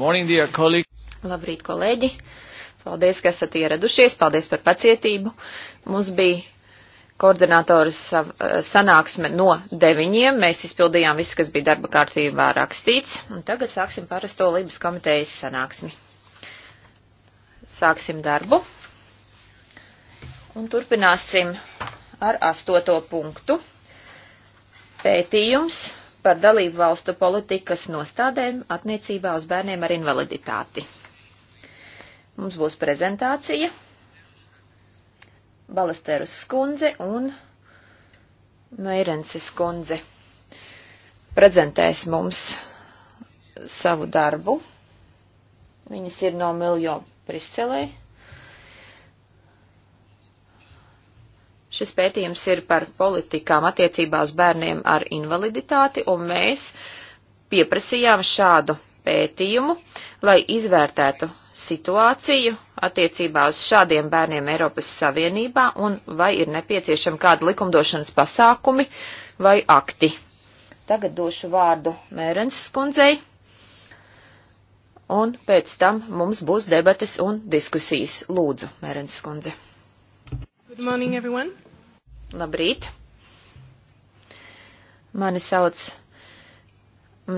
Morning, dear colleague. Labrīt, kolēģi! Paldies, ka esat ieradušies, paldies par pacietību. Mums bija koordinatoras eh, sanāksme no deviņiem, mēs izpildījām visu, kas bija darba kārtībā rakstīts, un tagad sāksim parasto Libas komitejas sanāksmi. Sāksim darbu un turpināsim ar astoto punktu. Pētījums par dalību valstu politikas nostādēm attiecībā uz bērniem ar invaliditāti. Mums būs prezentācija. Balasterus skundze un Meirenses skundze prezentēs mums savu darbu. Viņas ir no Miljo Briselē. Šis pētījums ir par politikām attiecībā uz bērniem ar invaliditāti, un mēs pieprasījām šādu pētījumu, lai izvērtētu situāciju attiecībā uz šādiem bērniem Eiropas Savienībā un vai ir nepieciešami kādi likumdošanas pasākumi vai akti. Tagad došu vārdu Mērens skundzei, un pēc tam mums būs debates un diskusijas. Lūdzu, Mērens skundze. Good morning, everyone. Labrīt. Mani sauc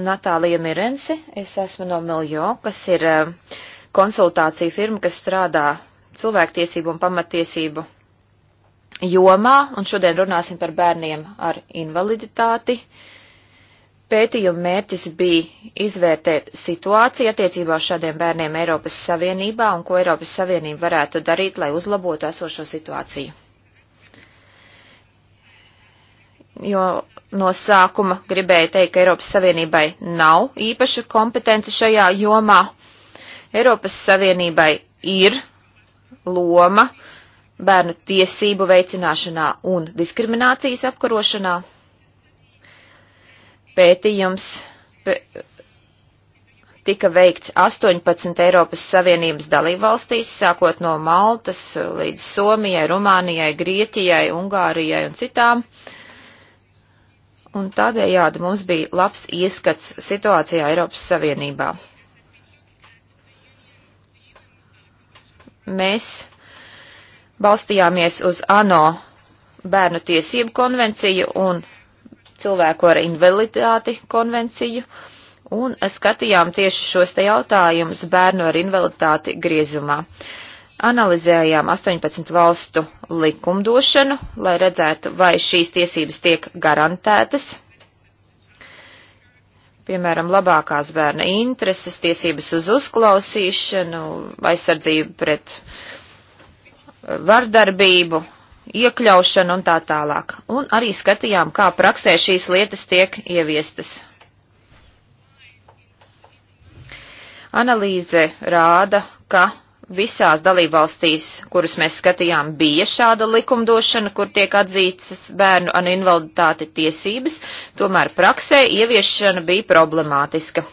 Natālija Mirensi. Es esmu no Miljo, kas ir eh, konsultācija firma, kas strādā cilvēktiesību un pamatiesību jomā. Un šodien runāsim par bērniem ar invaliditāti. Uh, Pētījuma mērķis bija izvērtēt situāciju attiecībā uz šādiem bērniem Eiropas Savienībā un ko Eiropas Savienība varētu darīt, lai uzlabotu esošo situāciju. Jo no sākuma gribēju teikt, ka Eiropas Savienībai nav īpaša kompetence šajā jomā. Eiropas Savienībai ir loma bērnu tiesību veicināšanā un diskriminācijas apkarošanā. Pētījums tika veikts 18 Eiropas Savienības dalībvalstīs, sākot no Maltas līdz Somijai, Rumānijai, Grieķijai, Ungārijai un citām. Un tādējādi mums bija labs ieskats situācijā Eiropas Savienībā. Mēs balstījāmies uz ANO bērnu tiesību konvenciju un cilvēku ar invaliditāti konvenciju un skatījām tieši šos te jautājumus bērnu ar invaliditāti griezumā. Analizējām 18 valstu likumdošanu, lai redzētu, vai šīs tiesības tiek garantētas. Piemēram, labākās bērna intereses, tiesības uz uzklausīšanu, aizsardzību pret vardarbību, iekļaušanu un tā tālāk. Un arī skatījām, kā praksē šīs lietas tiek ieviestas. Analīze rāda, ka visās dalībvalstīs, kuras mēs skatījām, bija šāda likumdošana, kur tiek atzītas bērnu un invaliditāti tiesības, tomēr praksē ieviešana bija problemātiska.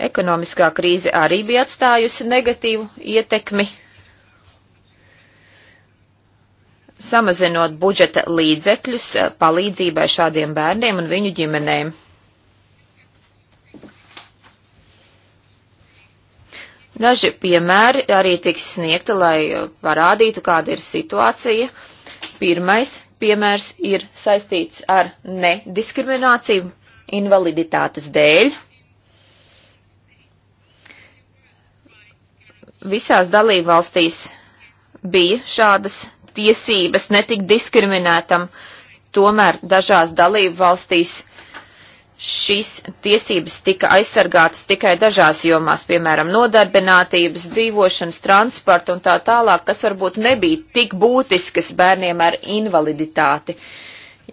Ekonomiskā krīze arī bija atstājusi negatīvu ietekmi samazinot budžeta līdzekļus eh, palīdzībai šādiem bērniem un viņu ģimenēm. Daži piemēri arī tiks sniegti, lai eh, parādītu, kāda ir situācija. Pirmais piemērs ir saistīts ar nediskrimināciju invaliditātes dēļ. Visās dalībvalstīs bija šādas tiesības netikt diskriminētam. Tomēr dažās dalību valstīs šīs tiesības tika aizsargātas tikai dažās jomās, piemēram, nodarbinātības, dzīvošanas, transporta un tā tālāk, kas varbūt nebija tik būtiskas bērniem ar invaliditāti,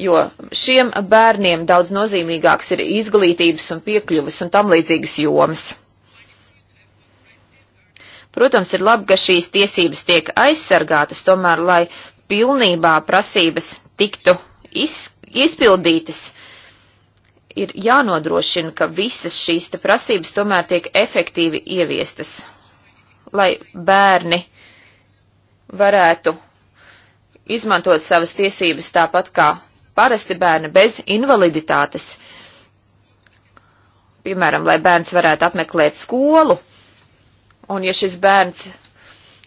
jo šiem bērniem daudz nozīmīgāks ir izglītības un piekļuvis un tam līdzīgas jomas. Protams, ir labi, ka šīs tiesības tiek aizsargātas, tomēr, lai pilnībā prasības tiktu iz, izpildītas, ir jānodrošina, ka visas šīs te prasības tomēr tiek efektīvi ieviestas, lai bērni varētu izmantot savas tiesības tāpat kā parasti bērni bez invaliditātes. Piemēram, lai bērns varētu apmeklēt skolu Un ja šis bērns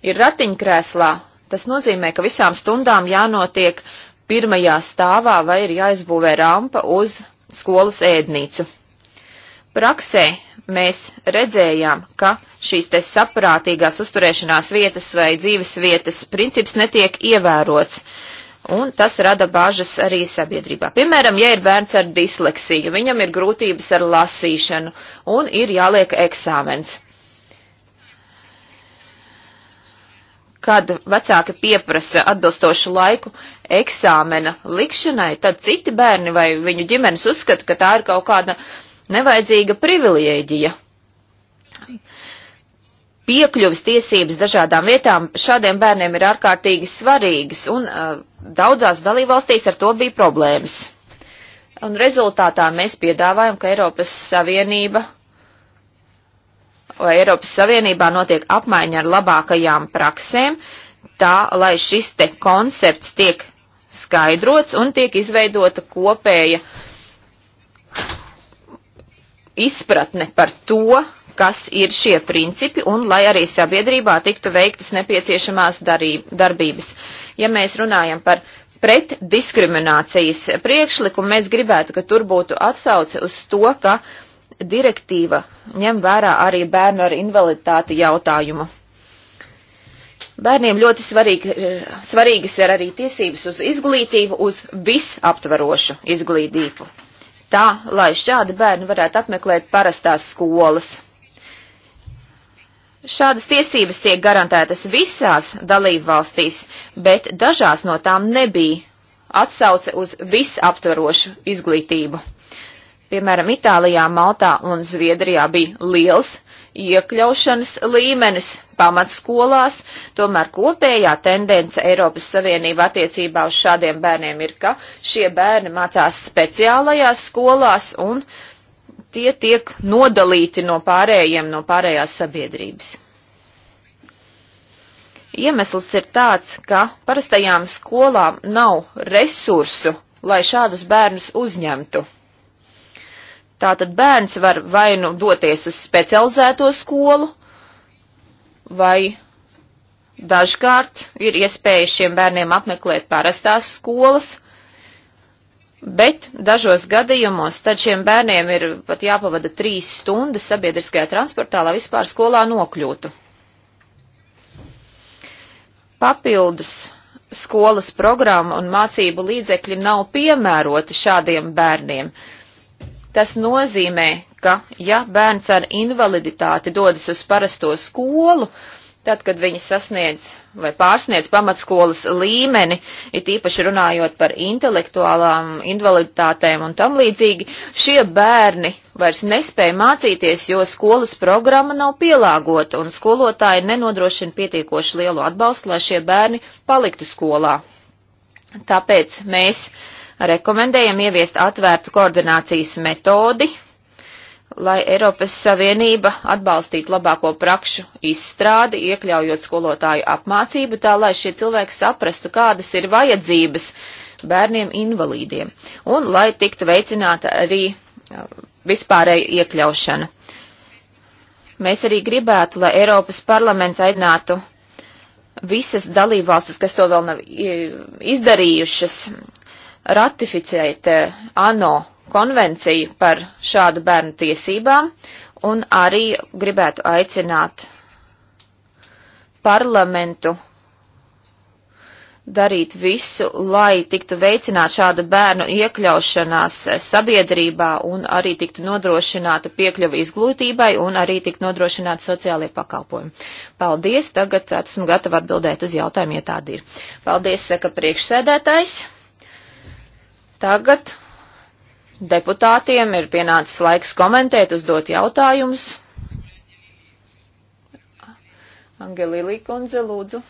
ir ratiņkrēslā, tas nozīmē, ka visām stundām jānotiek pirmajā stāvā vai ir jāizbūvē rampa uz skolas ēdnīcu. Praksē mēs redzējām, ka šīs te saprātīgās uzturēšanās vietas vai dzīves vietas princips netiek ievērots, un tas rada bāžas arī sabiedrībā. Piemēram, ja ir bērns ar disleksiju, viņam ir grūtības ar lasīšanu, un ir jāliek eksāmens. kad vecāki pieprasa atbilstošu laiku eksāmena likšanai, tad citi bērni vai viņu ģimenes uzskata, ka tā ir kaut kāda nevajadzīga privilēģija. Piekļuvis tiesības dažādām vietām šādiem bērniem ir ārkārtīgi svarīgas, un uh, daudzās dalībvalstīs ar to bija problēmas. Un rezultātā mēs piedāvājam, ka Eiropas Savienība Eiropas Savienībā notiek apmaiņa ar labākajām praksēm, tā lai šis te koncepts tiek skaidrots un tiek izveidota kopēja izpratne par to, kas ir šie principi un lai arī sabiedrībā tiktu veiktas nepieciešamās darība, darbības. Ja mēs runājam par pret diskriminācijas priekšlikumu, mēs gribētu, ka tur būtu atsauce uz to, ka uh, direktīva ņem vērā arī bērnu ar invaliditāti jautājumu. Bērniem ļoti svarīgi, svarīgas ir arī tiesības uz izglītību, uz visaptvarošu izglītību. Tā, lai šādi bērni varētu apmeklēt parastās skolas. Šādas tiesības tiek garantētas visās dalību valstīs, bet dažās no tām nebija atsauce uz visaptvarošu izglītību. Piemēram, Itālijā, Maltā un Zviedrijā bija liels iekļaušanas līmenis pamatskolās, tomēr kopējā tendence Eiropas Savienība attiecībā uz šādiem bērniem ir, ka šie bērni mācās speciālajās skolās un tie tiek nodalīti no pārējiem, no pārējās sabiedrības. Iemesls ir tāds, ka parastajām skolām nav resursu, lai šādus bērnus uzņemtu. Tātad bērns var vai nu doties uz specializēto skolu, vai dažkārt ir iespēja šiem bērniem apmeklēt parastās skolas, bet dažos gadījumos tad šiem bērniem ir pat jāpavada trīs stundas sabiedriskajā transportā, lai vispār skolā nokļūtu. Papildus skolas programma un mācību līdzekļi nav piemēroti šādiem bērniem. Uh, Tas nozīmē, ka ja bērns ar invaliditāti dodas uz parasto skolu, tad, kad viņi sasniedz vai pārsniedz pamatskolas līmeni, it īpaši runājot par intelektuālām invaliditātēm un tam līdzīgi, šie bērni vairs nespēja mācīties, jo skolas programma nav pielāgota un skolotāji nenodrošina pietiekoši lielu atbalstu, lai šie bērni paliktu skolā. Tāpēc mēs uh, rekomendējam ieviest atvērtu koordinācijas metodi, lai Eiropas Savienība atbalstītu labāko prakšu izstrādi, iekļaujot skolotāju apmācību, tā lai šie cilvēki saprastu, kādas ir vajadzības bērniem invalīdiem, un lai tiktu veicināta arī uh, vispārēja iekļaušana. Mēs arī gribētu, lai Eiropas parlaments aicinātu visas dalībvalstis, kas to vēl nav izdarījušas, ratificēt eh, ANO konvenciju par šādu bērnu tiesībām un arī gribētu aicināt parlamentu darīt visu, lai tiktu veicināt šādu bērnu iekļaušanās eh, sabiedrībā un arī tiktu nodrošināta piekļuva izglītībai un arī tiktu nodrošināta sociālie pakalpojumi. Paldies, tagad esmu gatava atbildēt uz jautājumu, ja tādi ir. Paldies, saka priekšsēdētājs. Tagad deputātiem ir pienācis laiks komentēt, uzdot jautājumus. Angelīlī kundze, lūdzu.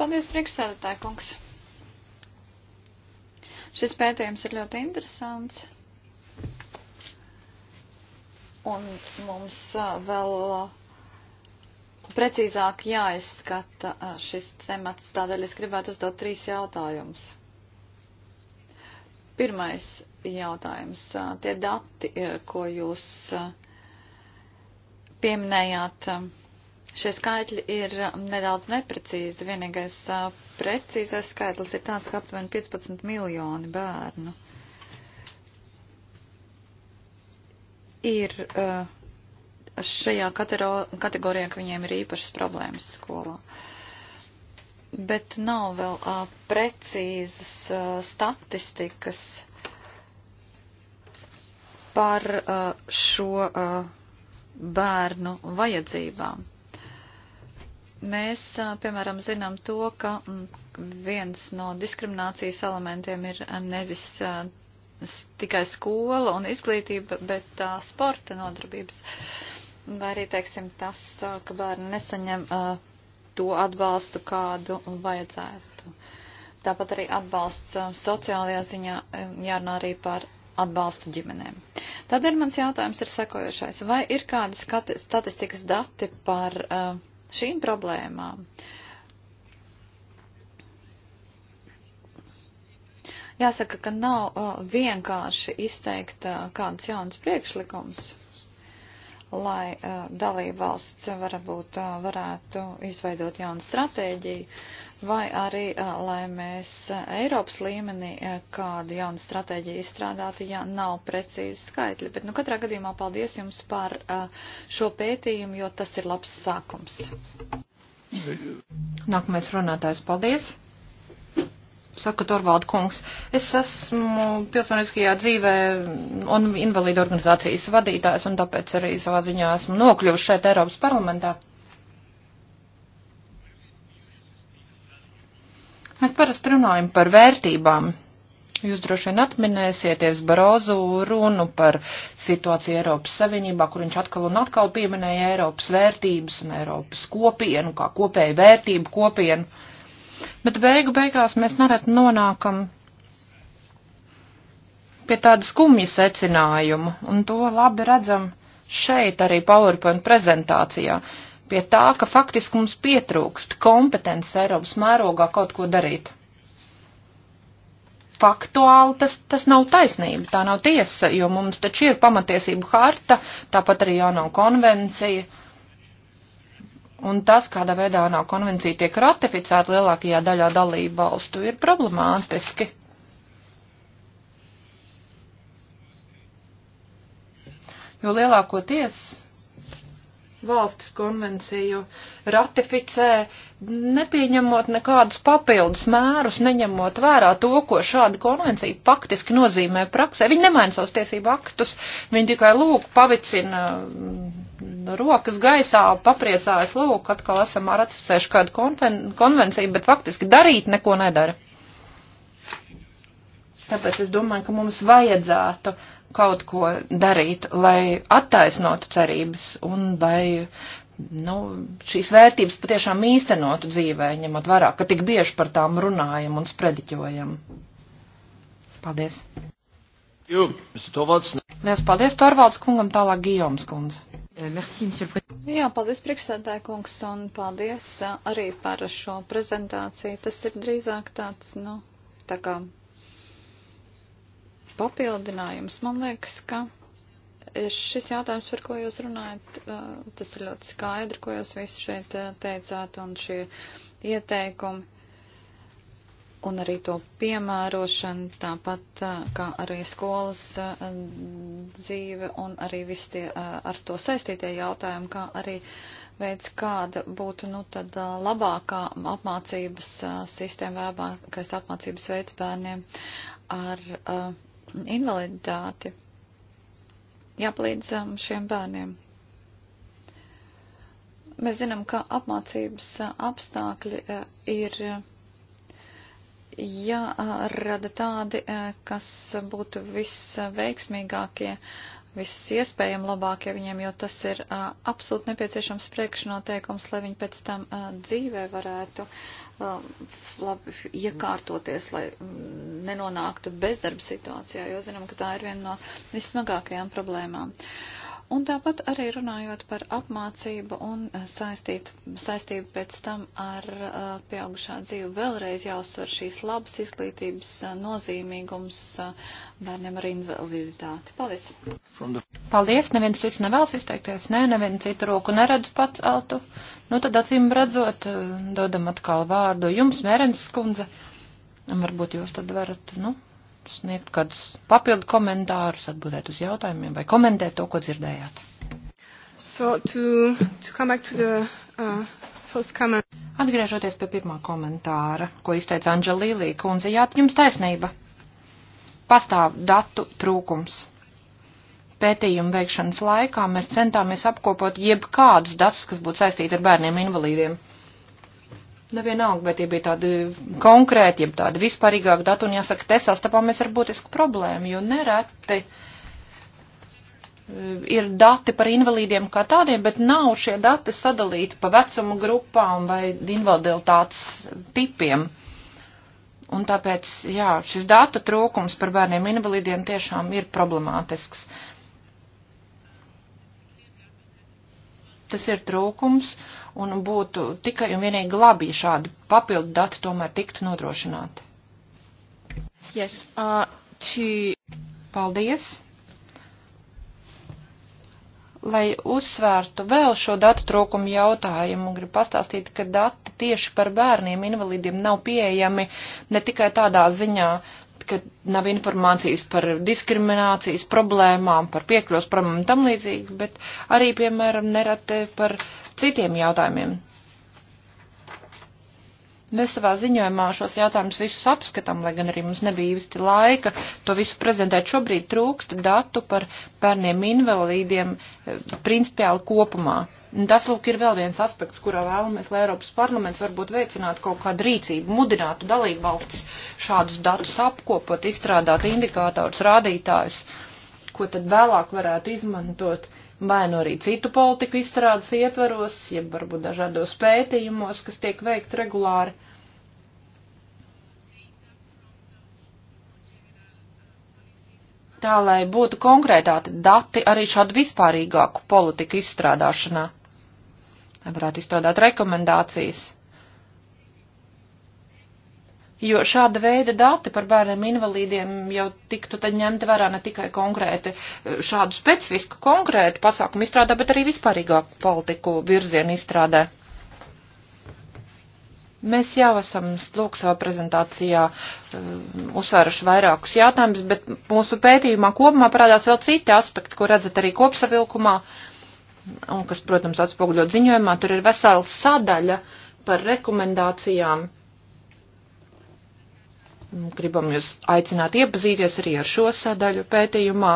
Paldies, priekšsēdētāji kungs. Šis pētījums ir ļoti interesants. Un mums vēl precīzāk jāizskata šis temats, tādēļ es gribētu uzdot trīs jautājumus. Pirmais jautājums. Tie dati, ko jūs pieminējāt, šie skaitļi ir nedaudz neprecīzi. Vienīgais precīzais skaitlis ir tāds, ka aptuveni 15 miljoni bērnu ir. Uh, šajā kategorijā, ka viņiem ir īpašas problēmas skolā. Bet nav vēl uh, precīzas uh, statistikas par uh, šo uh, bērnu vajadzībām. Mēs, piemēram, zinām to, ka mm, viens no diskriminācijas elementiem ir nevis tikai skola un izglītība, bet tā sporta nodarbības. Vai arī, teiksim, tas, ka bērni nesaņem uh, to atbalstu, kādu vajadzētu. Tāpat arī atbalsts uh, sociālajā ziņā jārunā arī par atbalstu ģimenēm. Tādēļ mans jautājums ir sekojošais. Vai ir kādi statistikas dati par uh, šīm problēmām? Jāsaka, ka nav uh, vienkārši izteikt uh, kāds jauns priekšlikums lai uh, dalībvalsts varbūt uh, varētu izveidot jaunu stratēģiju, vai arī, uh, lai mēs uh, Eiropas līmenī uh, kādu jaunu stratēģiju izstrādātu, ja nav precīzi skaitļi. Bet, nu, katrā gadījumā paldies jums par uh, šo pētījumu, jo tas ir labs sākums. Nākamais runātājs, paldies! Saka Torvalda kungs, es esmu pilsoniskajā dzīvē un invalīdu organizācijas vadītājs, un tāpēc arī savā ziņā esmu nokļuvusi šeit Eiropas parlamentā. Mēs parasti runājam par vērtībām. Jūs droši vien atminēsieties Barozu runu par situāciju Eiropas Savienībā, kur viņš atkal un atkal pieminēja Eiropas vērtības un Eiropas kopienu, kā kopēju vērtību kopienu bet beigu beigās mēs nereti nonākam pie tāda skumja secinājuma, un to labi redzam šeit arī PowerPoint prezentācijā, pie tā, ka faktiski mums pietrūkst kompetences Eiropas mērogā kaut ko darīt faktuāli tas, tas nav taisnība, tā nav tiesa, jo mums taču ir pamatiesību harta, tāpat arī jāno konvencija. Un tas, kādā veidā nav konvencija tiek ratificēta lielākajā daļā dalību valstu, ir problemātiski. Jo lielākoties valstis konvenciju ratificē, nepieņemot nekādus papildus mērus, neņemot vērā to, ko šāda konvencija faktiski nozīmē praksē. Viņi nemaina savus tiesību aktus, viņi tikai lūk pavicina mm, rokas gaisā, papriecājas, lūk, atkal esam ratificējuši kādu konven konvenciju, bet faktiski darīt neko nedara. Tāpēc es domāju, ka mums vajadzētu uh, kaut ko darīt, lai attaisnotu cerības un lai nu, šīs vērtības patiešām īstenotu dzīvē, ņemot vērā, ka tik bieži par tām runājam un sprediķojam. Paldies. Jū, Lielas paldies Torvalds kungam, tālāk Gijoms kundze. Eh, merci, Jā, paldies priekšsēdētāja kungs un paldies eh, arī par šo prezentāciju. Tas ir drīzāk tāds, nu, tā kā papildinājums. Man liekas, ka šis jautājums, par ko jūs runājat, uh, tas ir ļoti skaidri, ko jūs visi šeit uh, teicāt, un šie ieteikumi, un arī to piemērošana, tāpat uh, kā arī skolas dzīve, un arī visi tie ar to saistītie jautājumi, kā arī veids, kāda būtu nu, tad, labākā apmācības sistēma, labākais apmācības veids bērniem ar uh, invaliditāti. Jāpalīdz šiem bērniem. Mēs zinām, ka apmācības apstākļi eh, ir jārada tādi, eh, kas būtu visveiksmīgākie, visiespējami labākie viņiem, jo tas ir eh, absolūti nepieciešams priekšnoteikums, lai viņi pēc tam dzīvē varētu uh, Um, labi iekārtoties, lai mm, nenonāktu bezdarba situācijā, jo zinām, ka tā ir viena no vissmagākajām problēmām. Un tāpat arī runājot par apmācību un eh, saistīt, saistību pēc tam ar eh, pieaugušā dzīvi, vēlreiz jāuzsver šīs labas izglītības eh, nozīmīgums bērniem ar invaliditāti. Paldies! Paldies! Neviens cits nevēlas izteikties. Nē, nevienu citu roku neredzu pats altu. Uh, Nu, tad acīm redzot, eh, dodam atkal vārdu jums, Mērens skundze. Varbūt jūs tad varat, nu, sniegt kādus papildu komentārus, atbildēt uz jautājumiem vai komentēt to, ko dzirdējāt. So to, to come back to the uh, first comment. Atgriežoties pie pirmā komentāra, ko izteica Anģelīlī kundze, jā, jums taisnība. Pastāv datu trūkums pētījumu veikšanas laikā mēs centāmies apkopot jebkādus datus, kas būtu saistīti ar bērniem invalīdiem. Nevienalga, vai tie bija tādi konkrēti, jeb tādi vispārīgāki dati, un jāsaka, te sastapāmies ar būtisku problēmu, jo nereti eh, ir dati par invalīdiem kā tādiem, bet nav šie dati sadalīti pa vecumu grupām vai invaliditātes tipiem. Un tāpēc, jā, šis datu trūkums par bērniem invalīdiem tiešām ir problemātisks. tas ir trūkums un būtu tikai un vienīgi labi, ja šādi papildu dati tomēr tiktu nodrošināti. Yes, uh, to... Paldies! Lai uzsvērtu vēl šo datu trūkumu jautājumu, gribu pastāstīt, ka dati tieši par bērniem invalīdiem nav pieejami ne tikai tādā ziņā, ka nav informācijas par diskriminācijas problēmām, par piekļuvas problēmām un tam līdzīgi, bet arī, piemēram, nerate par citiem jautājumiem. Mēs savā ziņojumā šos jautājumus visus apskatām, lai gan arī mums nebija īsti laika to visu prezentēt. Šobrīd trūkst datu par bērniem invalīdiem e, principiāli kopumā. Tas, lūk, ir vēl viens aspekts, kurā vēlamies, lai Eiropas parlaments varbūt veicinātu kaut kādu rīcību, mudinātu dalību valstis šādus datus apkopot, izstrādāt indikātors, rādītājus, ko tad vēlāk varētu izmantot vai nu no arī citu politiku izstrādes ietvaros, jeb varbūt dažādos pētījumos, kas tiek veikt regulāri. Tā, lai būtu konkrētāti dati arī šādu vispārīgāku politiku izstrādāšanā. Varētu izstrādāt rekomendācijas Jo šāda veida dati par bērniem invalīdiem jau tiktu tad ņemti vērā ne tikai konkrēti eh, šādu specifisku konkrētu pasākumu izstrādā, bet arī vispārīgā politiku virzienu izstrādē. Mēs jau esam lūk savā prezentācijā eh, uzsvēruši vairākus jautājumus, bet mūsu pētījumā kopumā parādās vēl citi aspekti, ko redzat arī kopsavilkumā, un kas, protams, atspoguļot ziņojumā, tur ir vesela sadaļa par rekomendācijām Gribam jūs aicināt iepazīties arī ar šo sadaļu pētījumā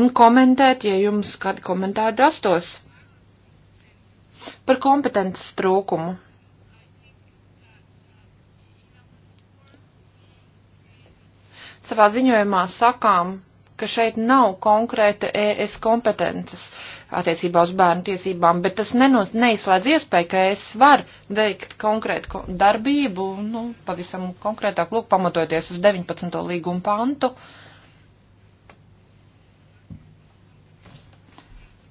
un komentēt, ja jums kādi komentāri rastos par kompetences trūkumu. Savā ziņojumā sakām, ka šeit nav konkrēta ES kompetences. Uh, attiecībā uz bērnu tiesībām, bet tas nenos, neizslēdz iespēju, ka es varu veikt konkrētu darbību, nu, pavisam konkrētāk, lūk, pamatoties uz 19. līgumu pantu,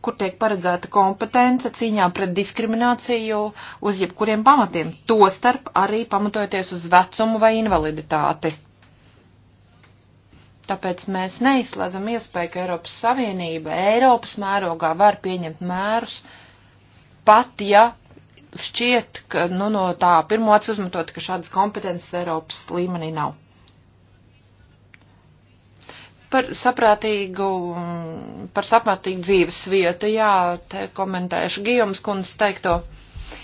kur tiek paredzēta kompetence cīņā pret diskrimināciju uz jebkuriem pamatiem, to starp arī pamatoties uz vecumu vai invaliditāti. Tāpēc mēs neizslēdzam iespēju, ka Eiropas Savienība Eiropas mērogā var pieņemt mērus, pat ja šķiet, ka nu, no tā pirmo acu uzmetot, ka šādas kompetences Eiropas līmenī nav. Par saprātīgu, par saprātīgu dzīves vietu, jā, te komentēšu Gijoms kundas teikto.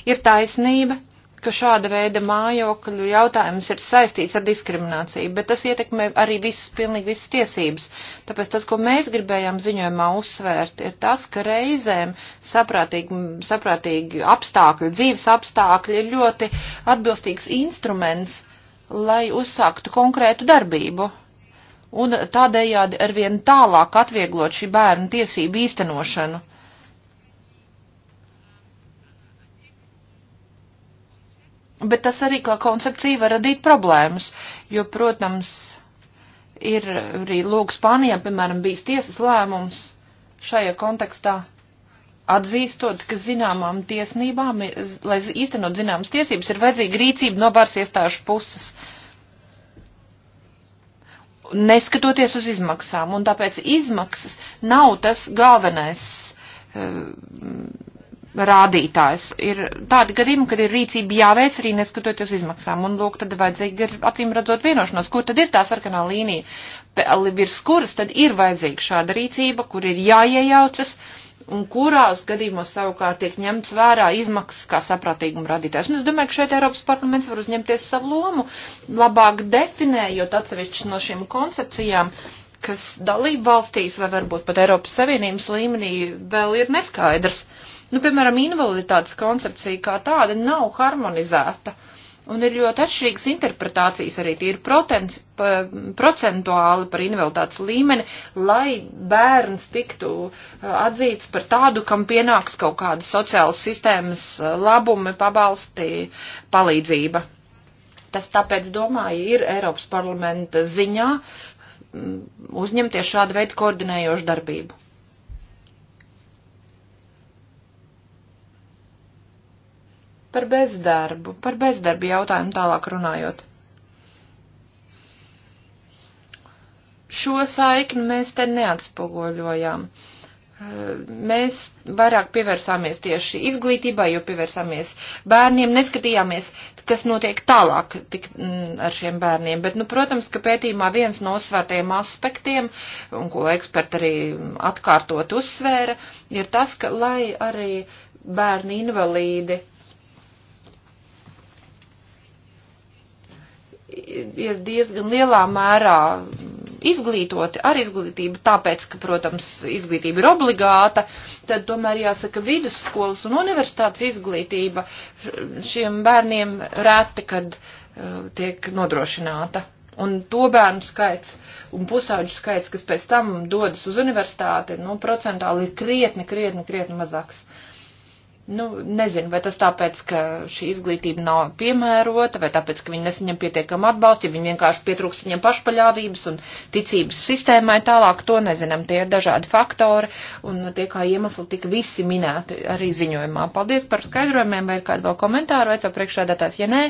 Ir taisnība, ka šāda veida mājokļu jautājums ir saistīts ar diskrimināciju, bet tas ietekmē arī visas, pilnīgi visas tiesības. Tāpēc tas, ko mēs gribējām ziņojumā uzsvērt, ir tas, ka reizēm saprātīgi, saprātīgi apstākļi, dzīves apstākļi ir ļoti atbilstīgs instruments, lai uzsāktu konkrētu darbību. Un tādējādi arvien tālāk atvieglot šī bērnu tiesību īstenošanu bet tas arī kā koncepcija var radīt problēmas, jo, protams, ir arī lūk Spānijā, piemēram, bijis tiesas lēmums šajā kontekstā atzīstot, ka zināmām tiesnībām, lai īstenot zināmas tiesības, ir vajadzīga rīcība no varas iestāžu puses neskatoties uz izmaksām, un tāpēc izmaksas nav tas galvenais eh, rādītājs. Ir tādi gadījumi, kad ir rīcība jāveic arī neskatoties izmaksām, un lūk, tad vajadzīgi ir acīm redzot vienošanos, kur tad ir tā sarkanā līnija, virs kuras tad ir vajadzīga šāda rīcība, kur ir jāiejaucas, un kurās gadījumos savukārt tiek ņemts vērā izmaksas kā saprātīguma radītājs. Un es domāju, ka šeit Eiropas parlaments var uzņemties savu lomu, labāk definējot atsevišķas no šīm koncepcijām, kas dalību valstīs vai varbūt pat Eiropas Savienības līmenī vēl ir neskaidrs. Uh, Nu, piemēram, invaliditātes koncepcija kā tāda nav harmonizēta. Un ir ļoti atšķirīgas interpretācijas arī ir protens, pa, procentuāli par invaliditātes līmeni, lai bērns tiktu uh, atzīts par tādu, kam pienāks kaut kāda sociālas sistēmas uh, labumi, pabalsti, palīdzība. Tas tāpēc, domāju, ir Eiropas parlamenta ziņā mm, uzņemties šādu veidu koordinējošu darbību. Par bezdarbu, par bezdarbu jautājumu tālāk runājot. Šo saikni mēs te neatspoguļojām. Mēs vairāk pievērsāmies tieši izglītībai, jo pievērsāmies bērniem, neskatījāmies, kas notiek tālāk tik, m, mm, ar šiem bērniem. Bet, nu, protams, ka pētījumā viens no uzsvērtajiem aspektiem, un ko eksperti arī atkārtot uzsvēra, ir tas, ka lai arī bērni invalīdi ir diezgan lielā mērā izglītoti ar izglītību, tāpēc, ka, protams, izglītība ir obligāta, tad tomēr jāsaka vidusskolas un universitātes izglītība šiem bērniem reti, kad uh, tiek nodrošināta. Un to bērnu skaits un pusauģu skaits, kas pēc tam dodas uz universitāti, nu, procentāli ir krietni, krietni, krietni mazāks. Uh, Nu, nezinu, vai tas tāpēc, ka šī izglītība nav piemērota, vai tāpēc, ka viņi nesaņem pietiekam atbalstu, ja viņi vienkārši pietrūks viņiem pašpaļāvības un ticības sistēmai tālāk, to nezinām. Tie ir dažādi faktori, un tie kā iemesli tika visi minēti arī ziņojumā. Paldies par skaidrojumiem, vai ir kādi vēl komentāri, vai jau priekšādātājs, ja nē.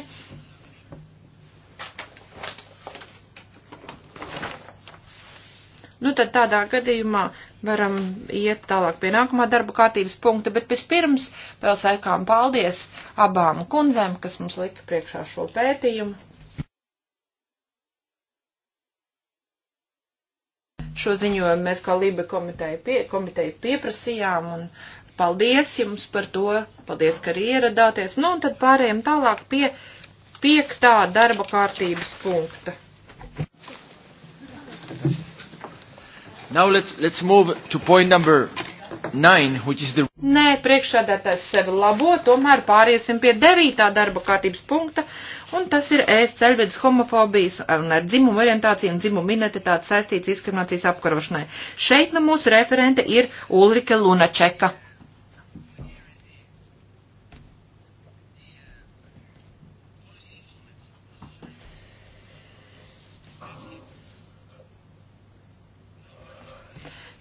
Nu, tad tādā gadījumā varam iet tālāk pie nākamā darba kārtības punkta, bet vispirms vēl saikām paldies abām kundzēm, kas mums lika priekšā šo pētījumu. Šo ziņojumu mēs kā Lība komiteja, pie, komiteja pieprasījām un paldies jums par to, paldies, ka arī ieradāties. Nu, un tad pārējiem tālāk pie piektā darba kārtības punkta. Now let's, let's move to point number nine, which is the... Nē, priekšsēdētājs sevi labo, tomēr pāriesim pie devītā darba kārtības punkta, un tas ir ēst ceļvedes homofobijas un ar dzimumu orientāciju un dzimumu identitāti saistīts diskriminācijas apkarošanai. Šeit no nu mūsu referente ir Ulrike Lunačeka.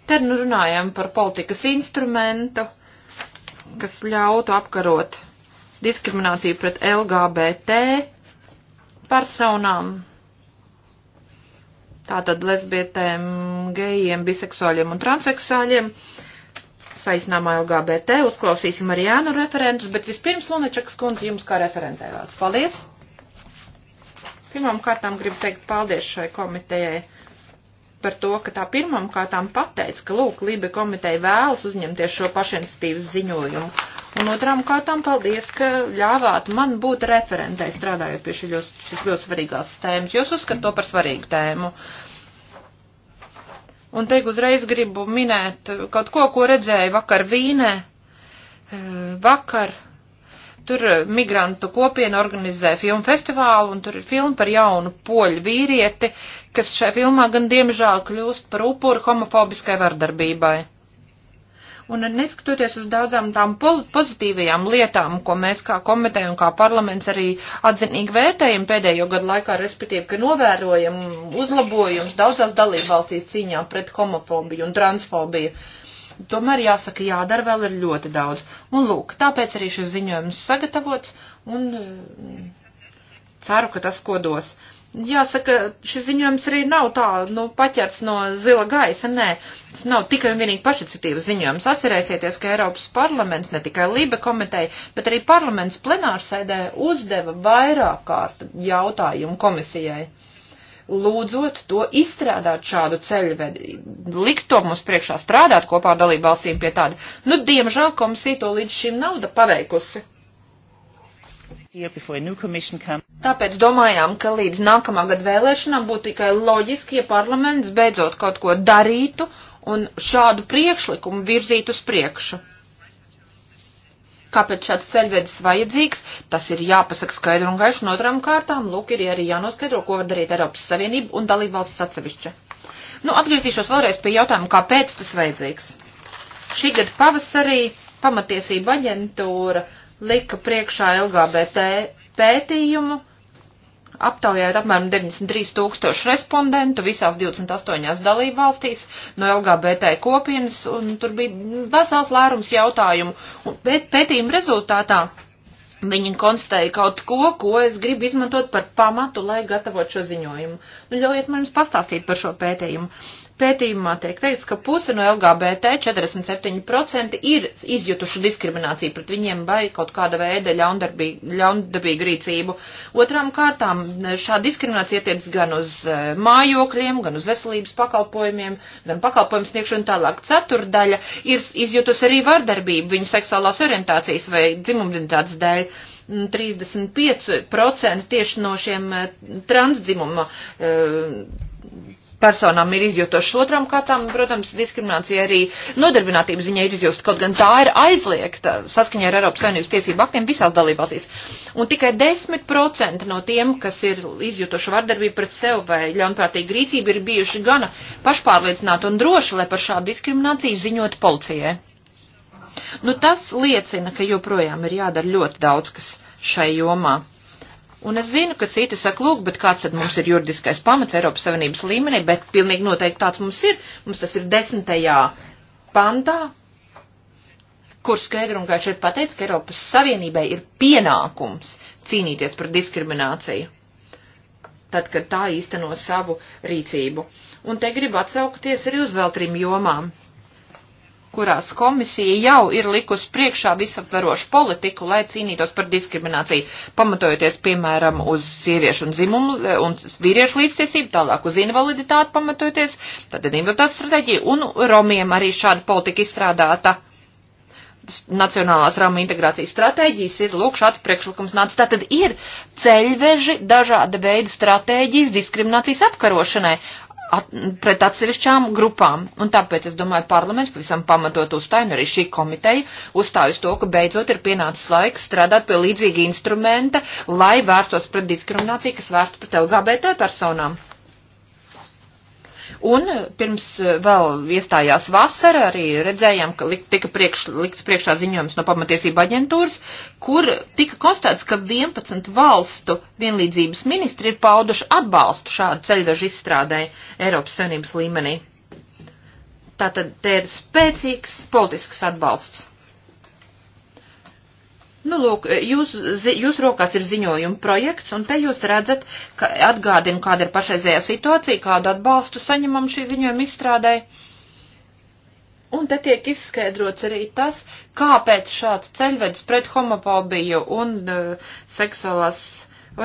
Tad nu runājam par politikas instrumentu, kas ļautu apkarot diskrimināciju pret LGBT personām, tātad lesbietēm, gejiem, biseksuāļiem un transseksuāļiem, saistināmā LGBT, uzklausīsim arī Jānu referentus, bet vispirms Lunačakas kundze jums kā referentē vārds. Paldies! Pirmām kārtām gribu teikt paldies šai komitejai par to, ka tā pirmam kārtām pateica, ka lūk, Lībe komiteja vēlas uzņemties šo pašinstitīvas ziņojumu. Un otrām kārtām paldies, ka ļāvāt man būt referentei strādājot pie šīs ļoti, ļoti svarīgās tēmas. Jūs uzskat to par svarīgu tēmu. Un teik uzreiz gribu minēt kaut ko, ko redzēju vakar Vīnē. Eh, vakar Tur eh, migrantu kopiena organizē filmu festivālu, un tur ir filma par jaunu poļu vīrieti, kas šajā filmā gan diemžēl kļūst par upuru homofobiskai vardarbībai. Un neskatoties uz daudzām tām pozitīvajām lietām, ko mēs kā komiteja un kā parlaments arī atzinīgi vērtējam pēdējo gadu laikā, respektīvi, ka novērojam uzlabojums daudzās dalībvalstīs cīņā pret homofobiju un transfobiju. Uh, Tomēr jāsaka, jādara vēl ir ļoti daudz. Un lūk, tāpēc arī šis ziņojums sagatavots un mm, ceru, ka tas ko dos. Jāsaka, šis ziņojums arī nav tā, nu, paķerts no zila gaisa, nē. Tas nav tikai un vienīgi pašicitīvas ziņojums. Atcerēsieties, ka Eiropas parlaments, ne tikai Lība komiteja, bet arī parlaments plenārsēdē uzdeva vairāk kārt jautājumu komisijai lūdzot to izstrādāt šādu ceļvedi, likt to mums priekšā strādāt kopā ar dalībvalstīm pie tāda. Nu, diemžēl komisija to līdz šim nav paveikusi. Tāpēc domājām, ka līdz nākamā gada vēlēšanām būtu tikai loģiski, ja parlaments beidzot kaut ko darītu un šādu priekšlikumu virzītu uz priekšu kāpēc šāds ceļvedis vajadzīgs, tas ir jāpasaka skaidru un gaišu, un otram kārtām, lūk, ir arī jānoskaidro, ko var darīt Eiropas Savienība un dalībvalsts atsevišķi. Nu, atgriezīšos vēlreiz pie jautājuma, kāpēc tas vajadzīgs. Šī gada pavasarī pamatiesība aģentūra lika priekšā LGBT pētījumu, aptaujājot apmēram 93 tūkstošu respondentu visās 28 dalību valstīs no LGBT kopienas, un tur bija vesels lērums jautājumu. Un pēt, pētījuma rezultātā viņi konstatēja kaut ko, ko es gribu izmantot par pamatu, lai gatavot šo ziņojumu. Nu, ļaujiet man jums pastāstīt par šo pētījumu. Pētījumā tiek teikts, ka puse no LGBT 47% ir izjutuši diskrimināciju pret viņiem vai kaut kāda veida ļaundabīgu rīcību. Otrām kārtām šā diskriminācija attiec gan uz e, mājokļiem, gan uz veselības pakalpojumiem, gan pakalpojumu sniegšanu tālāk. Ceturdaļa ir izjutusi arī vardarbību viņu seksuālās orientācijas vai dzimumdientātes dēļ. 35% mm, tieši no šiem e, transdzimuma e, personām ir izjūtošs otram katam, protams, diskriminācija arī nodarbinātības ziņā ir izjūsta, kaut gan tā ir aizliegta saskaņā ar Eiropas Savienības tiesību aktiem visās dalībvalstīs. Un tikai 10% no tiem, kas ir izjūtoši vardarbību pret sev vai ļaunprātīgu rīcību, ir bijuši gana pašpārliecināti un droši, lai par šādu diskrimināciju ziņot policijai. Nu, tas liecina, ka joprojām ir jādara ļoti daudz, kas šai jomā. Un es zinu, ka citi saka, lūk, bet kāds tad mums ir juridiskais pamats Eiropas Savienības līmenī, bet pilnīgi noteikti tāds mums ir. Mums tas ir desmitajā pantā, kur skaidri un gaiši ir pateicis, ka Eiropas Savienībai ir pienākums cīnīties par diskrimināciju, tad, kad tā īsteno savu rīcību. Un te gribu atsaukties arī uz vēl trim jomām kurās komisija jau ir likus priekšā visaptverošu politiku, lai cīnītos par diskrimināciju, pamatojoties, piemēram, uz sieviešu un dzimumu eh, un vīriešu līdztiesību, tālāk uz invaliditāti pamatojoties, tad invaliditātes stratēģija un romiem arī šāda politika izstrādāta. Nacionālās rāma integrācijas stratēģijas ir, lūk, šāds priekšlikums nāca. Tātad ir ceļveži dažāda veida stratēģijas diskriminācijas apkarošanai, at, pret atsevišķām grupām. Un tāpēc, es domāju, parlaments pavisam pamatot uzstāja, un arī šī komiteja uzstāja uz to, ka beidzot ir pienācis laiks strādāt pie līdzīga instrumenta, lai vērstos pret diskrimināciju, kas vērsta pret LGBT personām. Un pirms eh, vēl iestājās vasara, arī redzējām, ka tika priekš, likts priekšā ziņojums no pamatiesība aģentūras, kur tika konstatēts, ka 11 valstu vienlīdzības ministri ir pauduši atbalstu šādu ceļvežu izstrādēju Eiropas Savienības līmenī. Tātad te ir spēcīgs politisks atbalsts. Nu, lūk, jūs, jūs rokās ir ziņojuma projekts, un te jūs redzat, ka atgādinu, kāda ir pašreizējā situācija, kādu atbalstu saņemam šī ziņojuma izstrādē. Un te tiek izskaidrots arī tas, kāpēc šāds ceļvedis pret homofobiju un uh, seksuālās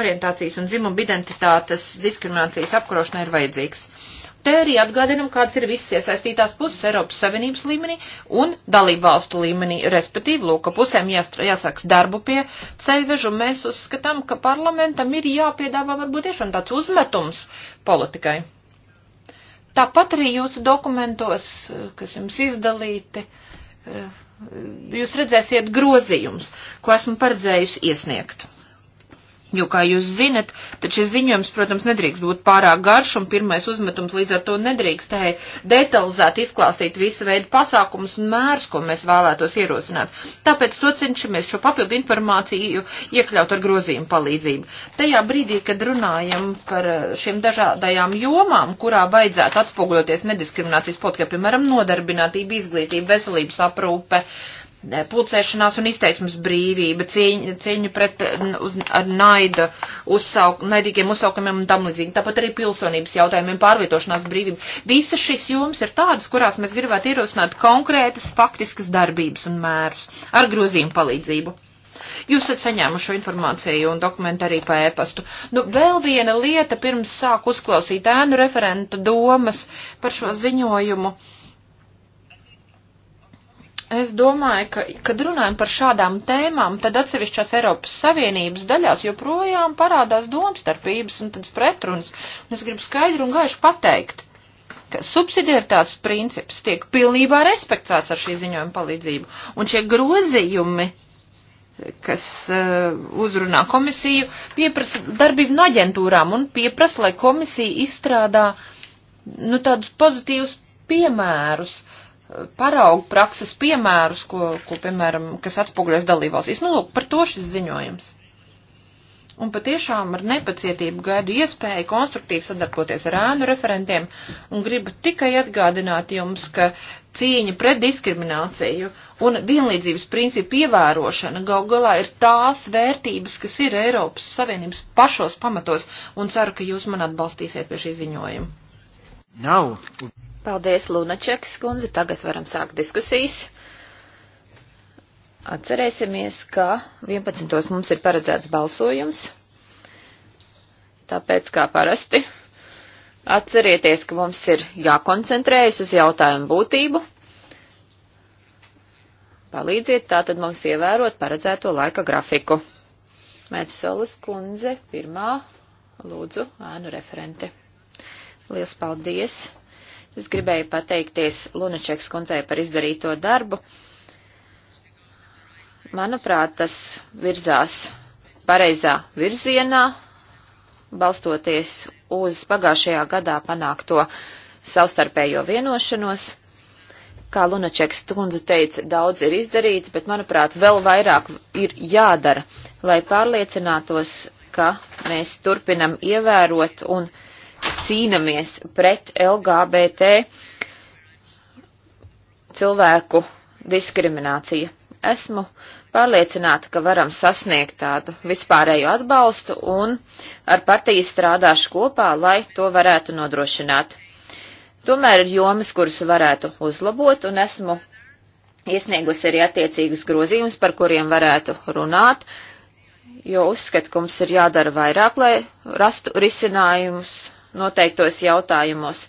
orientācijas un dzimuma identitātes diskriminācijas apkarošana ir vajadzīgs. Uh, Te arī atgādinam, kādas ir visas iesaistītās puses Eiropas Savienības līmenī un dalību valstu līmenī, respektīvi, lūk, ka pusēm jāsāks darbu pie ceļvežu, un mēs uzskatām, ka parlamentam ir jāpiedāvā varbūt tiešām tāds uzmetums politikai. Tāpat arī jūsu dokumentos, kas jums izdalīti, eh, jūs redzēsiet grozījumus, ko esmu paredzējusi iesniegt. Jo, kā jūs zinat, tad šis ziņojums, protams, nedrīkst būt pārāk garš, un pirmais uzmetums līdz ar to nedrīkst eh, detalizēt izklāstīt visu veidu pasākumus un mērus, ko mēs vēlētos ierosināt. Tāpēc to cenšamies šo papildu informāciju iekļaut ar grozījumu palīdzību. Tajā brīdī, kad runājam par eh, šiem dažādajām jomām, kurā vajadzētu atspoguļoties nediskriminācijas politikā, piemēram, nodarbinātība, izglītība, veselības aprūpe, uh, pulcēšanās un izteiksmes brīvība, cīņa, cīņa pret uz, naida, uzsauk, naidīgiem uzsaukumiem un tam līdzīgi. Tāpat arī pilsonības jautājumiem, pārvietošanās brīvība. Visas šīs jomas ir tādas, kurās mēs gribētu ierosināt konkrētas faktiskas darbības un mērus ar grozījumu palīdzību. Jūs esat saņēmuši šo informāciju un dokumentu arī pa ēpastu. Nu, vēl viena lieta pirms sāku uzklausīt ēnu referentu domas par šo ziņojumu. Uh, Es domāju, ka, kad runājam par šādām tēmām, tad atsevišķās Eiropas Savienības daļās joprojām parādās domstarpības un tādas pretrunas. Un es gribu skaidru un gaišu pateikt, ka subsidiaritātes princips tiek pilnībā respektēts ar šī ziņojuma palīdzību. Un šie grozījumi, kas uh, uzrunā komisiju, pieprasa darbību no aģentūrām un pieprasa, lai komisija izstrādā nu, tādus pozitīvus piemērus. Uh, paraugu prakses piemērus, ko, ko piemēram, kas atspoguļojas dalībvalstīs. Nu, lūk, par to šis ziņojums. Un patiešām ar nepacietību gaidu iespēju konstruktīvi sadarboties ar ēnu referentiem un gribu tikai atgādināt jums, ka cīņa pret diskrimināciju un vienlīdzības principu ievērošana gal galā ir tās vērtības, kas ir Eiropas Savienības pašos pamatos un ceru, ka jūs man atbalstīsiet pie šī ziņojuma. Nav. No. Paldies, Lunačeks kundze. Tagad varam sākt diskusijas. Atcerēsimies, ka 11. mums ir paredzēts balsojums. Tāpēc, kā parasti, atcerieties, ka mums ir jākoncentrējas uz jautājumu būtību. Palīdziet tātad mums ievērot paredzēto laika grafiku. Mēdsolas kundze, pirmā, lūdzu, ēnu referente. Liels paldies! Es gribēju pateikties Lunačeks kundzei par izdarīto darbu. Manuprāt, tas virzās pareizā virzienā, balstoties uz pagājušajā gadā panākto savstarpējo vienošanos. Kā Lunačeks kundze teica, daudz ir izdarīts, bet, manuprāt, vēl vairāk ir jādara, lai pārliecinātos, ka mēs turpinam ievērot un ievērot cīnamies pret LGBT cilvēku diskrimināciju. Esmu pārliecināta, ka varam sasniegt tādu vispārēju atbalstu un ar partiju strādāšu kopā, lai to varētu nodrošināt. Tomēr ir jomas, kuras varētu uzlabot, un esmu iesniegusi arī attiecīgus grozījumus, par kuriem varētu runāt, jo uzskatu, ka mums ir jādara vairāk, lai rastu risinājumus noteiktos jautājumos.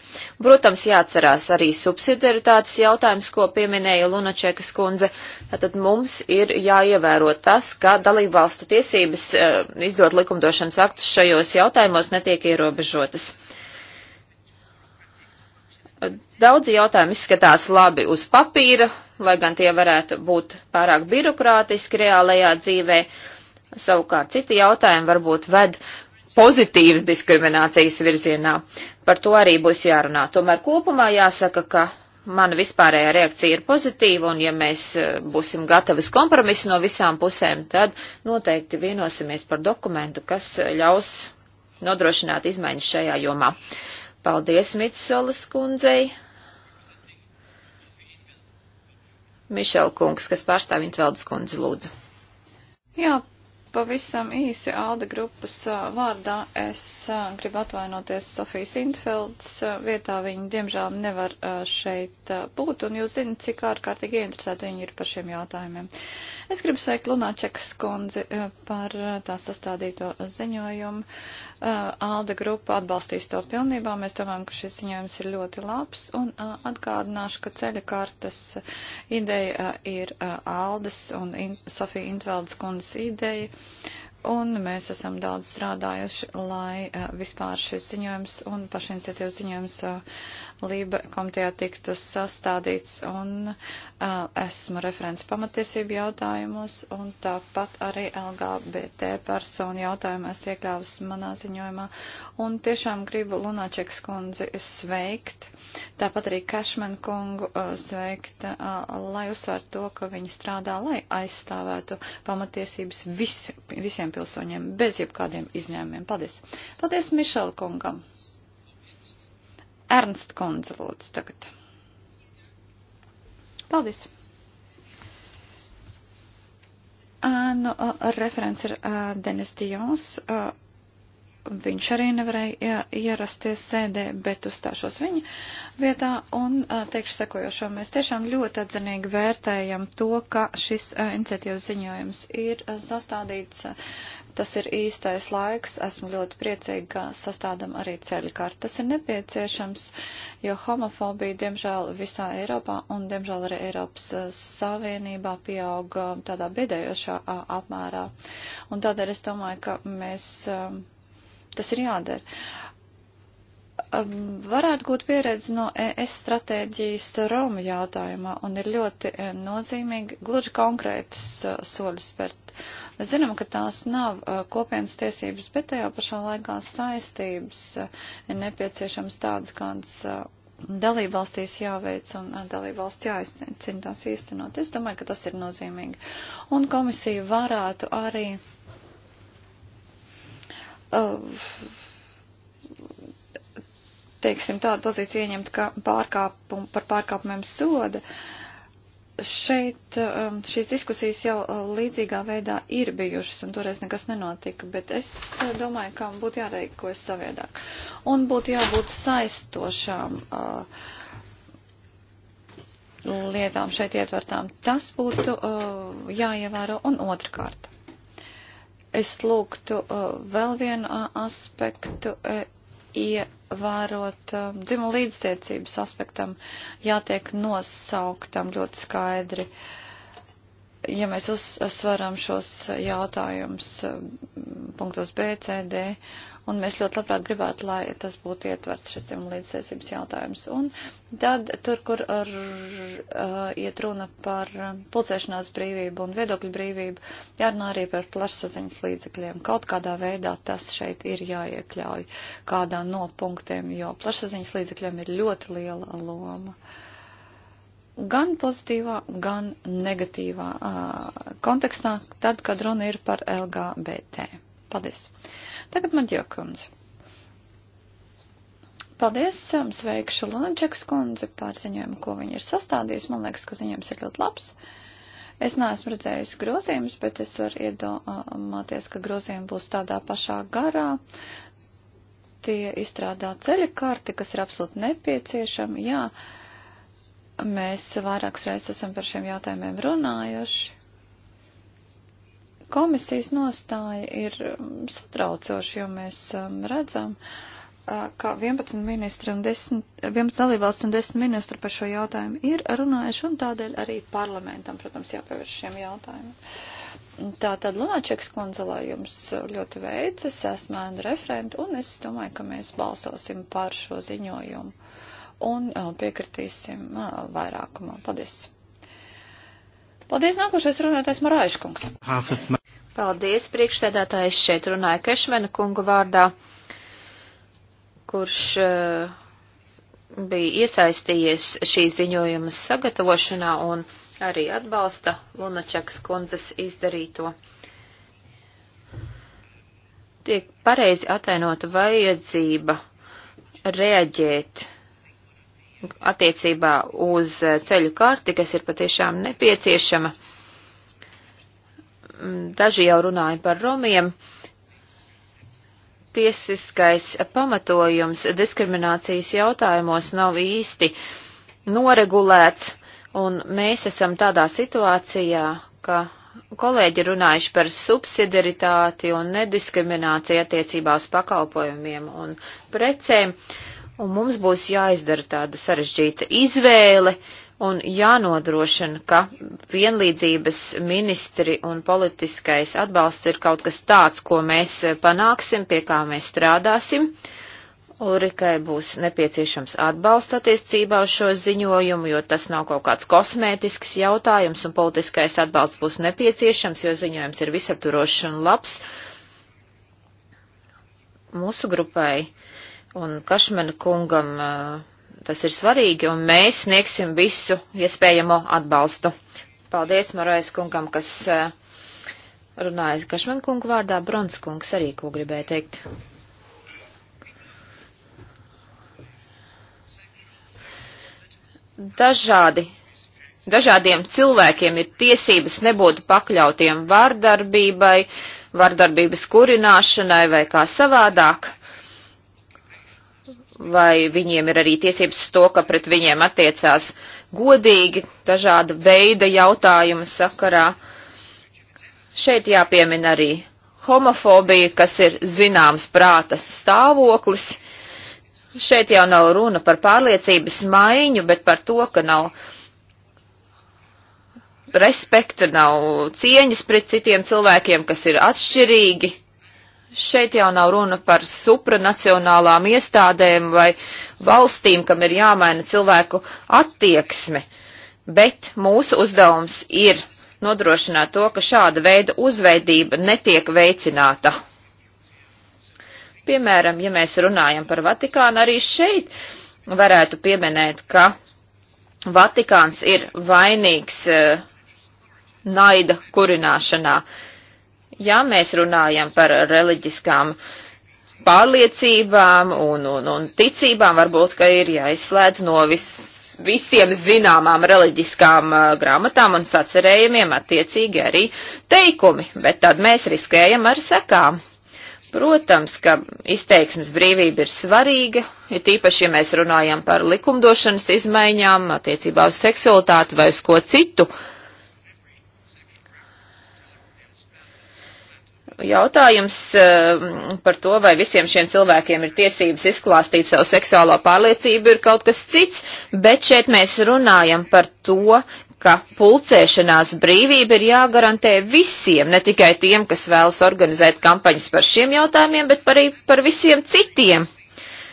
Protams, jāatcerās arī subsidiaritātes jautājums, ko pieminēja Lunačekas kundze. Tātad mums ir jāievēro tas, ka dalībvalstu tiesības eh, izdot likumdošanas aktus šajos jautājumos netiek ierobežotas. Daudzi jautājumi izskatās labi uz papīra, lai gan tie varētu būt pārāk birokrātiski reālajā dzīvē. Savukārt citi jautājumi varbūt ved pozitīvas diskriminācijas virzienā. Par to arī būs jārunā. Tomēr kopumā jāsaka, ka mana vispārējā reakcija ir pozitīva, un ja mēs eh, būsim gatavi kompromisu no visām pusēm, tad noteikti vienosimies par dokumentu, kas eh, ļaus nodrošināt izmaiņas šajā jomā. Paldies Mitsolas kundzei. Mišela kungs, kas pārstāv Intveldes kundzi, lūdzu. Jā, Pavisam īsi Alda grupas vārdā es gribu atvainoties Sofijas Intfelds vietā. Viņa diemžēl nevar šeit būt, un jūs zinat, cik ārkārtīgi interesēta viņa ir par šiem jautājumiem. Uh, Es gribu sveikt Lunāčekas kundzi eh, par eh, tās sastādīto ziņojumu. Eh, Alda grupa atbalstīs to pilnībā. Mēs domājam, ka šis ziņojums ir ļoti labs. Un atgādināšu, ka ceļa kartas ideja ir Aldas un Sofija Intveldes kundzes ideja. Un mēs esam daudz strādājuši, lai eh, vispār šis ziņojums un pašiniciatīvas ziņojums eh, Lība komitejā tiktu sastādīts. Un eh, esmu referents pamatiesību jautājumos, un tāpat arī LGBT personu jautājumu es iekļāvus manā ziņojumā. Un tiešām gribu Lunačeks kundzi sveikt, tāpat arī Kašman kungu sveikt, lai uzsvērtu to, ka viņi strādā, lai aizstāvētu pamatiesības vis, visiem visiem pilsoņiem, bez jebkādiem izņēmumiem. Paldies! Paldies Mišela kungam! Ernst kundze lūdzu tagad. Paldies! Ā, nu, referents ir Denis Dijons viņš arī nevarēja ierasties sēdē, bet uzstāšos viņa vietā un teikšu sekojošo. Mēs tiešām ļoti atzinīgi vērtējam to, ka šis iniciatīvas ziņojums ir sastādīts. Tas ir īstais laiks. Esmu ļoti priecīga, ka sastādam arī ceļu kartu. Tas ir nepieciešams, jo homofobija, diemžēl, visā Eiropā un, diemžēl, arī Eiropas Savienībā pieauga tādā biedējošā apmērā. Un tādēļ es domāju, ka mēs. Um, Tas ir jādara. Varētu būt pieredze no ES stratēģijas Roma jautājumā un ir ļoti e, nozīmīgi gluži konkrētus e, soļus spērt. Mēs zinām, ka tās nav e, kopienas tiesības, bet tajā pašā laikā saistības ir nepieciešams tādas, kādas dalībvalstīs jāveic un dalībvalsts jāizcina tās īstenot. Es domāju, ka tas ir nozīmīgi. Un komisija varētu arī teiksim, tādu pozīciju ieņemt, ka pārkāpum, par pārkāpumiem soda. Šeit um, šīs diskusijas jau uh, līdzīgā veidā ir bijušas, un toreiz nekas nenotika, bet es uh, domāju, ka būtu jāreikojas savādāk. Un būtu jābūt saistošām uh, lietām šeit ietvertām. Tas būtu uh, jāievēro, un otrkārt Es lūgtu uh, vēl vienu uh, aspektu uh, ievērot um, dzimumu līdztiecības aspektam, jātiek nosauktam ļoti skaidri. Ja mēs uzsveram šos jautājumus um, punktos B, C, D, uh, un mēs ļoti labprāt gribētu, lai tas būtu ietverts šis līdzsēsības jautājums. Un tad tur, kur ar, uh, iet runa par um, pulcēšanās brīvību un viedokļu brīvību, jārunā arī par plašsaziņas līdzekļiem. Kaut kādā veidā tas šeit ir jāiekļauj kādā no punktiem, jo plašsaziņas līdzekļiem ir ļoti liela loma gan pozitīvā, gan negatīvā uh, kontekstā, tad, kad runa ir par LGBT. Paldies! Tagad man ģokundze. Paldies, um, sveikšu Lunačekas kundzi par ziņojumu, ko viņa ir sastādījusi. Man liekas, ka ziņojums ir ļoti labs. Es neesmu redzējusi grozījumus, bet es varu iedomāties, ka grozījumi būs tādā pašā garā. Tie izstrādā ceļa karti, kas ir absolūti nepieciešama. Jā, mēs vairākas reizes esam par šiem jautājumiem runājuši. Komisijas nostāja ir um, satraucoša, jo mēs um, redzam, uh, ka 11, ministri un 10, 11 dalībvalsts un 10 ministri par šo jautājumu ir runājuši, un tādēļ arī parlamentam, protams, jāpievērš šiem jautājumiem. Tā tad Lunačeks kundze, lai jums ļoti veicas, esmu ēnu referenta, un es domāju, ka mēs balsosim par šo ziņojumu un uh, piekritīsim uh, vairākumam. Paldies! Paldies, nākošais runātais Marājuškungs. Paldies, priekšsēdētājs šeit runāja Kešmena kunga vārdā, kurš uh, bija iesaistījies šī ziņojuma sagatavošanā un arī atbalsta Lunačakas kundzes izdarīto. Tiek pareizi atainota vajadzība reaģēt attiecībā uz eh, ceļu karti, kas ir patiešām nepieciešama daži jau runāja par romiem. Tiesiskais pamatojums diskriminācijas jautājumos nav īsti noregulēts, un mēs esam tādā situācijā, ka kolēģi runājuši par subsidiaritāti un nediskrimināciju attiecībā uz pakalpojumiem un precēm, un mums būs jāizdara tāda sarežģīta izvēle, un jānodrošina, ka vienlīdzības ministri un politiskais atbalsts ir kaut kas tāds, ko mēs panāksim, pie kā mēs strādāsim. Ulrikai būs nepieciešams atbalsts attiecībā uz šo ziņojumu, jo tas nav kaut kāds kosmētisks jautājums, un politiskais atbalsts būs nepieciešams, jo ziņojums ir visapturošs un labs mūsu grupai un Kašmena kungam. Uh, tas ir svarīgi, un mēs sniegsim visu iespējamo atbalstu. Paldies Marais kungam, kas eh, runājas Kašmankungu vārdā, Bronskungs arī, ko gribēja teikt. Dažādi, dažādiem cilvēkiem ir tiesības nebūt pakļautiem vardarbībai, vardarbības kurināšanai vai kā savādāk vai viņiem ir arī tiesības to, ka pret viņiem attiecās godīgi dažāda veida jautājuma sakarā. Šeit jāpiemin arī homofobija, kas ir zināms prātas stāvoklis. Šeit jau nav runa par pārliecības maiņu, bet par to, ka nav respekta, nav cieņas pret citiem cilvēkiem, kas ir atšķirīgi. Šeit jau nav runa par supranacionālām iestādēm vai valstīm, kam ir jāmaina cilvēku attieksme, bet mūsu uzdevums ir nodrošināt to, ka šāda veida uzveidība netiek veicināta. Piemēram, ja mēs runājam par Vatikānu, arī šeit varētu pieminēt, ka Vatikāns ir vainīgs e, naida kurināšanā. Uh, ja mēs runājam par reliģiskām pārliecībām un, un, un ticībām, varbūt, ka ir jāizslēdz no vis, visiem zināmām reliģiskām uh, grāmatām un sacerējumiem attiecīgi arī teikumi, bet tad mēs riskējam ar sekām. Protams, ka izteiksmes brīvība ir svarīga, ir tīpaši, ja mēs runājam par likumdošanas izmaiņām attiecībā uz seksualitāti vai uz ko citu. Uh, Jautājums eh, par to, vai visiem šiem cilvēkiem ir tiesības izklāstīt savu seksuālo pārliecību, ir kaut kas cits, bet šeit mēs runājam par to, ka pulcēšanās brīvība ir jāgarantē visiem, ne tikai tiem, kas vēlas organizēt kampaņas par šiem jautājumiem, bet arī par visiem citiem.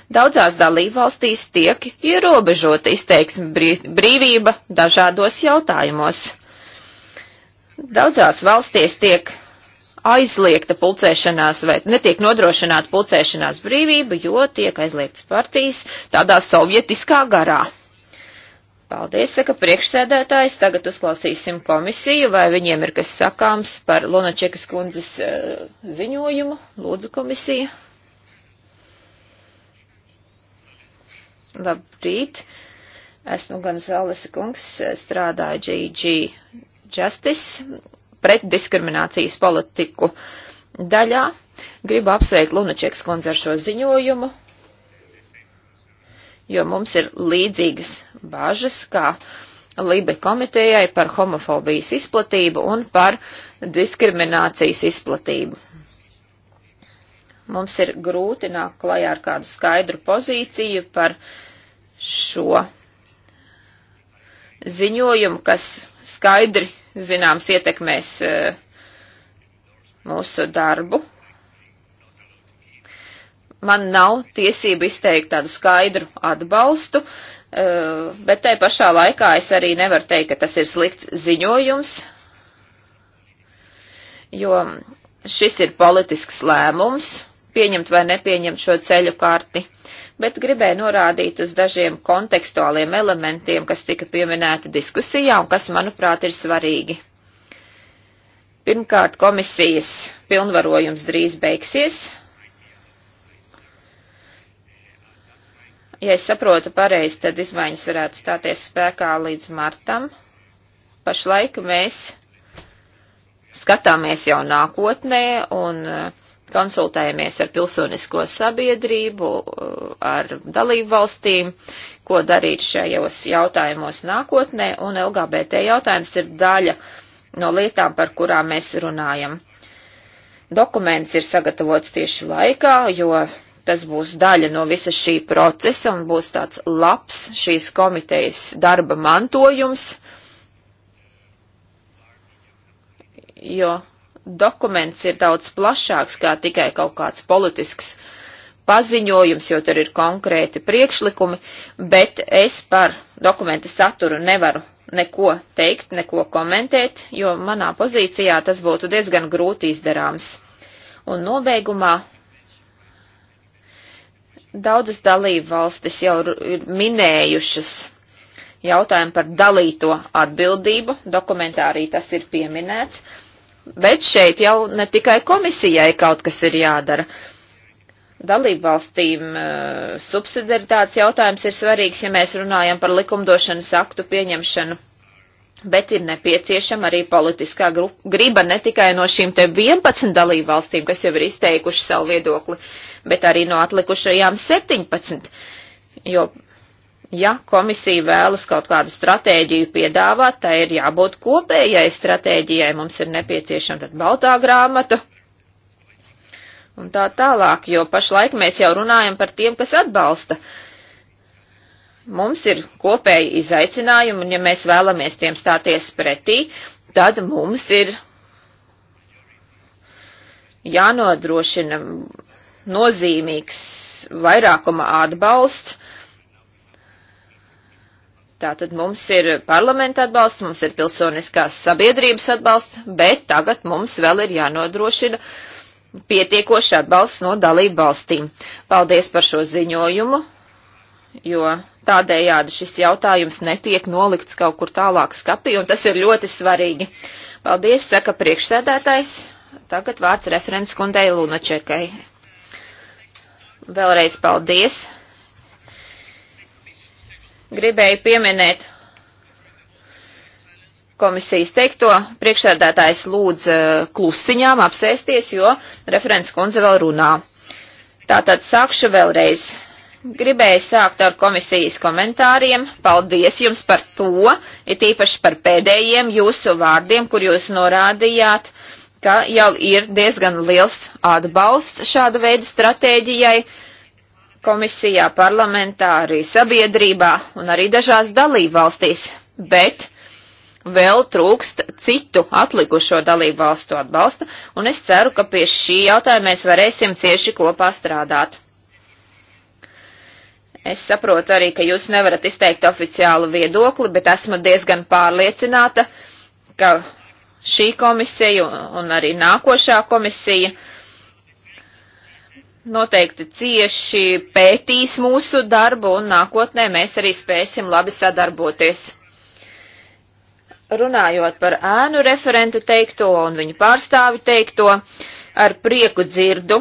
Daudzās dalībvalstīs tiek ierobežota izteiksme brīvība dažādos jautājumos. Daudzās valstīs tiek aizliegta pulcēšanās vai netiek nodrošināta pulcēšanās brīvība, jo tiek aizliegtas partijas tādā sovietiskā garā. Paldies, saka priekšsēdētājs. Tagad uzklausīsim komisiju, vai viņiem ir kas sakāms par Lunačekas kundzes eh, ziņojumu. Lūdzu, komisija. Labrīt. Esmu Gonzales kungs, strādāju GG Justice pretdiskriminācijas politiku daļā. Gribu apsveikt Lunačeks kundzi ar šo ziņojumu, jo mums ir līdzīgas bažas, kā Libe komitejai par homofobijas izplatību un par diskriminācijas izplatību. Mums ir grūti nākt klajā ar kādu skaidru pozīciju par šo ziņojumu, kas skaidri zināms ietekmēs e, mūsu darbu. Man nav tiesību izteikt tādu skaidru atbalstu, e, bet tai pašā laikā es arī nevaru teikt, ka tas ir slikts ziņojums, jo šis ir politisks lēmums pieņemt vai nepieņemt šo ceļu karti bet gribēju norādīt uz dažiem kontekstuāliem elementiem, kas tika pieminēti diskusijā un kas, manuprāt, ir svarīgi. Pirmkārt, komisijas pilnvarojums drīz beigsies. Ja es saprotu pareizi, tad izmaiņas varētu stāties spēkā līdz martam. Pašlaik mēs skatāmies jau nākotnē un uh, konsultējamies ar pilsonisko sabiedrību, ar dalību valstīm, ko darīt šajos jautājumos nākotnē, un LGBT jautājums ir daļa no lietām, par kurām mēs runājam. Dokuments ir sagatavots tieši laikā, jo tas būs daļa no visa šī procesa un būs tāds labs šīs komitejas darba mantojums, jo dokuments ir daudz plašāks kā tikai kaut kāds politisks paziņojums, jo tur ir konkrēti priekšlikumi, bet es par dokumenta saturu nevaru neko teikt, neko komentēt, jo manā pozīcijā tas būtu diezgan grūti izdarāms. Un nobeigumā daudzas dalību valstis jau ir minējušas jautājumu par dalīto atbildību, dokumentā arī tas ir pieminēts, Bet šeit jau ne tikai komisijai kaut kas ir jādara. Dalību valstīm eh, subsidiaritātes jautājums ir svarīgs, ja mēs runājam par likumdošanas aktu pieņemšanu. Bet ir nepieciešama arī politiskā griba ne tikai no šīm te 11 dalību valstīm, kas jau ir izteikuši savu viedokli, bet arī no atlikušajām 17. Jo Ja komisija vēlas kaut kādu stratēģiju piedāvāt, tai ir jābūt kopējai stratēģijai. Mums ir nepieciešama tad baltā grāmata un tā tālāk, jo pašlaik mēs jau runājam par tiem, kas atbalsta. Mums ir kopēji izaicinājumi, un ja mēs vēlamies tiem stāties pretī, tad mums ir jānodrošina nozīmīgs vairākuma atbalsts Tātad mums ir parlamenta atbalsts, mums ir pilsoniskās sabiedrības atbalsts, bet tagad mums vēl ir jānodrošina pietiekoši atbalsts no dalību valstīm. Paldies par šo ziņojumu, jo tādējādi šis jautājums netiek nolikts kaut kur tālāk skapī, un tas ir ļoti svarīgi. Paldies, saka priekšsēdētājs. Tagad vārds referents kundei Lunačekai. Vēlreiz paldies Gribēju pieminēt komisijas teikto. Priekšsēdētājs lūdz eh, klusiņām apsēsties, jo referents kundze vēl runā. Tātad sākšu vēlreiz. Gribēju sākt ar komisijas komentāriem. Paldies jums par to, it īpaši par pēdējiem jūsu vārdiem, kur jūs norādījāt, ka jau ir diezgan liels atbalsts šādu veidu stratēģijai. Uh, komisijā, parlamentā, arī sabiedrībā un arī dažās dalībvalstīs, bet vēl trūkst citu atlikušo dalībvalstu atbalsta, un es ceru, ka pie šī jautājuma mēs varēsim cieši kopā strādāt. Es saprotu arī, ka jūs nevarat izteikt oficiālu viedokli, bet esmu diezgan pārliecināta, ka šī komisija un arī nākošā komisija uh, noteikti cieši pētīs mūsu darbu un nākotnē mēs arī spēsim labi sadarboties. Runājot par ēnu referentu teikto un viņu pārstāvi teikto, ar prieku dzirdu,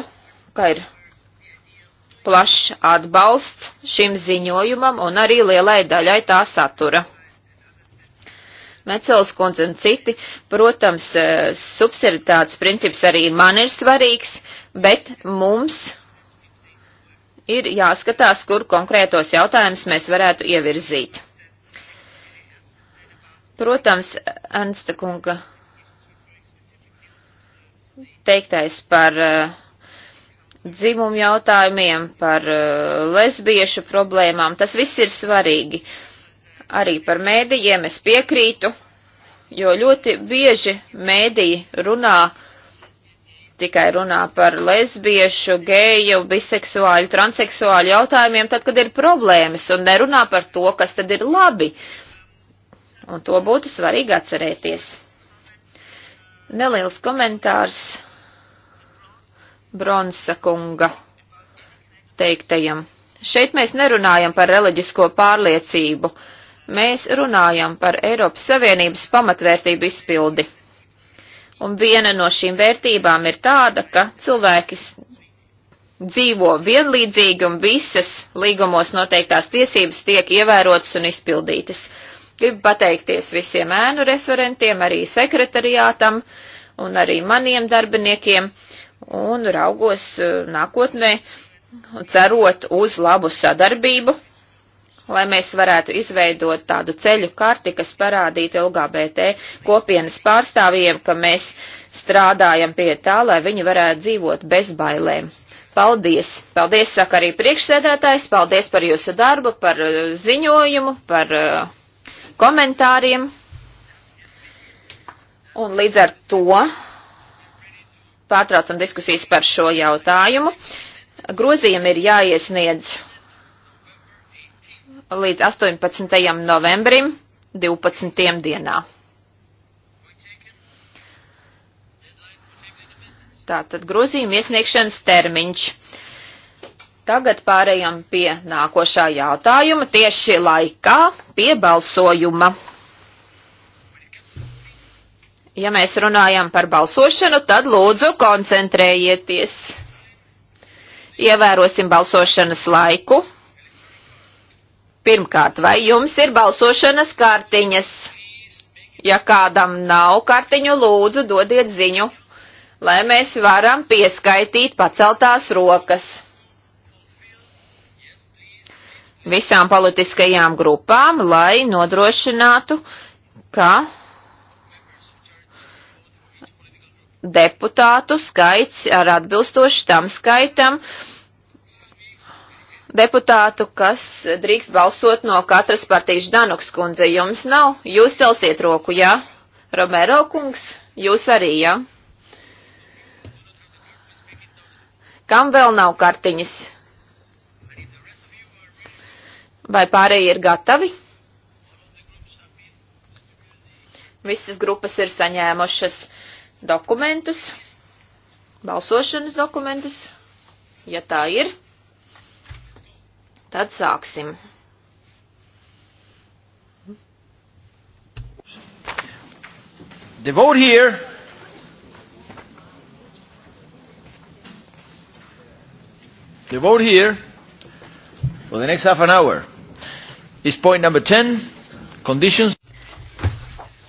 ka ir plašs atbalsts šim ziņojumam un arī lielai daļai tā satura. Mecels kundze un citi. Protams, eh, subsiditātes princips arī man ir svarīgs, bet mums ir jāskatās, kur konkrētos jautājumus mēs varētu ievirzīt. Protams, Ernsta kunga teiktais par uh, dzimumu jautājumiem, par uh, lesbiešu problēmām, tas viss ir svarīgi. Uh, Arī par mēdījiem es piekrītu, jo ļoti bieži mēdīji runā, tikai runā par lesbiešu, geju, biseksuāļu, transseksuāļu jautājumiem, tad, kad ir problēmas, un nerunā par to, kas tad ir labi. Un to būtu svarīgi atcerēties. Neliels komentārs Bronsa kunga teiktajam. Šeit mēs nerunājam par reliģisko pārliecību. Uh, mēs runājam par Eiropas Savienības pamatvērtību izpildi. Un viena no šīm vērtībām ir tāda, ka cilvēki dzīvo vienlīdzīgi un visas līgumos noteiktās tiesības tiek ievērotas un izpildītas. Gribu pateikties visiem ēnu referentiem, arī sekretariātam un arī maniem darbiniekiem un raugos eh, nākotnē, cerot uz labu sadarbību lai mēs varētu izveidot tādu ceļu karti, kas parādītu LGBT kopienas pārstāvjiem, ka mēs strādājam pie tā, lai viņi varētu dzīvot bez bailēm. Paldies! Paldies, saka arī priekšsēdētājs, paldies par jūsu darbu, par uh, ziņojumu, par uh, komentāriem. Un līdz ar to pārtraucam diskusijas par šo jautājumu. Grozījumi ir jāiesniedz līdz 18. novembrim 12. dienā. Tātad grozījuma iesniegšanas termiņš. Tagad pārējām pie nākošā jautājuma tieši laikā pie balsojuma. Ja mēs runājam par balsošanu, tad lūdzu koncentrējieties. Ievērosim balsošanas laiku. Pirmkārt, vai jums ir balsošanas kartiņas? Ja kādam nav kartiņu, lūdzu dodiet ziņu, lai mēs varam pieskaitīt paceltās rokas. Visām politiskajām grupām, lai nodrošinātu, ka deputātu skaits ar atbilstoši tam skaitam, uh, deputātu, kas drīkst balsot no katras partijas Danuks kundze. Jums nav, jūs celsiet roku, jā? Ja? Romero kungs, jūs arī, jā? Ja? Kam vēl nav kartiņas? Vai pārējie ir gatavi? Visas grupas ir saņēmušas dokumentus, balsošanas dokumentus, ja tā ir. Tad sāksim. The vote here The vote here for the next half an hour is point number 10, conditions.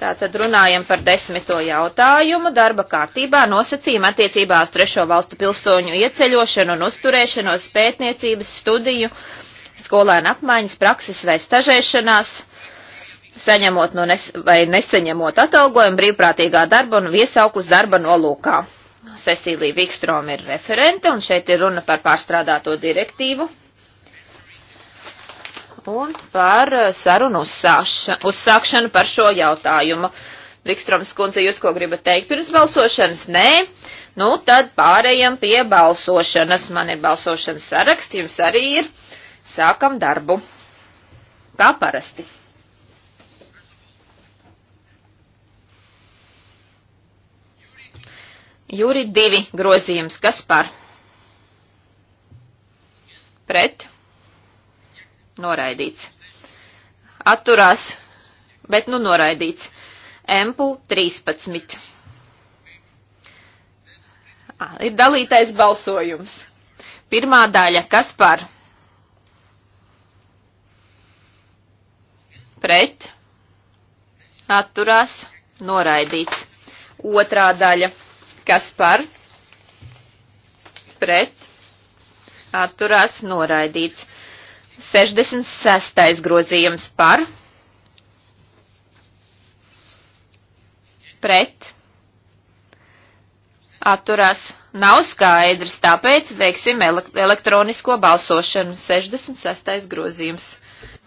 Tātad runājam par desmito jautājumu darba kārtībā nosacījuma attiecībā uz trešo valstu pilsoņu ieceļošanu un uzturēšanos pētniecības studiju skolēna apmaiņas, prakses vai stažēšanās, saņemot no nes vai nesaņemot atalgojumu brīvprātīgā darba un viesauklis darba nolūkā. Cecīlija Vikstrom ir referente, un šeit ir runa par pārstrādāto direktīvu un par eh, sarunu uzsākšanu, uzsākšanu par šo jautājumu. Vikstroms kundze, jūs ko gribat teikt pirms balsošanas? Nē. Nu, tad pārējam pie balsošanas. Man ir balsošanas saraksts, jums arī ir. Sākam darbu. Kā parasti. Jūri divi grozījums. Kas par? Pret. Noraidīts. Atturās, bet nu noraidīts. Empul 13. Ah, ir dalītais balsojums. Pirmā daļa, kas par? pret, atturās, noraidīts. Otrā daļa, kas par, pret, atturās, noraidīts. 66. grozījums par, pret, atturās, nav skaidrs, tāpēc veiksim elektronisko balsošanu. 66. grozījums.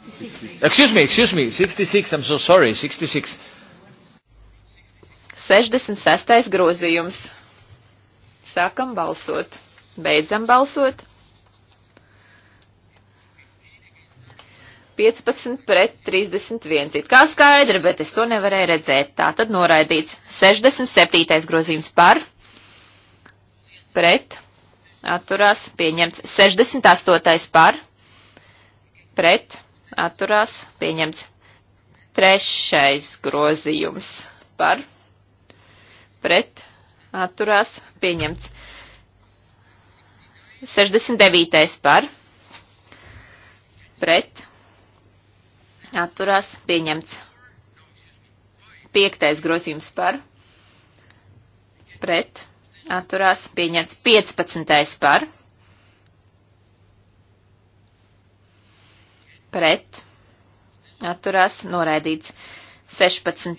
66. Uh, excuse me, excuse me, 66, I'm so sorry, 66. 66. grozījums. Sākam balsot. Beidzam balsot. 15 pret 31. It kā skaidri, bet es to nevarēju redzēt. Tā tad noraidīts. 67. grozījums par, pret, atturās, pieņemts. 68. par, pret, atturās pieņemts. Trešais grozījums par pret atturās pieņemts. 69. par pret atturās pieņemts. Piektais grozījums par pret atturās pieņemts. 15. par pret pret, atturās, noraidīts. 16.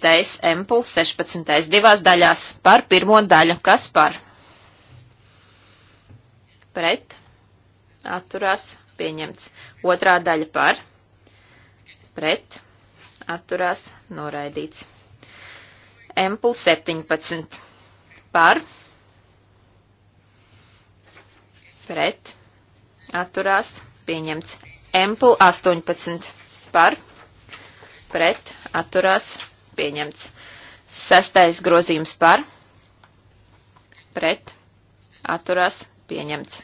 empuls, 16. divās daļās par pirmo daļu, kas par pret, atturās, pieņemts. Otrā daļa par pret, atturās, noraidīts. Empuls 17 par pret, atturās, pieņemts. Empul 18 par, pret, atturās, pieņemts. Sestais grozījums par, pret, atturās, pieņemts.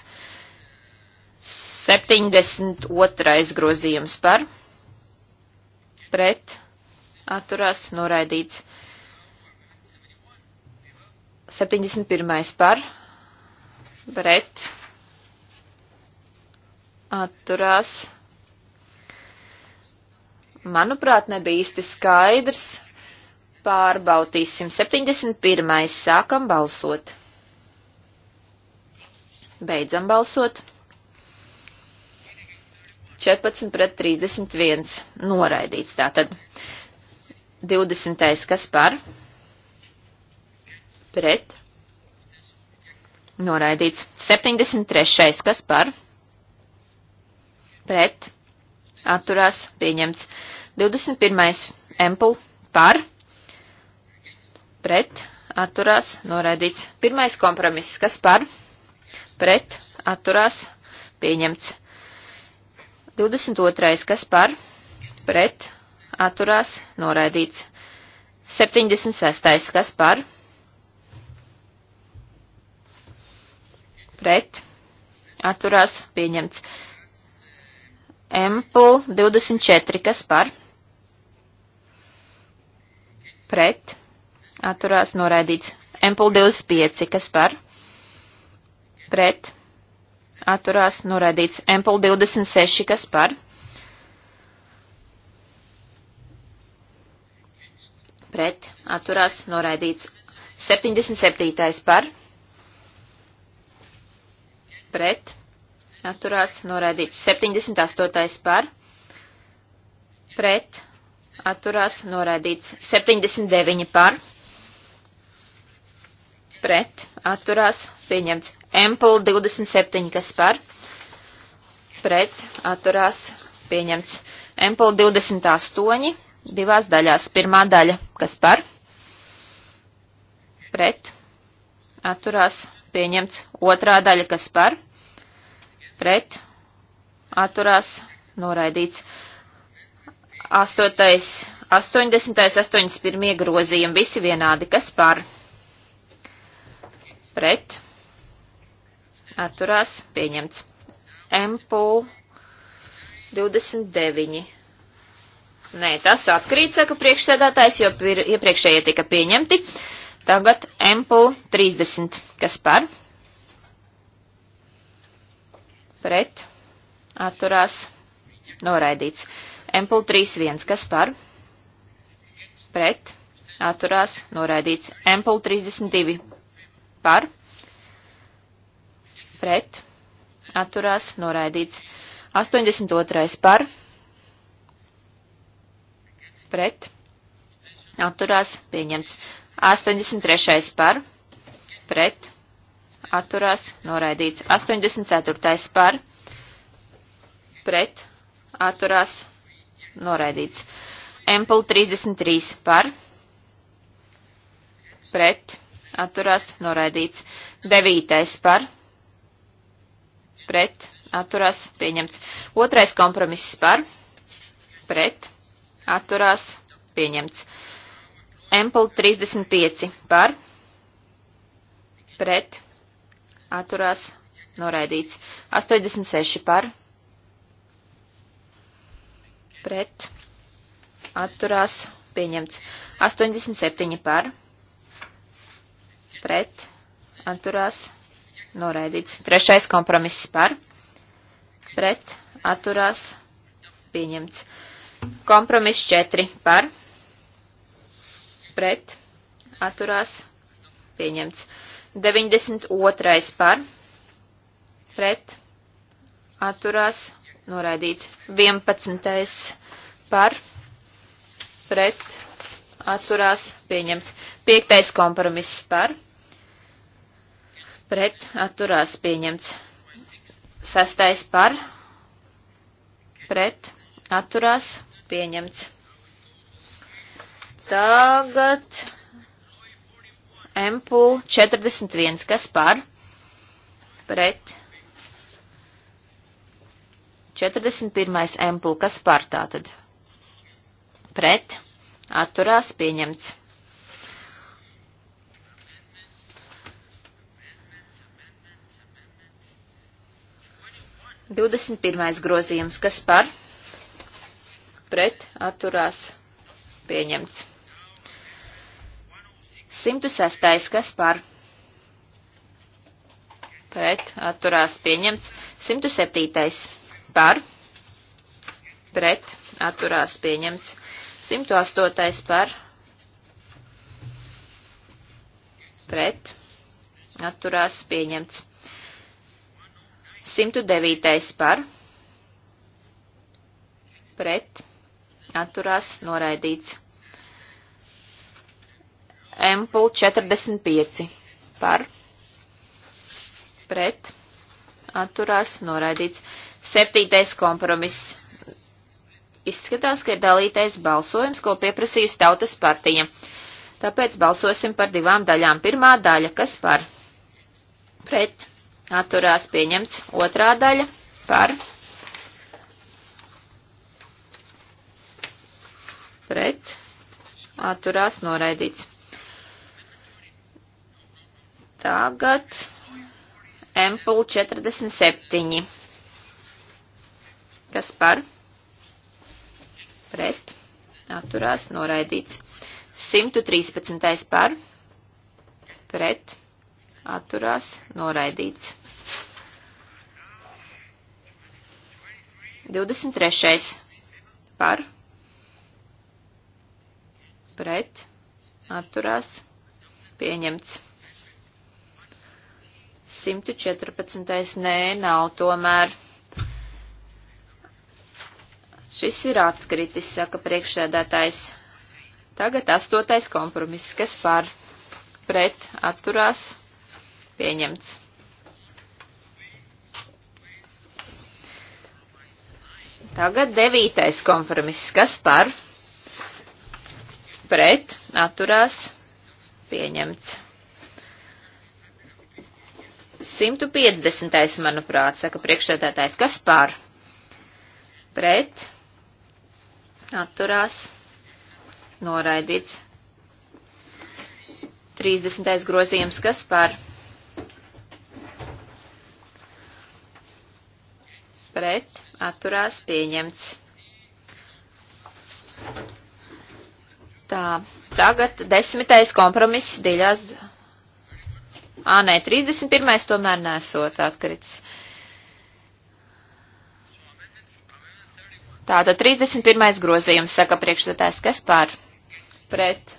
72. grozījums par, pret, atturās, noraidīts. 71. par, pret, atturās, noraidīts manuprāt, nebija īsti skaidrs. Pārbaudīsim. 71. sākam balsot. Beidzam balsot. 14 pret 31. Noraidīts tātad. 20. kas par? Pret. Noraidīts. 73. kas par? Pret atturās pieņemts. 21. empul par, pret, atturās noraidīts. Pirmais kompromiss, kas par, pret, atturās pieņemts. 22. kas par, pret, atturās noraidīts. 76. kas par, pret, atturās pieņemts. Empl 24, kas par? Pret. Atturās noraidīts. Empl 25, kas par? Pret. Atturās noraidīts. Empl 26, kas par? Pret. Atturās noraidīts. 77. par? Pret atturās noraidīts. 78. par pret atturās noraidīts. 79 par pret atturās pieņemts. Empul 27 kas par pret atturās pieņemts. Empul 28 divās daļās. Pirmā daļa kas par pret atturās pieņemts. Otrā daļa kas par pret pret, atturās, noraidīts. 8. 80. 81. grozījumi visi vienādi, kas par, pret, atturās, pieņemts. Empul 29. Nē, tas atkrīt, saka priekšsēdātājs, jo iepriekšējie tika pieņemti. Tagad Empul 30. Kas par? pret, atturās, noraidīts. Empul 3.1, kas par, pret, atturās, noraidīts. Empul 32, par, pret, atturās, noraidīts. 82. par, pret, atturās, pieņemts. 83. par, pret, atturās noraidīts. 84. par pret atturās noraidīts. Empul 33 par pret atturās noraidīts. 9. par pret atturās pieņemts. Otrais kompromiss par pret atturās pieņemts. Empul 35 par pret atturās noraidīts. 86 par pret atturās pieņemts. 87 par pret atturās noraidīts. Trešais kompromiss par pret atturās pieņemts. Kompromiss 4 par pret atturās pieņemts. 92. par pret atturās noraidīts. 11. par pret atturās pieņemts. 5. kompromiss par pret atturās pieņemts. 6. par pret atturās pieņemts. Tagad Empul 41, kas par? Pret. 41. Empul, kas par tātad? Pret. Atturās pieņemts. Divdesmit pirmais grozījums, kas par, pret, atturās, pieņemts. 106. kas par? Pret atturās pieņemts. 107. par? Pret atturās pieņemts. 108. par? Pret atturās pieņemts. 109. par? Pret atturās noraidīts. Empul 45 par pret atturās noraidīts. Septītais kompromiss. Izskatās, ka ir dalītais balsojums, ko pieprasījusi tautas partija. Tāpēc balsosim par divām daļām. Pirmā daļa, kas par pret atturās pieņemts, otrā daļa par pret atturās noraidīts. Tagad Empul 47. Kas par? Pret. Atturās noraidīts. 113. par. Pret. Atturās noraidīts. 23. par. Pret. Atturās pieņemts. 114. nē, nav tomēr. Šis ir atkritis, saka priekšsēdētājs. Tagad astotais kompromiss, kas par pret atturās pieņemts. Tagad devītais kompromiss, kas par pret atturās pieņemts. 150. manuprāt, saka priekšsēdētājs. Kas pār? Pret. Atturās. Noraidīts. 30. grozījums. Kas pār? Pret. Atturās. Pieņemts. Tā. Tagad desmitais kompromiss diļās Ā, nē, 31. tomēr nesot atkrits. Tātad 31. grozījums saka priekšsētājs, kas pār pret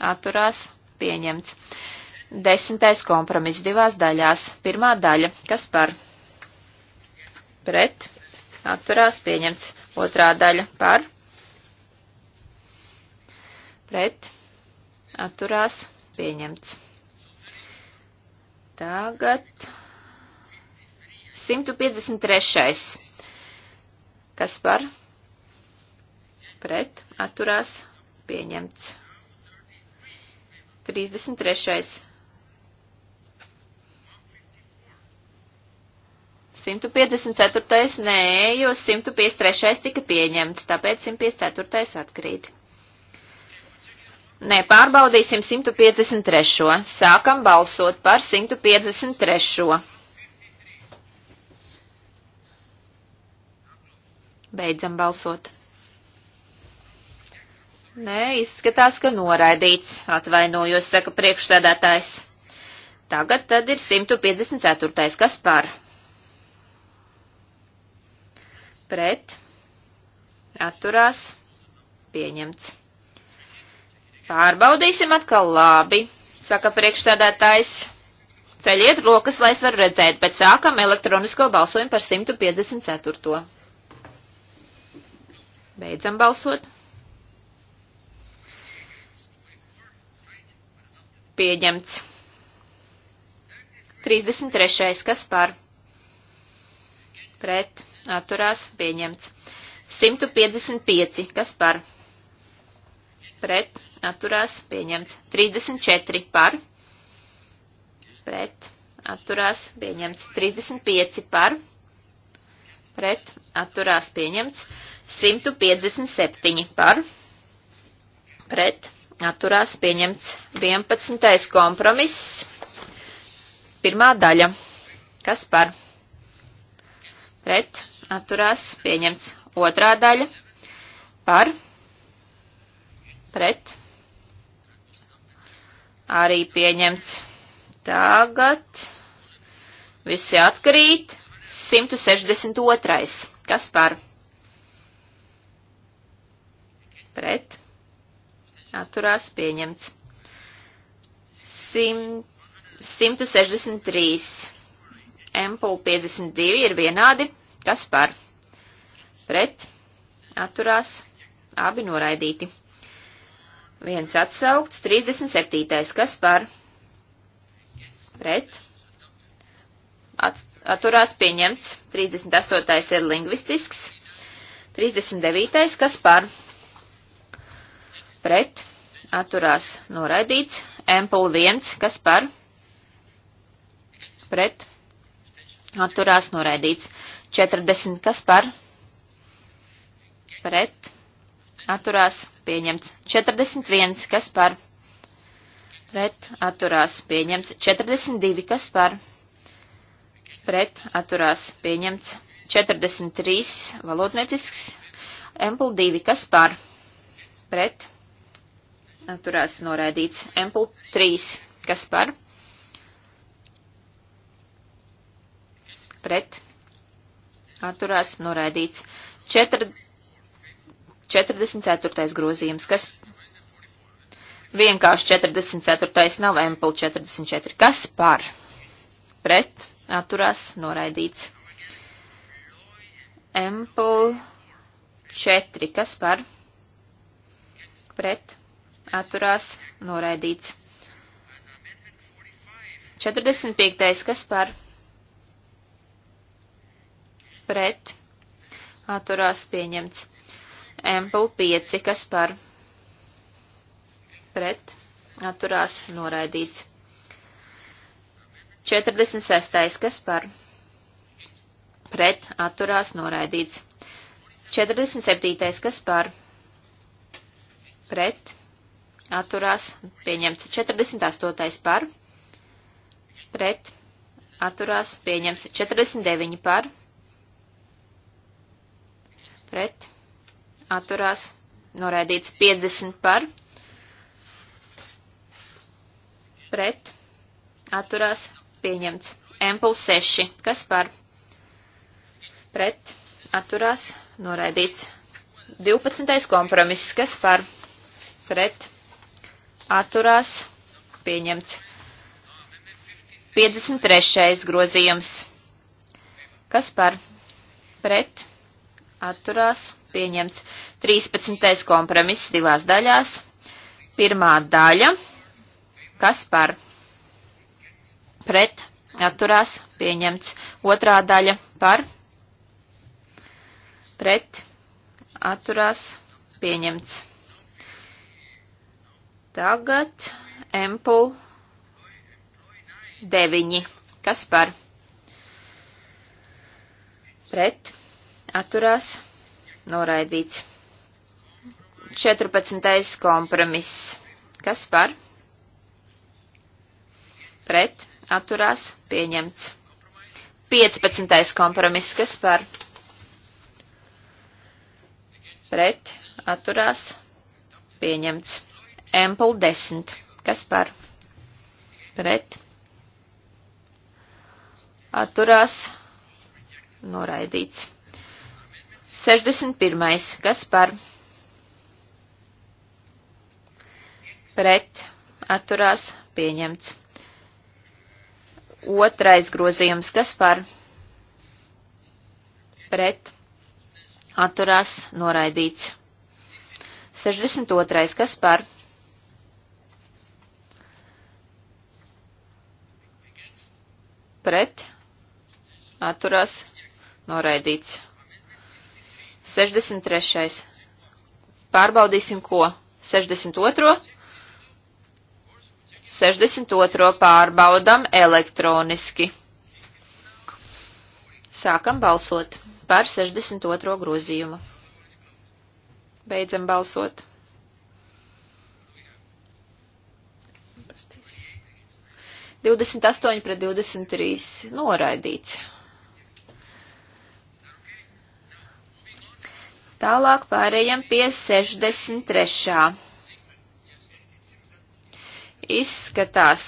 atturās pieņemts. Desmitais kompromiss divās daļās. Pirmā daļa, kas par pret atturās pieņemts. Otrā daļa par pret atturās pieņemts. Tagad 153. Kas par? Pret, atturās, pieņemts. 33. 154. Nē, jo 153. tika pieņemts, tāpēc 154. atkrīt. Nē, pārbaudīsim 153. Sākam balsot par 153. Beidzam balsot. Nē, izskatās, ka noraidīts, atvainojos, saka priekšsēdētājs. Tagad tad ir 154. kas par? Pret. Atturās. Pieņemts. Pārbaudīsim atkal labi, saka priekšsēdētājs. Ceļiet rokas, lai es varu redzēt, bet sākam elektronisko balsojumu par 154. Beidzam balsot. Pieņemts. 33. Kas par? Pret. Atturās. Pieņemts. 155. Kas par? pret, atturās, pieņemts. 34 par, pret, atturās, pieņemts. 35 par, pret, atturās, pieņemts. 157 par, pret, atturās, pieņemts. 11. kompromiss, pirmā daļa. Kas par? Pret, atturās, pieņemts. Otrā daļa par, pret pret, arī pieņemts. Tagad visi atkrīt, 162. Kas par? Pret, atturās pieņemts. 100, 163. Empul 52 ir vienādi. Kas par? Pret, atturās, abi noraidīti. Viens atsaukts, 37. Kas par? Pret. At, atturās pieņemts. 38. ir lingvistisks. 39. Kas par? Pret. Atturās noraidīts. Empul 1. Kas par? Pret. Atturās noraidīts. 40. Kas par? Pret atturās pieņemts 41, kas par pret atturās pieņemts 42, kas par pret atturās pieņemts 43, valodniecisks, empl 2, kas par pret atturās noraidīts empl 3, kas par pret atturās noraidīts 40. 44. grozījums, kas vienkārši 44. nav MPL 44. Kas par? Pret, atturās, noraidīts. MPL 4. Kas par? Pret, atturās, noraidīts. 45. Kas par? Pret, atturās, pieņemts. Empel 5, kas par pret atturās noraidīts. 46. kas par pret atturās noraidīts. 47. kas par pret atturās pieņemts. 48. par pret atturās pieņemts. 49. par pret atturās noraidīts 50 par, pret, atturās pieņemts. Empul 6, kas par, pret, atturās noraidīts. 12. kompromiss, kas par, pret, atturās pieņemts. 53. grozījums, kas par, pret, atturās pieņemts atturās pieņemts 13. kompromiss divās daļās. Pirmā daļa, kas par pret atturās pieņemts. Otrā daļa par pret atturās pieņemts. Tagad empul 9. Kas par pret? atturās noraidīts. 14. kompromiss. Kas par? Pret, atturās, pieņemts. 15. kompromiss. Kas par? Pret, atturās, pieņemts. Ample 10. Kas par? Pret, atturās, noraidīts. 61. Kas par? Pret. Atturās. Pieņemts. Otrais grozījums. Kas par? Pret. Atturās. Noraidīts. 62. Kas par? Pret. Atturās. Noraidīts. 63. Pārbaudīsim ko? 62. 62. pārbaudam elektroniski. Sākam balsot par 62. grozījumu. Beidzam balsot. Divdesmit astoņi pret divdesmit trīs noraidīts. Tālāk pārējām pie 63. Izskatās,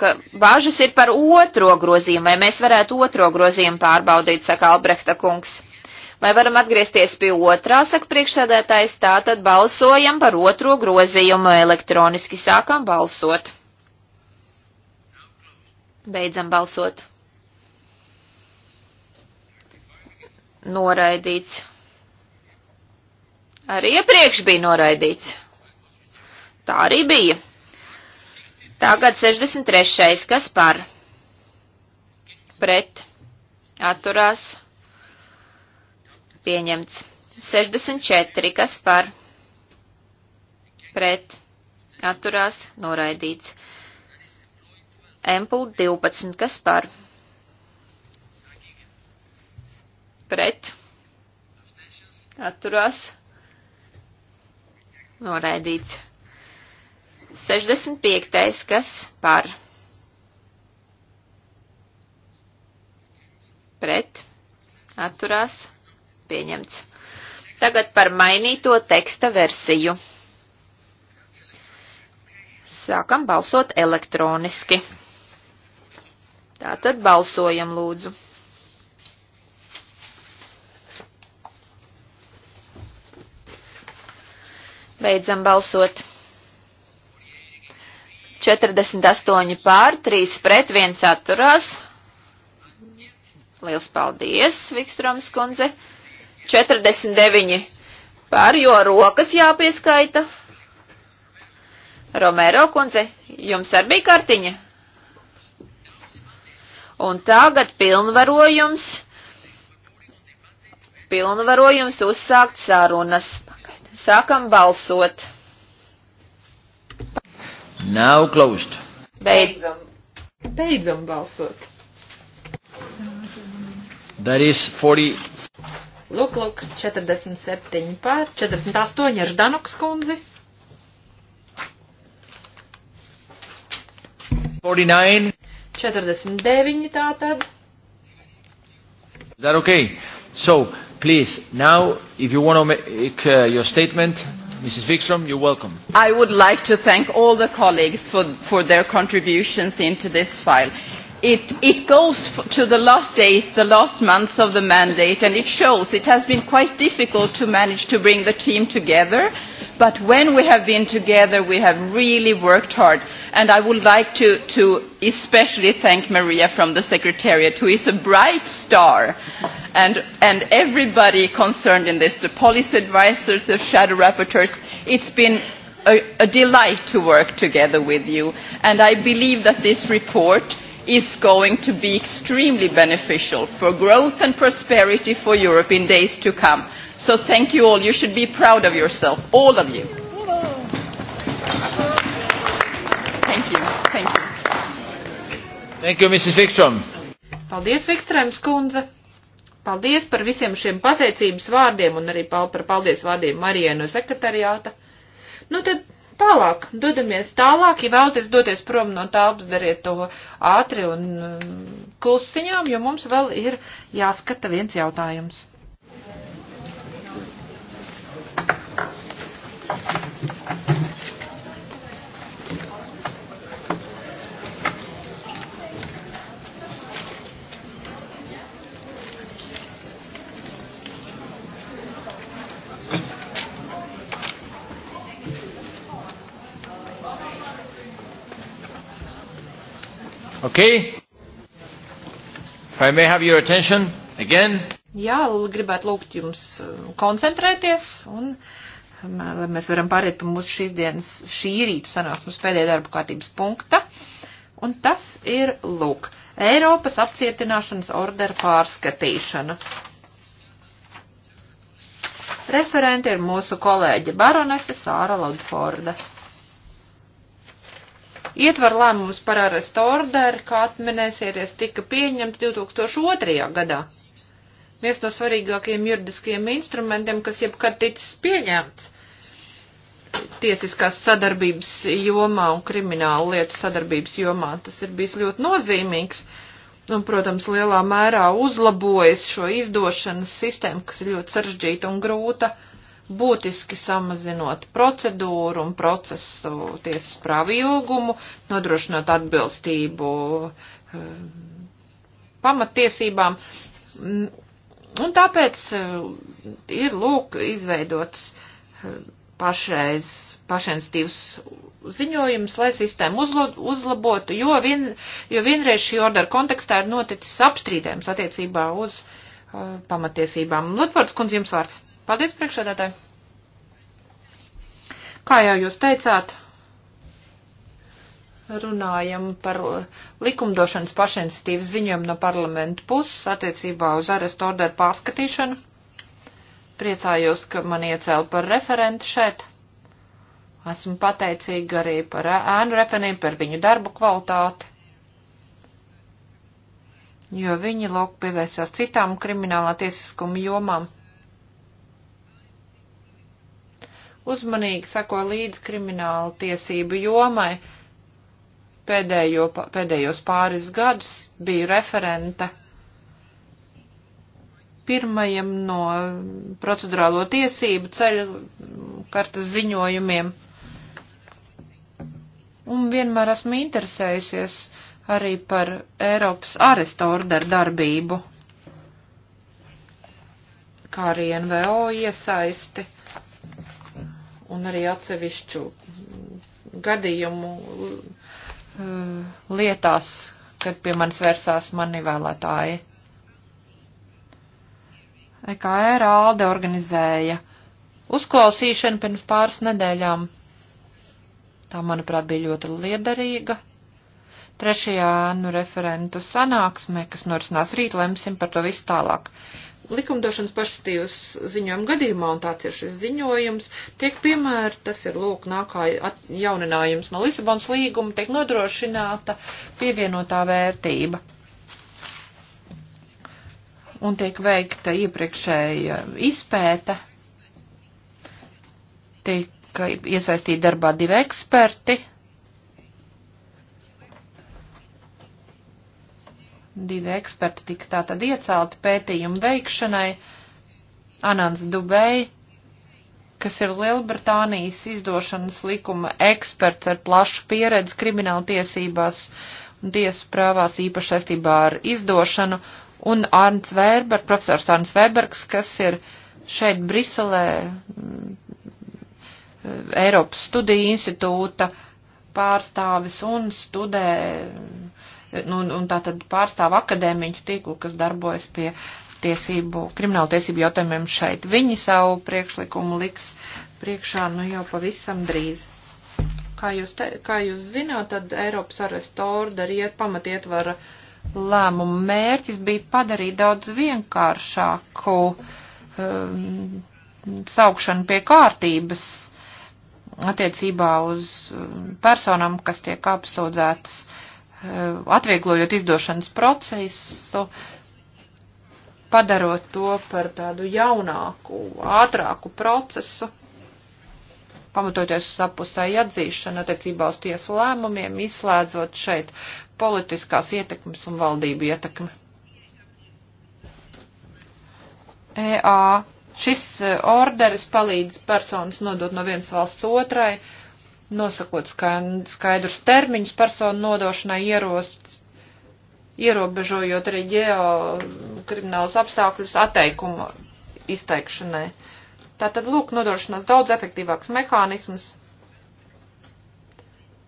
ka bažas ir par otro grozījumu, vai mēs varētu otro grozījumu pārbaudīt, saka Albrehta kungs. Vai varam atgriezties pie otrā, saka priekšsēdētājs, tātad balsojam par otro grozījumu, elektroniski sākam balsot. Beidzam balsot. Noraidīts arī iepriekš bija noraidīts. Tā arī bija. Tagad 63. kas par pret atturās pieņemts. 64. kas par pret atturās noraidīts. Empul 12. kas par pret atturās noraidīts Noraidīts. 65. kas par pret atturās pieņemts. Tagad par mainīto teksta versiju. Sākam balsot elektroniski. Tātad balsojam lūdzu. Beidzam balsot. 48 pār, 3 pret, 1 atturās. Liels paldies, Vikstroms kundze. 49 pār, jo rokas jāpieskaita. Romero kundze, jums arī bija kartiņa? Un tagad pilnvarojums, pilnvarojums uzsākt sarunas. Sākam balsot. Nav closed. Beidzam. Beidzam balsot. That is 40. Lūk, lūk, 47 pār, 48 ar Ždanoks kundzi. 49. 49 tātad. Is that okay? So, please, now, if you want to make uh, your statement, Mrs. Wikström, you're welcome. I would like to thank all the colleagues for, for their contributions into this file. It, it goes to the last days, the last months of the mandate, and it shows it has been quite difficult to manage to bring the team together but when we have been together we have really worked hard and i would like to, to especially thank maria from the secretariat who is a bright star and, and everybody concerned in this the policy advisers the shadow rapporteurs it's been a, a delight to work together with you and i believe that this report is going to be extremely beneficial for growth and prosperity for Europe in days to come. So thank you all. You should be proud of yourself, all of you. Thank you. Thank you. Thank you, Mrs. Vikström. Paldies, Vikstrēms kundze. Paldies par visiem šiem pateicības vārdiem un arī par paldies vārdiem Marijai no sekretariāta. Nu tad tālāk, dodamies tālāk, ja vēlaties doties prom no telpas, dariet to ātri un um, klusiņām, jo mums vēl ir jāskata viens jautājums. Okay. If I may have your attention again. Jā, gribētu lūgt jums um, koncentrēties un um, mēs varam pāriet pa mūsu šīs dienas, šī rīta sanāksmes pēdējā darba kārtības punkta. Un tas ir, lūk, Eiropas apcietināšanas ordera pārskatīšana. Referenti ir mūsu kolēģe baronese Sāra Lodforda. Ietver lēmums par arestu orderu, kā atminēsieties, tika pieņemts 2002. gadā. Viens no svarīgākajiem juridiskajiem instrumentiem, kas jebkad ticis pieņemts tiesiskās sadarbības jomā un kriminālu lietu sadarbības jomā, tas ir bijis ļoti nozīmīgs. Un, protams, lielā mērā uzlabojas šo izdošanas sistēmu, kas ir ļoti sarežģīta un grūta būtiski samazinot procedūru un procesu tiesas prāvu ilgumu, nodrošinot atbilstību eh, pamatiesībām. Mm, un tāpēc eh, ir lūk izveidots eh, pašreiz pašenstīvs ziņojums, lai sistēmu uzlo, uzlabotu, jo, vien, jo vienreiz šī ordera kontekstā ir noticis apstrīdējums attiecībā uz uh, pamatiesībām. Lutfords kundz, jums vārds. Paldies, priekšsēdētāji! Kā jau jūs teicāt, runājam par likumdošanas pašinicitīvas ziņojumu no parlamenta puses attiecībā uz arestu orderu pārskatīšanu. Priecājos, ka man iecēla par referentu šeit. Esmu pateicīga arī par ēnu referentiem, par viņu darbu kvalitāti, jo viņi lūk pievērsās citām kriminālā tiesiskuma jomām. uzmanīgi sako līdz krimināla tiesību jomai. Pēdējo, pēdējos pāris gadus biju referente pirmajam no procedurālo tiesību ceļu kartas ziņojumiem. Un vienmēr esmu interesējusies arī par Eiropas arestu orderu darbību, kā arī NVO iesaisti un arī atsevišķu gadījumu uh, lietās, kad pie manis vērsās mani vēlētāji. EKR ALDE organizēja uzklausīšanu pirms pāris nedēļām. Tā, manuprāt, bija ļoti liederīga. Trešajā nu referentu sanāksmē, kas norisinās rīt, lemsim par to visu tālāk. Uh, likumdošanas pašsatījus ziņojumu gadījumā, un tāds ir šis ziņojums, tiek piemēra, tas ir lūk nākā jauninājums no Lisabons līguma, tiek nodrošināta pievienotā vērtība. Un tiek veikta iepriekšēja izpēta, tiek iesaistīti darbā divi eksperti, Divi eksperti tika tātad iecelti pētījumu veikšanai. Anants Dubei, kas ir Lielbritānijas izdošanas likuma eksperts ar plašu pieredzi krimināla tiesībās un tiesu prāvās īpaši saistībā ar izdošanu, un Arns Vēber, profesors Arns Vēbergs, kas ir šeit Briselē mm, Eiropas studiju institūta pārstāvis un studē nu, un tā tad pārstāv akadēmiņu tīklu, kas darbojas pie tiesību, kriminālu tiesību jautājumiem šeit. Viņi savu priekšlikumu liks priekšā, nu jau pavisam drīz kā jūs, te, kā jūs zināt, tad Eiropas arestu orderi iet pamatietvara lēmumu mērķis bija padarīt daudz vienkāršāku um, saukšanu pie kārtības attiecībā uz um, personām, kas tiek apsūdzētas uh, Eh, atvieglojot izdošanas procesu, padarot to par tādu jaunāku, ātrāku procesu, pamatoties uz apusēju atzīšanu attiecībā uz tiesu lēmumiem, izslēdzot šeit politiskās ietekmes un valdību ietekmi. EA. Šis eh, orderis palīdz personas nodot no vienas valsts otrai, uh, nosakot skaidrus termiņus personu nodošanai ierosts, ierobežojot arī ģeokriminālus apstākļus atteikumu izteikšanai. Tātad, lūk, nodrošinās daudz efektīvāks mehānisms,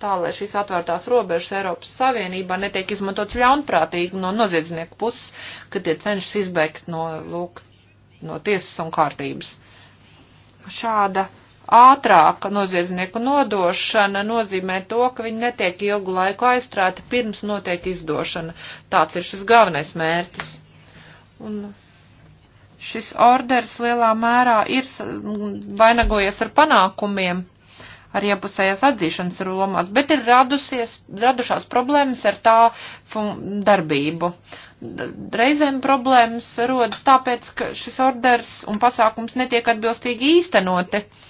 tā, lai šīs atvērtās robežas Eiropas Savienībā netiek izmantots ļaunprātīgi no noziedznieku puses, kad tie cenšas izbēgt no, lūk, no tiesas un kārtības. Šāda ātrāka noziedznieku nodošana nozīmē to, ka viņi netiek ilgu laiku aizturēti pirms notiek izdošana. Tāds ir šis galvenais mērķis. Un šis orders lielā mērā ir vainagojies ar panākumiem, ar iepusējās atzīšanas romās, bet ir radusies, radušās problēmas ar tā darbību. Reizēm problēmas rodas tāpēc, ka šis orders un pasākums netiek atbilstīgi īstenoti. Uh,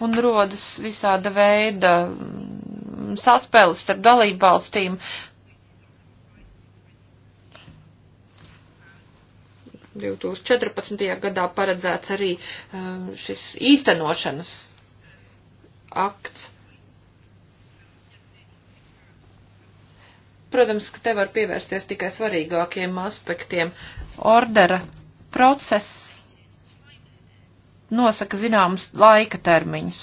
un rodas visāda veida mm, saspēles starp dalību valstīm. gadā paredzēts arī um, šis īstenošanas akts. Protams, ka te var pievērsties tikai svarīgākiem aspektiem. Ordera process nosaka zināmus laika termiņus.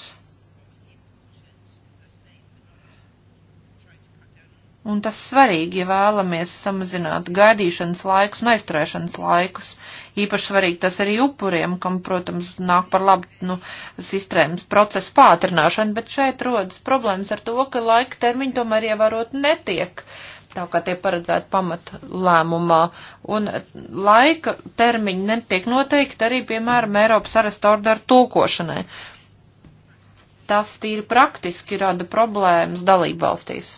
Un tas svarīgi, ja vēlamies samazināt gaidīšanas laikus un aizturēšanas laikus. Īpaši svarīgi tas arī upuriem, kam, protams, nāk par labu nu, sistēmas procesu pātrināšanu, bet šeit rodas problēmas ar to, ka laika termiņi tomēr ievarot netiek. Uh, tā kā tie paredzēti pamat lēmumā. Un laika termiņi netiek noteikti arī, piemēram, Eiropas arestu orderu tulkošanai. Tas tīri praktiski rada problēmas dalību valstīs.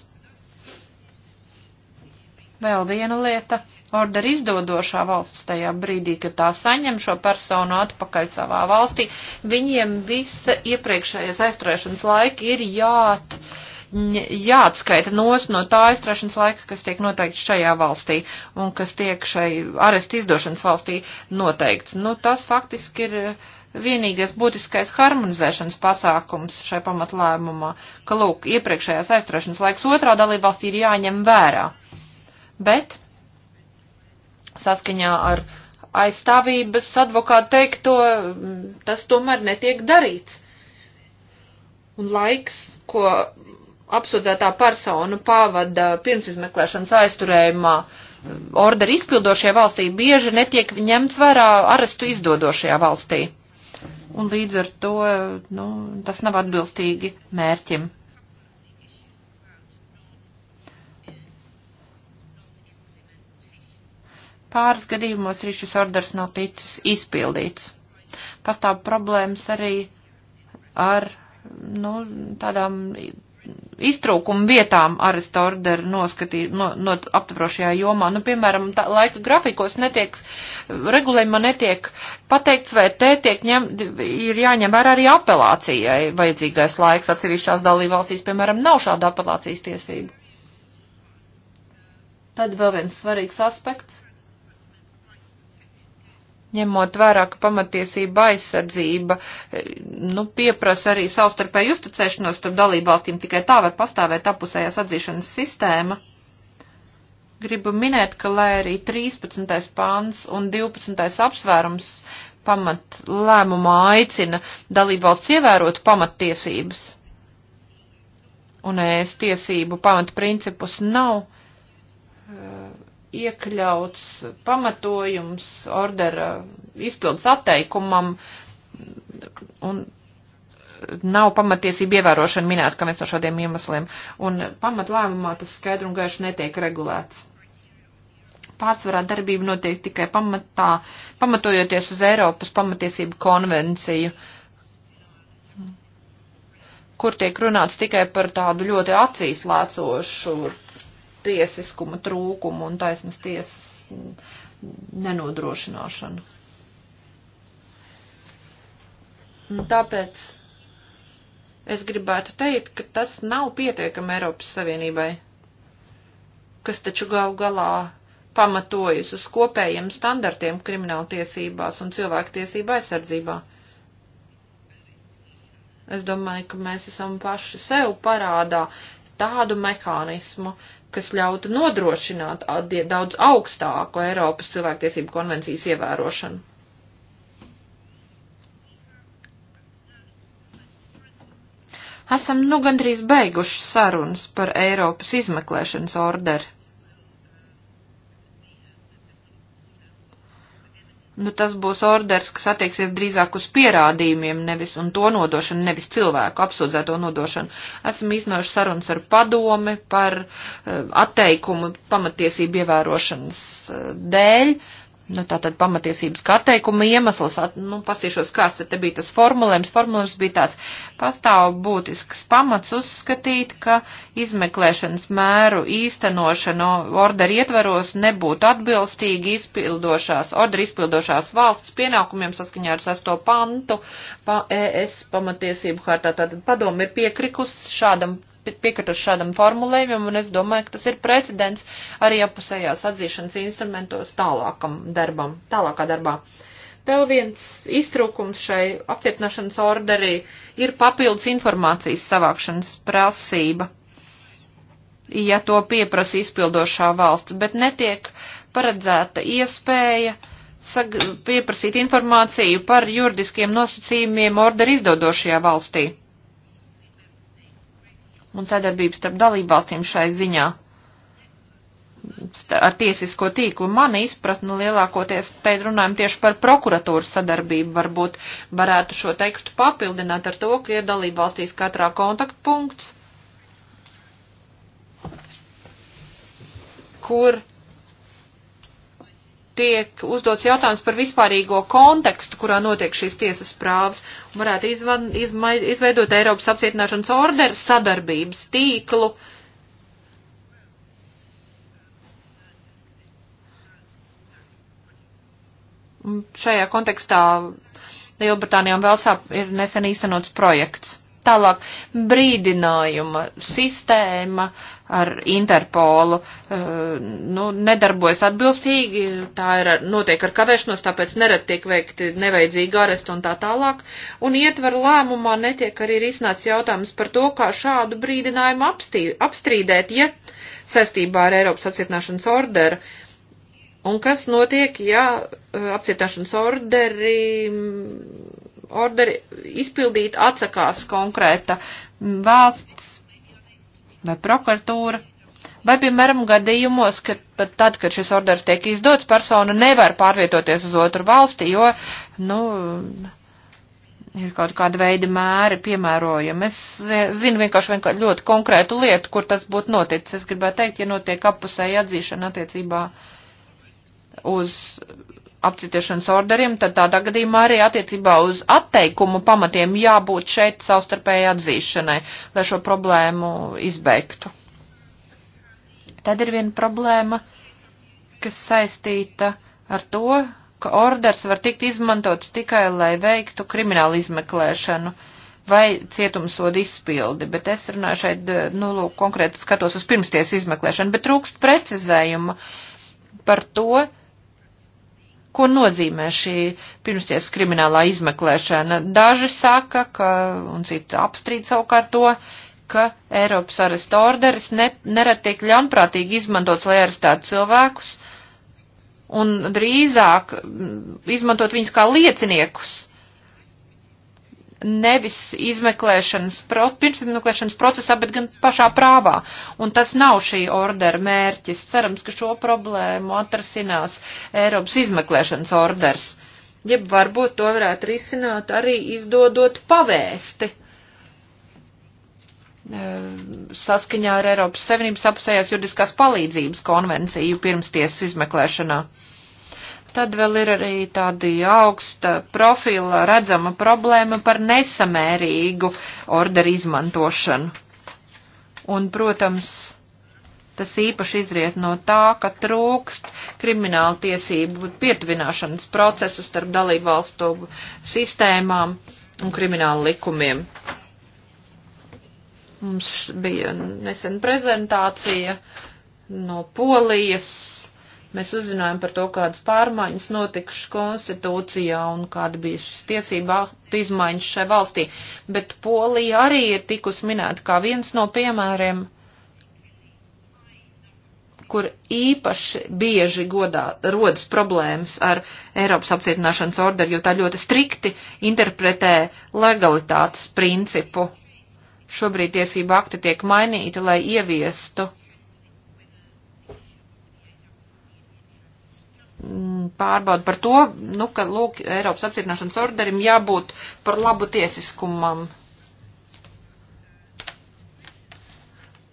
Vēl viena lieta - orderu izdodošā valsts tajā brīdī, kad tā saņem šo personu atpakaļ savā valstī, viņiem visa iepriekšējais aizturēšanas laika ir jāt. Uh, jāatskaita nos no tā aizturēšanas laika, kas tiek noteikts šajā valstī un kas tiek šai arestu izdošanas valstī noteikts. Nu, tas faktiski ir eh, vienīgais būtiskais harmonizēšanas pasākums šai pamatlēmumā, ka, lūk, iepriekšējās aizturēšanas laiks otrā dalībvalstī ir jāņem vērā. Bet saskaņā ar aizstāvības advokātu teikto, tas tomēr netiek darīts. Un laiks, ko apsūdzētā persona pavada pirmsizmeklēšanas aizturējumā orderi izpildošajā valstī, bieži netiek ņemts vērā arestu izdodošajā valstī. Un līdz ar to nu, tas nav atbilstīgi mērķim. Pāris gadījumos arī šis orders nav ticis izpildīts. Pastāv problēmas arī ar nu, tādām iztrūkumu vietām arestu orderu noskatīt, no, no aptvarošajā jomā. Nu, piemēram, tā, laika grafikos netiek, regulējumā netiek pateikts, vai te tiek ņem, ir jāņem vērā arī apelācijai vajadzīgais laiks. Atsevišķās dalībvalstīs, piemēram, nav šāda apelācijas tiesību. Tad vēl viens svarīgs aspekts ņemot vērā, ka pamatiesība aizsardzība, e, nu, pieprasa arī savstarpēju uzticēšanos starp dalībvalstīm, tikai tā var pastāvēt apusējās atzīšanas sistēma. Gribu minēt, ka lai arī 13. pāns un 12. apsvērums pamat lēmumā aicina dalībvalsts ievērot pamattiesības un ēst tiesību pamatprincipus nav iekļauts pamatojums ordera izpildus atteikumam un nav pamatiesība ievērošana minēta, kā viens no šādiem iemesliem. Un pamatlēmumā tas skaidri un gaiši netiek regulēts. Pārsvarā darbība notiek tikai pamatā, pamatojoties uz Eiropas pamatiesību konvenciju, kur tiek runāts tikai par tādu ļoti acīs lēcošu tiesiskuma trūkumu un taisnas tiesas nenodrošināšanu. Un tāpēc es gribētu teikt, ka tas nav pietiekami Eiropas Savienībai, kas taču galu galā pamatojas uz kopējiem standartiem krimināltiesībās un cilvēktiesība aizsardzībā. Es domāju, ka mēs esam paši sev parādā tādu mehānismu, kas ļautu nodrošināt daudz augstāko Eiropas cilvēktiesību konvencijas ievērošanu. Esam nu gandrīz beiguši sarunas par Eiropas izmeklēšanas orderi. nu, tas būs orders, kas attieksies drīzāk uz pierādījumiem nevis, un to nodošanu, nevis cilvēku apsūdzēto nodošanu. Esam iznojuši sarunas ar padomi par uh, atteikumu pamatiesību ievērošanas uh, dēļ. Uh, Nu, tātad pamatiesības kā teikuma iemesls, nu, pasīšos, kāds te bija tas formulējums. Formulējums bija tāds, pastāv būtisks pamats uzskatīt, ka izmeklēšanas mēru īstenošana orderi ietvaros nebūtu atbilstīgi izpildošās, orderi izpildošās valsts pienākumiem saskaņā ar 6. pantu pa ES pamatiesību hartā. Tātad padomi ir piekrikus šādam piekrituši šādam formulējumam, un es domāju, ka tas ir precedents arī apusējās atzīšanas instrumentos tālākam darbam, tālākā darbā. Vēl viens iztrūkums šai apcietināšanas orderī ir papildus informācijas savākšanas prasība, ja to pieprasa izpildošā valsts, bet netiek paredzēta iespēja pieprasīt informāciju par juridiskiem nosacījumiem orderu izdodošajā valstī un sadarbības starp dalībvalstīm šai ziņā ar tiesisko tīklu. Mana izpratne lielākoties te runājam tieši par prokuratūras sadarbību. Varbūt varētu šo tekstu papildināt ar to, ka ir dalībvalstīs katrā kontaktpunkts, kur tiek uzdots jautājums par vispārīgo kontekstu, kurā notiek šīs tiesas prāvas, un varētu izvan, izma, izveidot Eiropas apcietināšanas orderu sadarbības tīklu. Šajā kontekstā Lielbritānijām vēl sāp ir nesen īstenots projekts. Tālāk brīdinājuma sistēma ar Interpolu eh, nu, nedarbojas atbilstīgi, tā ir notiek ar kavēšanos, tāpēc nerad tiek veikti neveidzīgi aresti un tā tālāk. Un ietver lēmumā netiek arī risināts jautājums par to, kā šādu brīdinājumu apstī, apstrīdēt, ja saistībā ar Eiropas apcietināšanas orderu. Un kas notiek, ja eh, apcietināšanas orderi orderi izpildīt atsakās konkrēta valsts vai prokuratūra. Vai, piemēram, gadījumos, kad pat tad, kad šis orders tiek izdots, persona nevar pārvietoties uz otru valsti, jo, nu, ir kaut kāda veida mēri piemērojami. Es zinu vienkārši, vienkārši ļoti konkrētu lietu, kur tas būtu noticis. Es gribētu teikt, ja notiek apusēja atzīšana attiecībā uz apcietiešanas orderiem, tad tādā gadījumā arī attiecībā uz atteikumu pamatiem jābūt šeit savstarpēji atzīšanai, lai šo problēmu izbeigtu. Tad ir viena problēma, kas saistīta ar to, ka orders var tikt izmantots tikai, lai veiktu kriminālu izmeklēšanu vai cietumsodu izpildi, bet es runāju šeit, nu, lūk, konkrēti skatos uz pirmsties izmeklēšanu, bet trūkst precizējuma par to, uh, Ko nozīmē šī pirmsties kriminālā izmeklēšana? Daži saka, ka, un citi apstrīd savukārt to, ka Eiropas arestu orderis ne, nereti tiek ļaunprātīgi izmantots, lai arestētu cilvēkus, un drīzāk mm, izmantot viņus kā lieciniekus nevis izmeklēšanas, pro, pirms izmeklēšanas procesā, bet gan pašā prāvā. Un tas nav šī ordera mērķis. Cerams, ka šo problēmu atrasinās Eiropas izmeklēšanas orders. Jeb varbūt to varētu risināt arī izdodot pavēsti e, saskaņā ar Eiropas Savienības apusējās juridiskās palīdzības konvenciju pirmstiesas izmeklēšanā. Tad vēl ir arī tādi augsta profila redzama problēma par nesamērīgu orderu izmantošanu. Un, protams, Tas īpaši izriet no tā, ka trūkst krimināla tiesību pietuvināšanas procesu starp dalībvalstu sistēmām un krimināla likumiem. Mums bija nesen prezentācija no Polijas Mēs uzzinājām par to, kādas pārmaiņas notikušas konstitūcijā un kāda bija šis tiesība izmaiņas šai valstī, bet Polija arī ir tikus minēta kā viens no piemēriem, kur īpaši bieži godā rodas problēmas ar Eiropas apcietināšanas orderu, jo tā ļoti strikti interpretē legalitātes principu. Šobrīd tiesība akti tiek mainīti, lai ieviestu Mm, pārbaudu par to, nu, ka, lūk, Eiropas apcietināšanas orderim jābūt par labu tiesiskumam.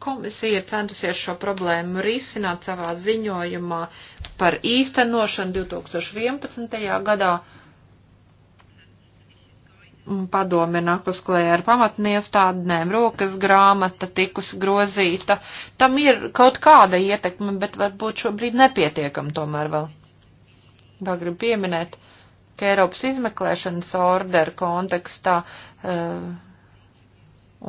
Komisija ir centusies šo problēmu risināt savā ziņojumā par īstenošanu 2011. gadā. Padome nākus klēja ar pamatniestādnēm, rokas grāmata tikus grozīta. Tam ir kaut kāda ietekme, bet varbūt šobrīd nepietiekam tomēr vēl. Vēl gribu pieminēt, ka Eiropas izmeklēšanas ordera kontekstā, eh,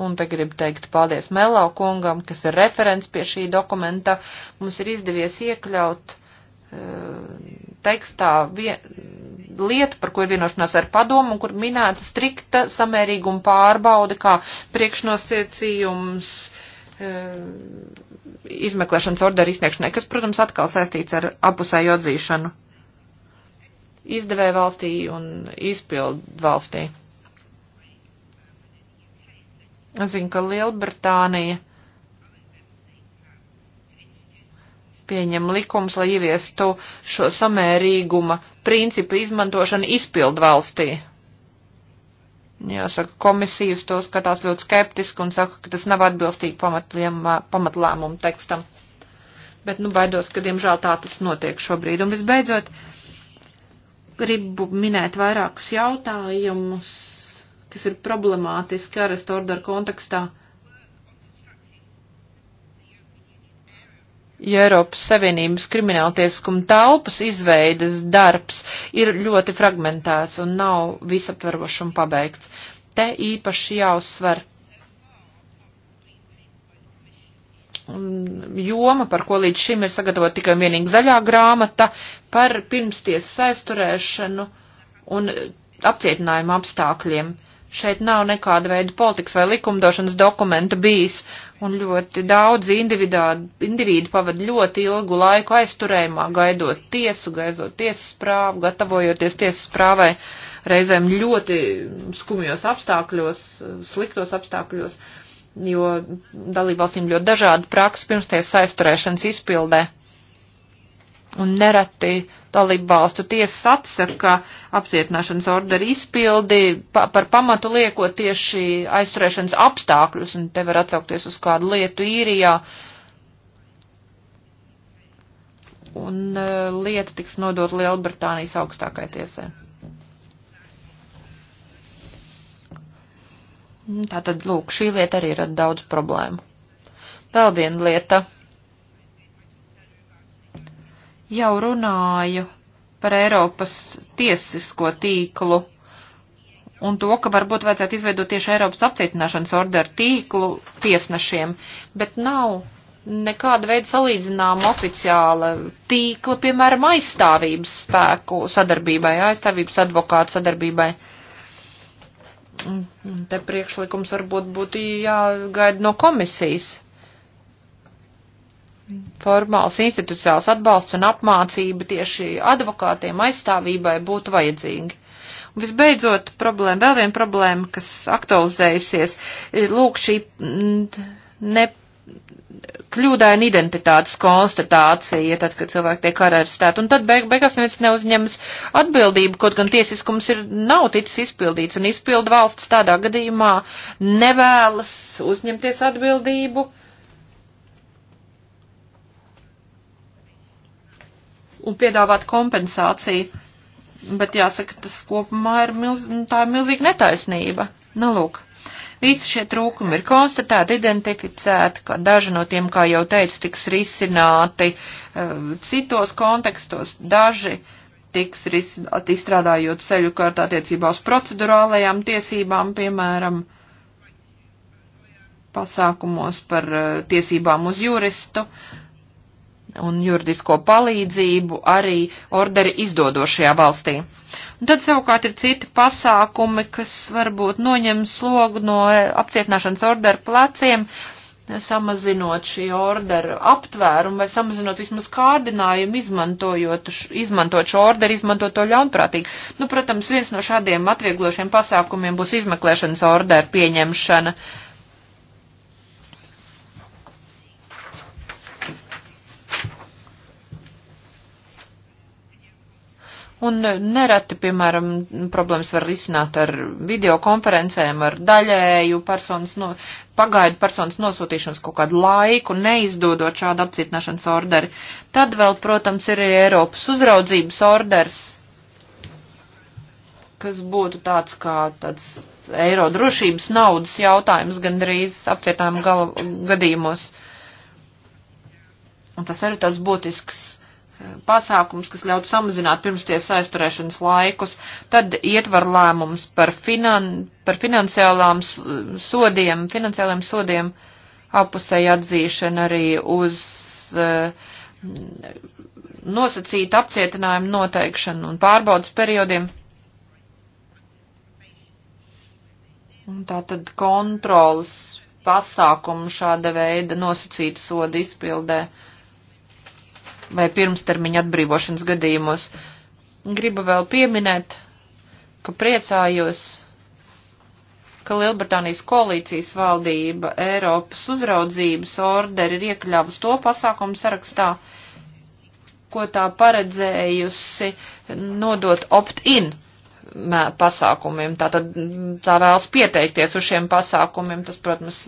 un te gribu teikt paldies Melau kungam, kas ir referents pie šī dokumenta, mums ir izdevies iekļaut eh, tekstā lieta, par ko ir vienošanās ar padomu, kur minēta strikta samērīguma pārbauda kā priekšnosacījums eh, izmeklēšanas orderu izsniegšanai, kas, protams, atkal saistīts ar apusēju atzīšanu izdevē valstī un izpildu valstī. Es zinu, ka Lielbritānija pieņem likums, lai ieviestu šo samērīguma principu izmantošanu izpildu valstī. Jāsaka, komisijas to skatās ļoti skeptiski un saka, ka tas nav atbilstīgi pamatlēmumu tekstam. Bet, nu, baidos, ka, diemžēl, tā tas notiek šobrīd. Un visbeidzot, uh, Gribu minēt vairākus jautājumus, kas ir problemātiski arestu orderu kontekstā. ja Eiropas Savienības krimināltieskuma telpas izveidas darbs ir ļoti fragmentēts un nav visaptverošs un pabeigts. Te īpaši jāuzsver joma, par ko līdz šim ir sagatavota tikai un vienīgi zaļā grāmata par pirmstiesas aizturēšanu un apcietinājumu apstākļiem. Šeit nav nekāda veida politikas vai likumdošanas dokumenta bijis, un ļoti daudz individu pavad ļoti ilgu laiku aizturējumā, gaidot tiesu, gaidot tiesas prāvu, gatavojoties tiesas prāvai, reizēm ļoti skumjos apstākļos, sliktos apstākļos, jo dalībvalstīm ļoti dažādi prakses pirmstiesas aizturēšanas izpildē. Un nereti dalību valstu tiesas atsaka apcietināšanas orderu izpildi pa, par pamatu liekot tieši aizturēšanas apstākļus, un te var atsaukties uz kādu lietu īrijā. Un uh, lieta tiks nodot Lielbritānijas augstākai tiesai. Mm, tātad, lūk, šī lieta arī rada daudz problēmu. Vēl viena lieta. Jau runāju par Eiropas tiesisko tīklu un to, ka varbūt vajadzētu izveidot tieši Eiropas apcietināšanas orderu tīklu tiesnešiem, bet nav nekāda veida salīdzināma oficiāla tīkla, piemēram, aizstāvības spēku sadarbībai, aizstāvības advokātu sadarbībai. Uh, Mm, te priekšlikums varbūt būtu jāgaida no komisijas. Formāls institucionāls atbalsts un apmācība tieši advokātiem aizstāvībai būtu vajadzīgi. Un visbeidzot, problēma, vēl viena problēma, kas aktualizējusies, lūk šī mm, ne kļūdaina identitātes konstatācija, tad, kad cilvēki tiek arestēti, un tad beig, beigās neviens neuzņemas atbildību, kaut gan tiesiskums ir, nav ticis izpildīts, un izpildu valsts tādā gadījumā nevēlas uzņemties atbildību. Un piedāvāt kompensāciju. Bet jāsaka, tas kopumā ir milz, tā ir milzīga netaisnība. Nu, lūk. Visi šie trūkumi ir konstatēti, identificēti, ka daži no tiem, kā jau teicu, tiks risināti eh, citos kontekstos, daži tiks risināti izstrādājot ceļu kārtā attiecībā uz procedurālajām tiesībām, piemēram, pasākumos par eh, tiesībām uz juristu un juridisko palīdzību arī orderi izdodošajā valstī. Un tad savukārt ir citi pasākumi, kas varbūt noņem slogu no apcietināšanas orderu pleciem, samazinot šī orderu aptvērumu vai samazinot vismaz kārdinājumu, izmantojot, izmantot šo orderu, izmantot to ļaunprātīgi. Nu, protams, viens no šādiem atvieglošiem pasākumiem būs izmeklēšanas orderu pieņemšana. Uh, Un nereti, piemēram, problēmas var risināt ar videokonferencēm, ar daļēju personas, no, pagaidu personas nosūtīšanas kaut kādu laiku, neizdodot šādu apcietināšanas orderi. Tad vēl, protams, ir Eiropas uzraudzības orders, kas būtu tāds kā tāds eiro drošības naudas jautājums gandrīz apcietinājumu gadījumos. Un tas arī tas būtisks pasākums, kas ļautu samazināt pirmsties aizturēšanas laikus, tad ietver lēmums par, finan, par finansiālām sodiem, finansiāliem sodiem apusēja atzīšana arī uz eh, nosacītu apcietinājumu noteikšanu un pārbaudas periodiem. Un tā tad kontrolas pasākumu šāda veida nosacīta soda izpildē. Uh, vai pirmstermiņa atbrīvošanas gadījumos. Gribu vēl pieminēt, ka priecājos, ka Lielbritānijas koalīcijas valdība Eiropas uzraudzības orderi ir iekļāvusi to pasākumu sarakstā, ko tā paredzējusi nodot opt-in pasākumiem. Tātad mm, tā vēlas pieteikties uz šiem pasākumiem. Tas, protams,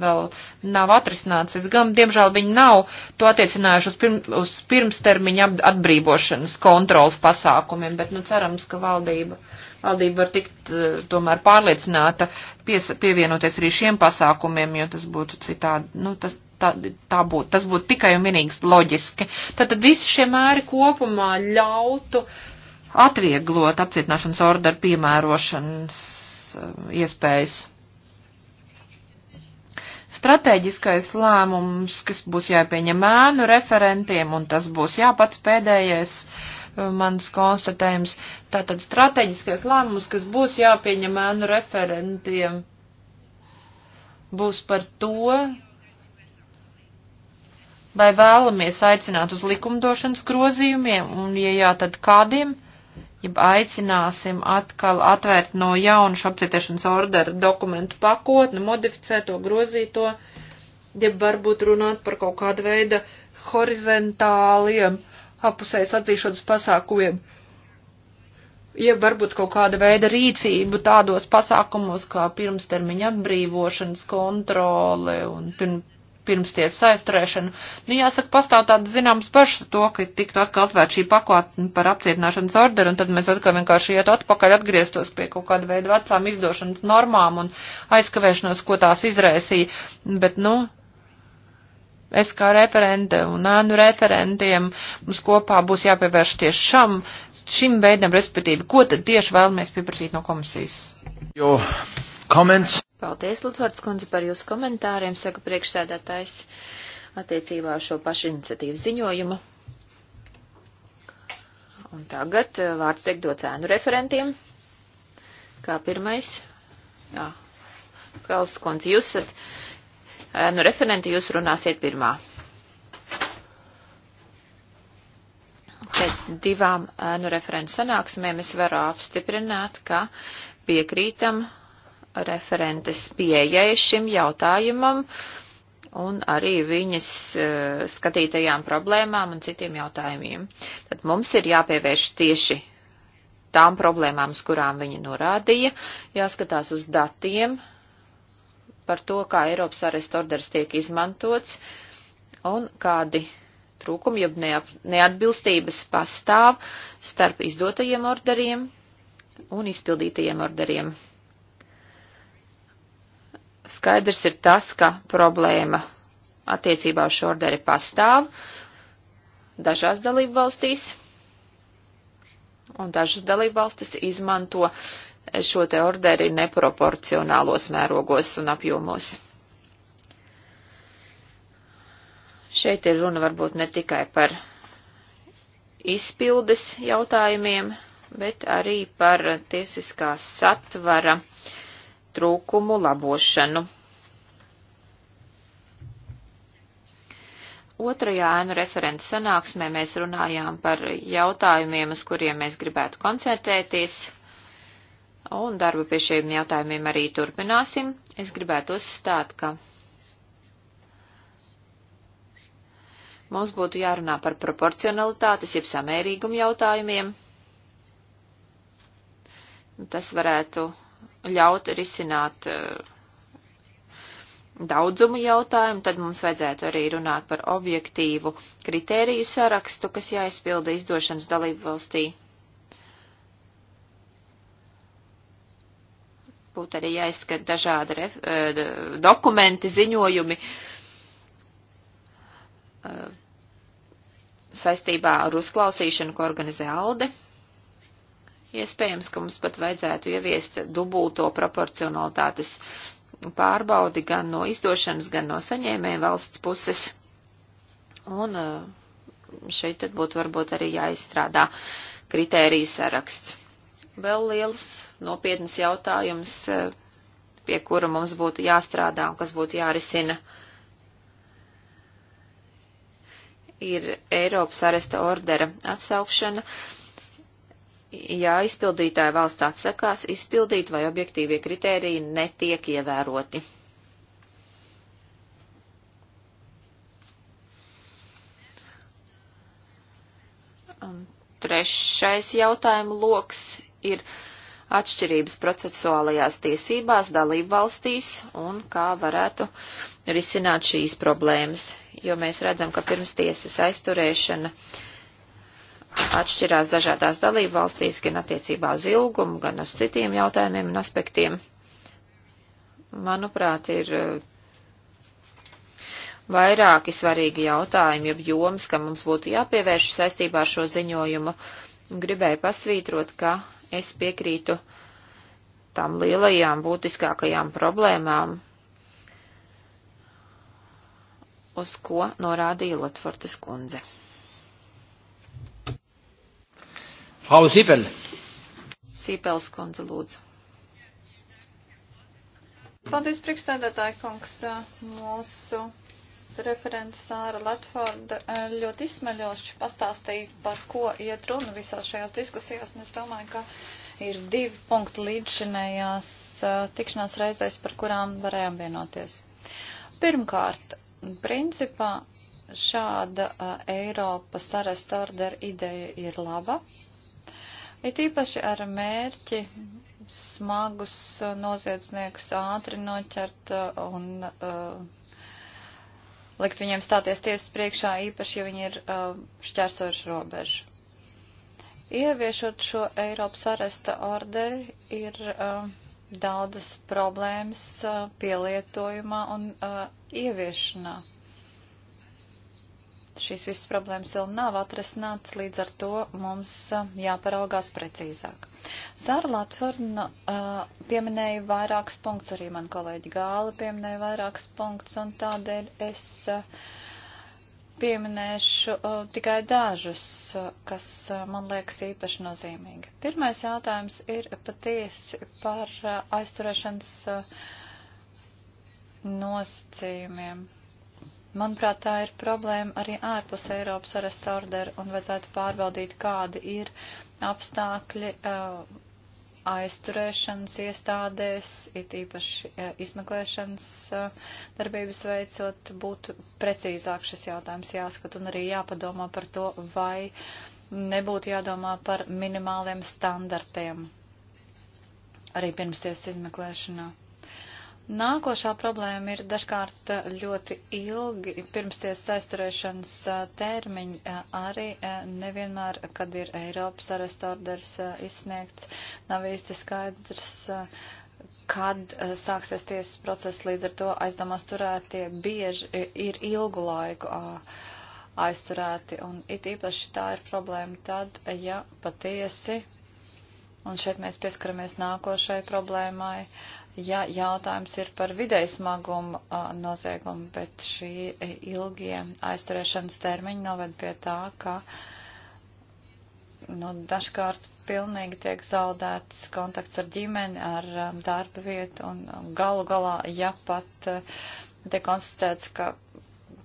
vēl nav atrisināts. Es gan, diemžēl, viņi nav to attiecinājuši uz, pirm, uz pirmstermiņa atbrīvošanas kontrols pasākumiem, bet, nu, cerams, ka valdība, valdība var tikt e, tomēr pārliecināta pies, pievienoties arī šiem pasākumiem, jo tas būtu citādi, nu, tas, tā, tā būtu, tas būtu tikai un vienīgi loģiski. Tātad visi šie mēri kopumā ļautu uh, atvieglot apcietināšanas orderu piemērošanas eh, iespējas. Stratēģiskais lēmums, kas būs jāpieņem ēnu referentiem, un tas būs jāpats pēdējais eh, mans konstatējums, tātad stratēģiskais lēmums, kas būs jāpieņem ēnu referentiem, būs par to, vai vēlamies aicināt uz likumdošanas grozījumiem, un, ja jā, tad kādiem ja aicināsim atkal atvērt no jaunu šo apcietēšanas orderu dokumentu pakotni, modificēt to, grozīt to, ja varbūt runāt par kaut kādu veidu horizontāliem apusējas atzīšanas pasākumiem, ja varbūt kaut kāda veida rīcību tādos pasākumos kā pirmstermiņa atbrīvošanas kontrole un pirms pirms tiesa aizturēšanu. Nu, jāsaka, pastāv tāda zināmas bažas to, ka tiktu atkal atvērt šī paklātne par apcietināšanas orderu, un tad mēs atkal vienkārši iet atpakaļ, atgrieztos pie kaut kāda veida vecām izdošanas normām un aizkavēšanos, ko tās izraisīja. Bet, nu, es kā referente un ānu referentiem mums kopā būs jāpievērš tieši šam, šim veidam, respektīvi, ko tad tieši vēlamies pieprasīt no komisijas. Jo comments. Paldies, Lutvārds kundze, par jūsu komentāriem, saka priekšsēdētājs attiecībā šo pašu iniciatīvas ziņojumu. Un tagad eh, vārds tiek dots ēnu referentiem. Kā pirmais? Jā. Skalas kundze, jūs esat ēnu referenti, jūs runāsiet pirmā. Pēc divām ēnu referentu sanāksmēm es varu apstiprināt, ka piekrītam referentes pieejai šim jautājumam un arī viņas e, skatītajām problēmām un citiem jautājumiem. Tad mums ir jāpievērš tieši tām problēmām, uz kurām viņa norādīja, jāskatās uz datiem par to, kā Eiropas arestu orders tiek izmantots un kādi trūkumi, jeb neatbilstības pastāv starp izdotajiem orderiem un izpildītajiem orderiem. Skaidrs ir tas, ka problēma attiecībā uz šo orderi pastāv dažās dalību valstīs, un dažas dalību valstis izmanto šo te orderi neproporcionālos mērogos un apjomos. Šeit ir runa varbūt ne tikai par izpildes jautājumiem, bet arī par tiesiskā satvara trūkumu labošanu. Otrajā ēnu referentu sanāksmē mēs runājām par jautājumiem, uz kuriem mēs gribētu koncentrēties, un darbu pie šiem jautājumiem arī turpināsim. Es gribētu uzstāt, ka mums būtu jārunā par proporcionalitātes, jeb samērīgumu jautājumiem. Tas varētu ļaut risināt eh, daudzumu jautājumu, tad mums vajadzētu arī runāt par objektīvu kritēriju sarakstu, kas jāizpilda izdošanas dalību valstī. Būtu arī jāizskat dažādi ref, eh, dokumenti, ziņojumi eh, saistībā ar uzklausīšanu, ko organizē Alde. Iespējams, ka mums pat vajadzētu ieviest dubulto proporcionalitātes pārbaudi gan no izdošanas, gan no saņēmēja valsts puses. Un eh, šeit tad būtu varbūt arī jāizstrādā kritēriju saraksts. Vēl liels nopietnas jautājums, eh, pie kura mums būtu jāstrādā un kas būtu jārisina, ir Eiropas aresta ordera atsaukšana. Uh, ja izpildītāja valsts atsakās izpildīt vai objektīvie kritēriji netiek ievēroti. Un trešais jautājuma loks ir atšķirības procesuālajās tiesībās dalību valstīs un kā varētu risināt šīs problēmas, jo mēs redzam, ka pirms tiesas aizturēšana uh, atšķirās dažādās dalību valstīs, gan attiecībā uz ilgumu, gan uz citiem jautājumiem un aspektiem. Manuprāt, ir eh, vairāki svarīgi jautājumi, jeb jomas, kam mums būtu jāpievērš saistībā ar šo ziņojumu. Gribēju pasvītrot, ka es piekrītu tām lielajām būtiskākajām problēmām, uz ko norādīja Latvortas kundze. Frau Sipel. Sīpels kundze lūdzu. Paldies, priekšstādātāji kungs. Mūsu referents Sāra Latforda eh, ļoti izsmeļoši pastāstīja, par ko iet runa visās šajās diskusijās. Un es domāju, ka ir divi punkti līdzšinējās eh, tikšanās reizēs, par kurām varējām vienoties. Pirmkārt, principā šāda eh, Eiropas aresta ordera ideja ir laba It īpaši ar mērķi smagus noziedzniekus ātri noķert uh, un uh, likt viņiem stāties tiesas priekšā, īpaši, ja viņi ir uh, šķērsojuši robežu. Ieviešot šo Eiropas aresta orderi, ir uh, daudzas problēmas uh, pielietojumā un uh, ieviešanā. Šīs visas problēmas vēl nav atrasināts, līdz ar to mums jāparaugās precīzāk. Sāra Latvorna uh, pieminēja vairākus punktus, arī man kolēģi Gāla pieminēja vairākus punktus, un tādēļ es uh, pieminēšu uh, tikai dažus, kas man liekas īpaši nozīmīgi. Pirmais jautājums ir patiesi par aizturēšanas nosacījumiem. Manuprāt, tā ir problēma arī ārpus Eiropas aresta ordera un vajadzētu pārbaudīt, kādi ir apstākļi aizturēšanas iestādēs, it īpaši izmeklēšanas darbības veicot, būtu precīzāk šis jautājums jāskat un arī jāpadomā par to, vai nebūtu jādomā par minimāliem standartiem arī pirmsties izmeklēšanā. Nākošā problēma ir dažkārt eh, ļoti ilgi pirmsties aizturēšanas eh, termiņi, eh, arī nevienmēr, kad ir Eiropas arestorders izsniegts, nav īsti skaidrs, kad sāksies tiesas process, līdz ar to aizdomās turētie bieži ir ilgu laiku aizturēti, un it īpaši tā ir problēma tad, ja patiesi, un šeit mēs pieskaramies nākošai problēmai, ja jautājums ir par videi smagumu noziegumu, bet šī ilgie aizturēšanas termiņi noved pie tā, ka nu, dažkārt pilnīgi tiek zaudēts kontakts ar ģimeni, ar darba vietu un galu galā, ja pat tiek konstatēts, ka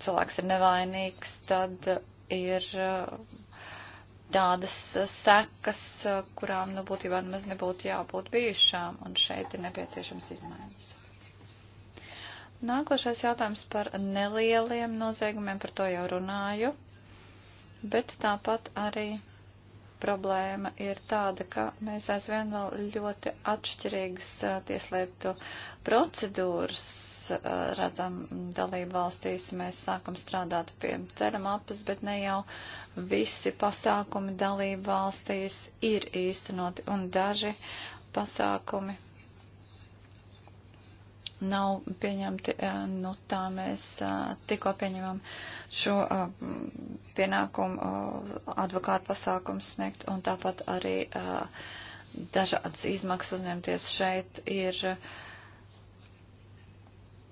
cilvēks ir nevainīgs, tad ir tādas eh, sekas, eh, kurām, nu, būtībā nemaz nebūtu jābūt bijušām, un šeit ir nepieciešams izmaiņas. Nākošais jautājums par nelieliem noziegumiem, par to jau runāju, bet tāpat arī problēma ir tāda, ka mēs aizvien vēl ļoti atšķirīgas tieslietu procedūras redzam dalību valstīs. Mēs sākam strādāt pie ceramapas, bet ne jau visi pasākumi dalību valstīs ir īstenoti un daži pasākumi nav pieņemti, eh, nu tā mēs eh, tikko pieņemam šo eh, pienākumu advokātu pasākumu sniegt un tāpat arī dažādas izmaksas uzņemties šeit ir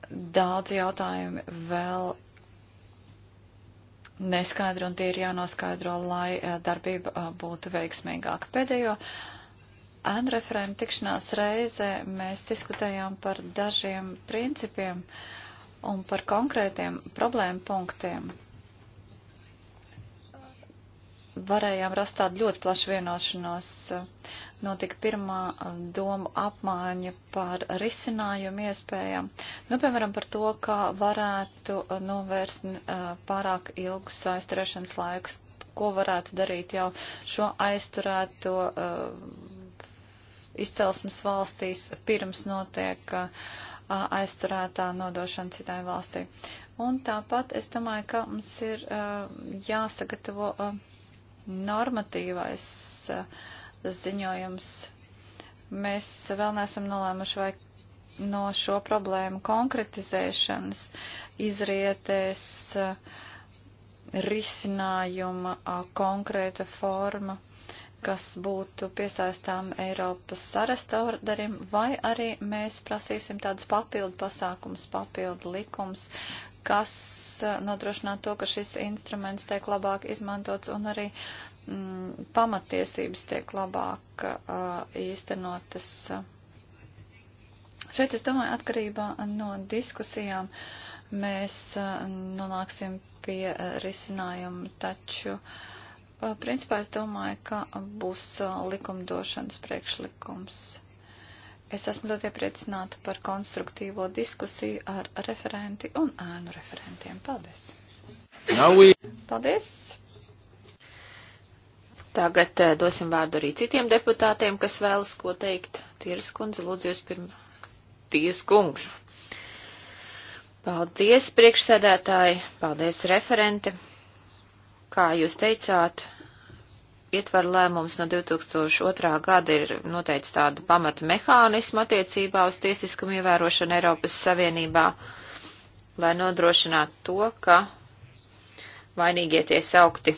daudz jautājumi vēl neskaidri un tie ir jānoskaidro, lai darbība būtu veiksmīgāka. Pēdējo Anreferēm tikšanās reizē mēs diskutējām par dažiem principiem un par konkrētiem problēmu punktiem. Varējām rast tādu ļoti plašu vienošanos. Notika pirmā doma apmaiņa par risinājumu iespējām. Nu, piemēram, par to, kā varētu novērst pārāk ilgus aizturēšanas laikus, ko varētu darīt jau šo aizturēto uh, izcelsmes valstīs, pirms notiek uh, aizturētā nodošana citai valstī. Un tāpat es domāju, ka mums ir uh, jāsagatavo uh, normatīvais ziņojums. Mēs vēl neesam nolēmuši, vai no šo problēmu konkretizēšanas izrietēs risinājuma konkrēta forma kas būtu piesaistām Eiropas arestaurdarim, vai arī mēs prasīsim tādus papildu pasākums, papildu likums, kas e, nodrošinātu to, ka šis instruments tiek labāk izmantots un arī mm, pamatiesības tiek labāk uh, īstenotas. Šeit, es domāju, atkarībā no diskusijām mēs uh, nonāksim pie uh, risinājuma, taču uh, Principā es domāju, ka būs likumdošanas priekšlikums. Es esmu ļoti iepriecināta par konstruktīvo diskusiju ar referenti un ēnu referentiem. Paldies! We... Paldies! Tagad dosim vārdu arī citiem deputātiem, kas vēlas ko teikt. Tīras kundze, lūdzu jūs pirms. Tīras kungs. Paldies, priekšsēdētāji, paldies, referenti. Kā jūs teicāt, ietver lēmums no 2002. gada ir noteicis tādu pamata mehānismu attiecībā uz tiesiskumu ievērošanu Eiropas Savienībā, lai nodrošinātu to, ka vainīgie tiek saukti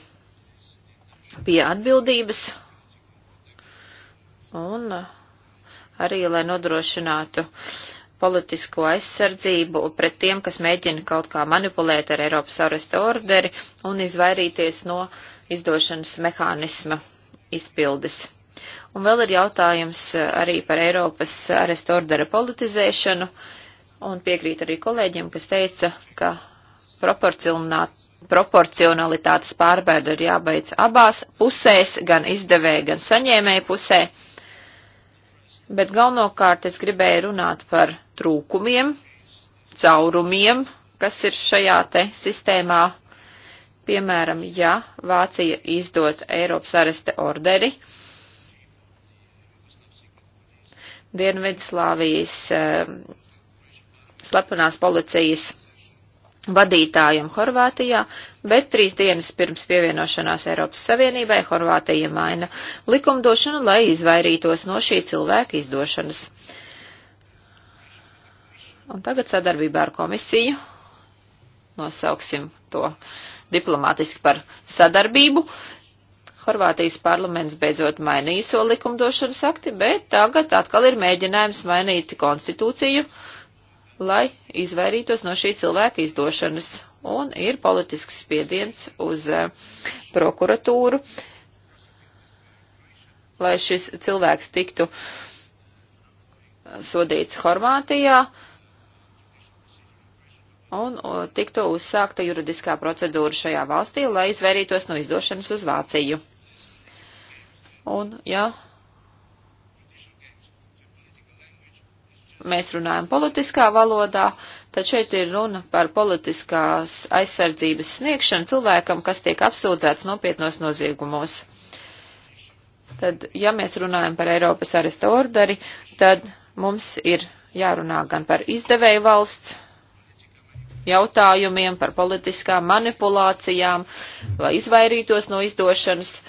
pie atbildības un arī, lai nodrošinātu uh, politisko aizsardzību pret tiem, kas mēģina kaut kā manipulēt ar Eiropas arestu orderi un izvairīties no izdošanas mehānisma izpildes. Un vēl ir jautājums eh, arī par Eiropas arestu ordera politizēšanu, un piekrīt arī kolēģiem, kas teica, ka proporcionalitātes pārbēda ir jābeidz abās pusēs, gan izdevēja, gan saņēmēja pusē bet galvenokārt es gribēju runāt par trūkumiem, caurumiem, kas ir šajā te sistēmā. Piemēram, ja Vācija izdot Eiropas areste orderi, Dienvidslāvijas eh, slepenās policijas vadītājiem Horvātijā, bet trīs dienas pirms pievienošanās Eiropas Savienībai Horvātija maina likumdošanu, lai izvairītos no šī cilvēka izdošanas. Un tagad sadarbībā ar komisiju nosauksim to diplomātiski par sadarbību. Horvātijas parlaments beidzot mainīja šo likumdošanas akti, bet tagad atkal ir mēģinājums mainīt konstitūciju. Uh, lai izvairītos no šī cilvēka izdošanas. Un ir politisks spiediens uz uh, prokuratūru, lai šis cilvēks tiktu sodīts Horvātijā un uh, tiktu uzsākta juridiskā procedūra šajā valstī, lai izvairītos no izdošanas uz Vāciju. Un, ja mēs runājam politiskā valodā, tad šeit ir runa par politiskās aizsardzības sniegšanu cilvēkam, kas tiek apsūdzēts nopietnos noziegumos. Tad, ja mēs runājam par Eiropas aresta orderi, tad mums ir jārunā gan par izdevēju valsts jautājumiem, par politiskām manipulācijām, lai izvairītos no izdošanas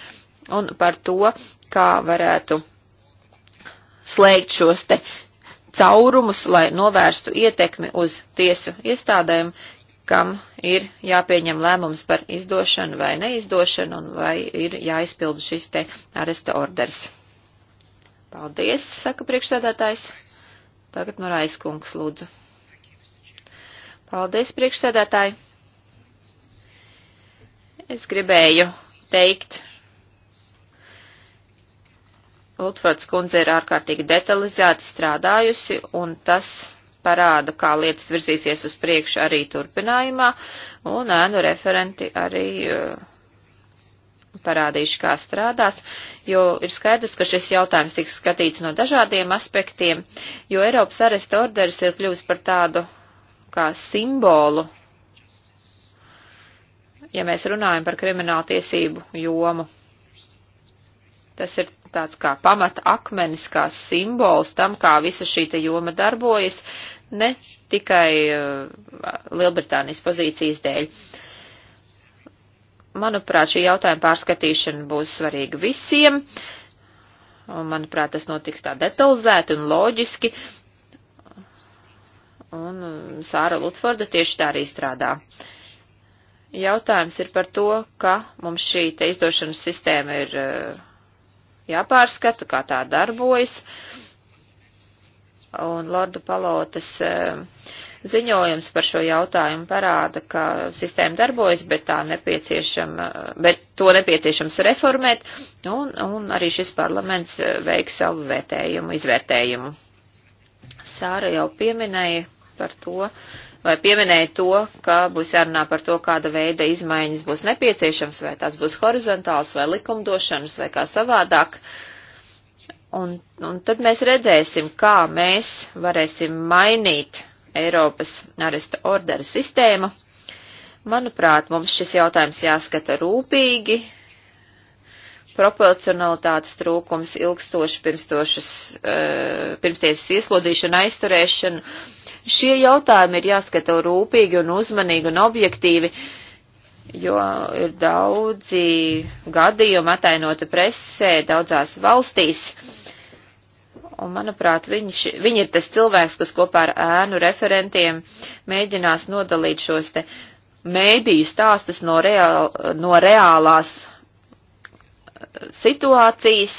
un par to, kā varētu slēgt šos te caurumus, lai novērstu ietekmi uz tiesu iestādēm, kam ir jāpieņem lēmums par izdošanu vai neizdošanu un vai ir jāizpildu šis te aresta orders. Paldies, saka priekšsēdētājs. Tagad no Raiskungs lūdzu. Paldies, priekšsēdētāji. Es gribēju teikt Lutfords kundze ir ārkārtīgi detalizēti strādājusi, un tas parāda, kā lietas virzīsies uz priekšu arī turpinājumā, un ēnu referenti arī uh, parādīšu, kā strādās, jo ir skaidrs, ka šis jautājums tiks skatīts no dažādiem aspektiem, jo Eiropas aresta orders ir kļuvis par tādu kā simbolu, ja mēs runājam par kriminālu tiesību jomu. Tas ir tāds kā pamata akmenis, kā simbols tam, kā visa šī te joma darbojas, ne tikai uh, Lielbritānijas pozīcijas dēļ. Manuprāt, šī jautājuma pārskatīšana būs svarīga visiem, un manuprāt, tas notiks tā detalizēti un loģiski, un uh, Sāra Lutforda tieši tā arī strādā. Jautājums ir par to, ka mums šī te izdošanas sistēma ir uh, jāpārskata, kā tā darbojas. Un Lorda Palotas e, ziņojums par šo jautājumu parāda, ka sistēma darbojas, bet, tā nepieciešama, bet to nepieciešams reformēt, un, un arī šis parlaments e, veiks savu vērtējumu, izvērtējumu. Sāra jau pieminēja par to, uh, vai pieminēja to, ka būs jārunā par to, kāda veida izmaiņas būs nepieciešams, vai tās būs horizontāls, vai likumdošanas, vai kā savādāk. Un, un tad mēs redzēsim, kā mēs varēsim mainīt Eiropas aresta ordera sistēmu. Manuprāt, mums šis jautājums jāskata rūpīgi, proporcionalitātes trūkums, ilgstoši pirmstošas, eh, pirmstiesas ieslodzīšana, aizturēšana, Šie jautājumi ir jāskata rūpīgi un uzmanīgi un objektīvi, jo ir daudzi gadījumi atainoti presē daudzās valstīs. Un, manuprāt, viņš, viņi ir tas cilvēks, kas kopā ar ēnu referentiem mēģinās nodalīt šos te mēdīju stāstus no, reāl, no reālās situācijas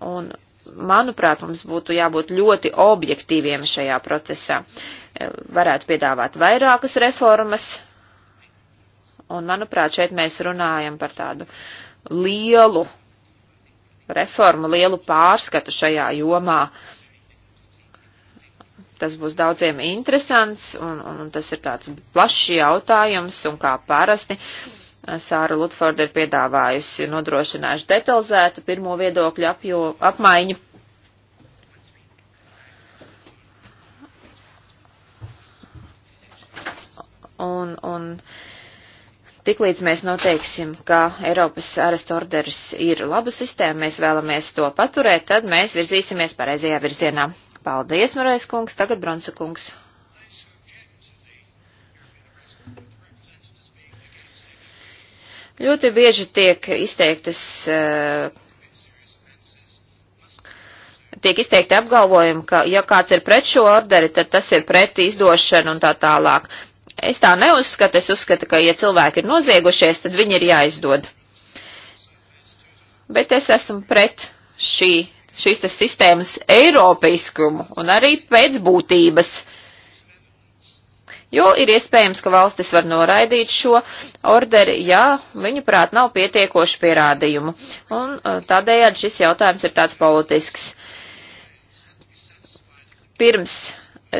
un manuprāt, mums būtu jābūt ļoti objektīviem šajā procesā. E, varētu piedāvāt vairākas reformas, un, manuprāt, šeit mēs runājam par tādu lielu reformu, lielu pārskatu šajā jomā. Tas būs daudziem interesants, un, un, un tas ir tāds plašs jautājums, un kā parasti. Uh, Sāra Lutforda ir piedāvājusi nodrošinājuši detalizētu pirmo viedokļu apjo, apmaiņu. Un, un tiklīdz mēs noteiksim, ka Eiropas arestu orders ir laba sistēma, mēs vēlamies to paturēt, tad mēs virzīsimies pareizajā virzienā. Paldies, Marais kungs, tagad Bronsa kungs. Ļoti bieži tiek izteiktas, eh, tiek izteikti apgalvojumi, ka ja kāds ir pret šo orderi, tad tas ir pret izdošanu un tā tālāk. Es tā neuzskatu, es uzskatu, ka ja cilvēki ir noziegušies, tad viņi ir jāizdod. Bet es esmu pret šī, šīs tas sistēmas eiropiskumu un arī pēc būtības. Uh, jo ir iespējams, ka valstis var noraidīt šo orderi, ja viņu prāt nav pietiekoši pierādījumu. Un uh, tādējādi šis jautājums ir tāds politisks. Pirms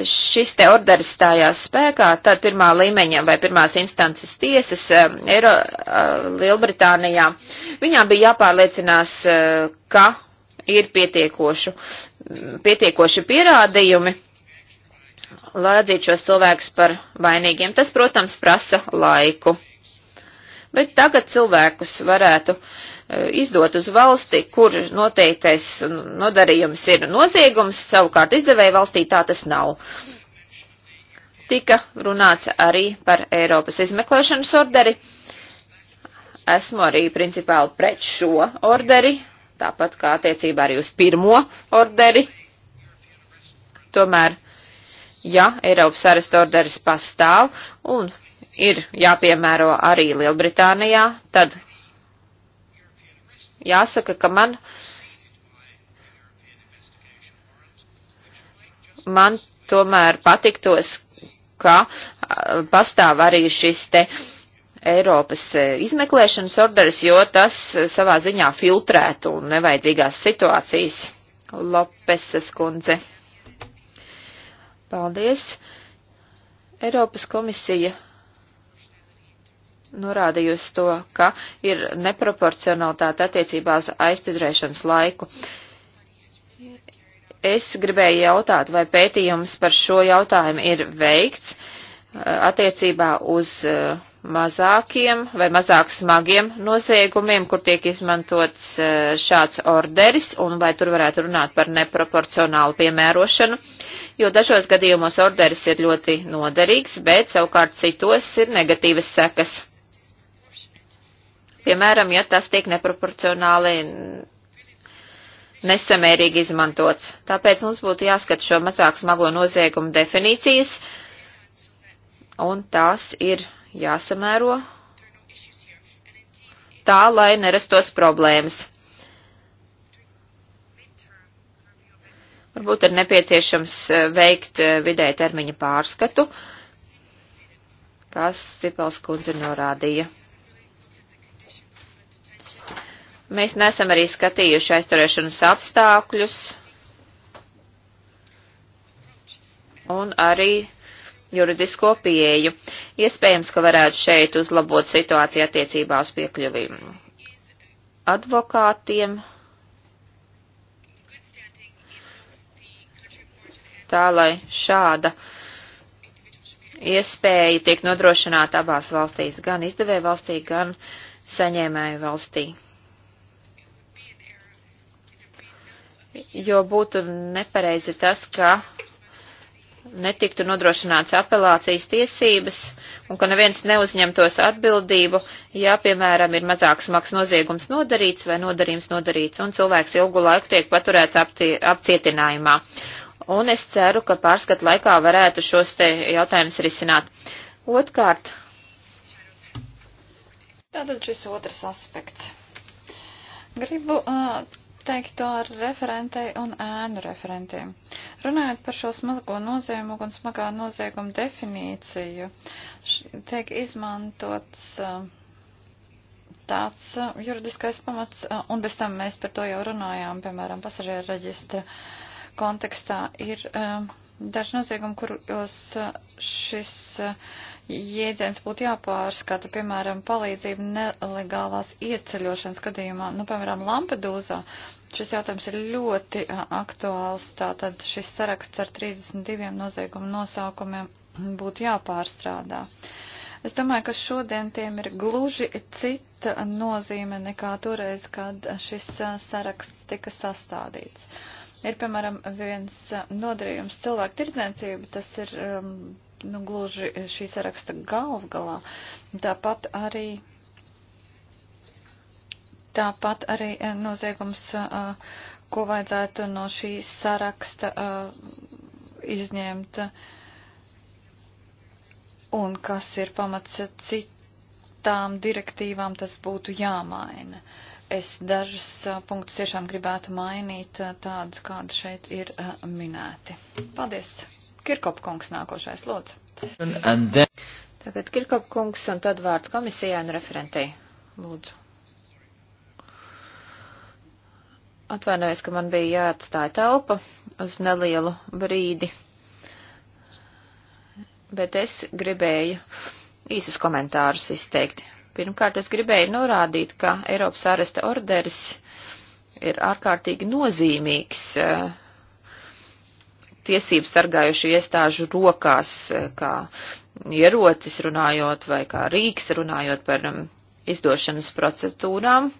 šis te orders stājās spēkā, tad pirmā līmeņa vai pirmās instances tiesas um, Eiro, uh, Lielbritānijā, viņām bija jāpārliecinās, uh, ka ir pietiekošu, pietiekoši pierādījumi lai atzītu šos cilvēkus par vainīgiem. Tas, protams, prasa laiku. Bet tagad cilvēkus varētu e, izdot uz valsti, kur noteiktais nodarījums ir noziegums, savukārt izdevēja valstī tā tas nav. Tika runāts arī par Eiropas izmeklēšanas orderi. Esmu arī principāli pret šo orderi, tāpat kā attiecībā arī uz pirmo orderi. Tomēr ja Eiropas arestu orders pastāv un ir jāpiemēro arī Lielbritānijā, tad jāsaka, ka man, man tomēr patiktos, ka pastāv arī šis te Eiropas e, izmeklēšanas orders, jo tas e, savā ziņā filtrētu nevajadzīgās situācijas. Lopesas kundze. Paldies! Eiropas komisija norādījusi to, ka ir neproporcionalitāte attiecībā uz aizturēšanas laiku. Es gribēju jautāt, vai pētījums par šo jautājumu ir veikts uh, attiecībā uz uh, mazākiem vai mazāk smagiem noziegumiem, kur tiek izmantots uh, šāds orderis, un vai tur varētu runāt par neproporcionālu piemērošanu jo dažos gadījumos orderis ir ļoti noderīgs, bet savukārt citos ir negatīvas sekas. Piemēram, ja tas tiek neproporcionāli nesamērīgi izmantots. Tāpēc mums būtu jāskat šo mazāk smago noziegumu definīcijas, un tās ir jāsamēro tā, lai nerastos problēmas. Varbūt ir nepieciešams eh, veikt eh, vidēja termiņa pārskatu, kas Cipels kundze norādīja. Mēs nesam arī skatījuši aizturēšanas apstākļus un arī juridisko pieeju. Iespējams, ka varētu šeit uzlabot situāciju attiecībā uz piekļuvību advokātiem. tā lai šāda iespēja tiek nodrošināta abās valstīs, gan izdevēja valstī, gan saņēmēju valstī. Jo būtu nepareizi tas, ka netiktu nodrošināts apelācijas tiesības un ka neviens neuzņemtos atbildību, ja, piemēram, ir mazāks maks noziegums nodarīts vai nodarījums nodarīts un cilvēks ilgu laiku tiek paturēts apti, apcietinājumā un es ceru, ka pārskat laikā varētu šos te jautājumus risināt. Otkārt. Tātad šis otrs aspekts. Gribu uh, teikt to ar referentei un ēnu referentiem. Runājot par šo smago noziegumu un smagā nozieguma definīciju, tiek izmantots tāds juridiskais pamats, un bez tam mēs par to jau runājām, piemēram, pasažieru reģistra uh, kontekstā ir um, daži noziegumi, kuros uh, šis uh, jēdziens būtu jāpārskata, piemēram, palīdzība nelegālās ieceļošanas gadījumā, nu, piemēram, Lampedūzā. Šis jautājums ir ļoti uh, aktuāls, tātad šis saraksts ar 32 noziegumu nosaukumiem būtu jāpārstrādā. Es domāju, ka šodien tiem ir gluži cita nozīme nekā toreiz, kad šis saraksts tika sastādīts. Uh, Ir, piemēram, viens eh, nodarījums cilvēku tirdzniecība, tas ir, um, nu, gluži šī saraksta galvgalā. Tāpat arī, tāpat arī eh, noziegums, uh, ko vajadzētu no šī saraksta uh, izņemt un kas ir pamats citām direktīvām, tas būtu jāmaina. Uh, es dažus punktus tiešām gribētu mainīt tādus, kādi šeit ir minēti. Paldies. Kirkop kungs nākošais lūdzu. Then... Tagad Kirkop kungs un tad vārds komisijai un referentei. Lūdzu. Atvainojos, ka man bija jāatstāja telpa uz nelielu brīdi, bet es gribēju īsus komentārus izteikt. Pirmkārt, es gribēju norādīt, ka Eiropas āresta orderis ir ārkārtīgi nozīmīgs eh, tiesību sargājušu iestāžu rokās, eh, kā ierocis runājot vai kā rīks runājot par mm, izdošanas procedūrām.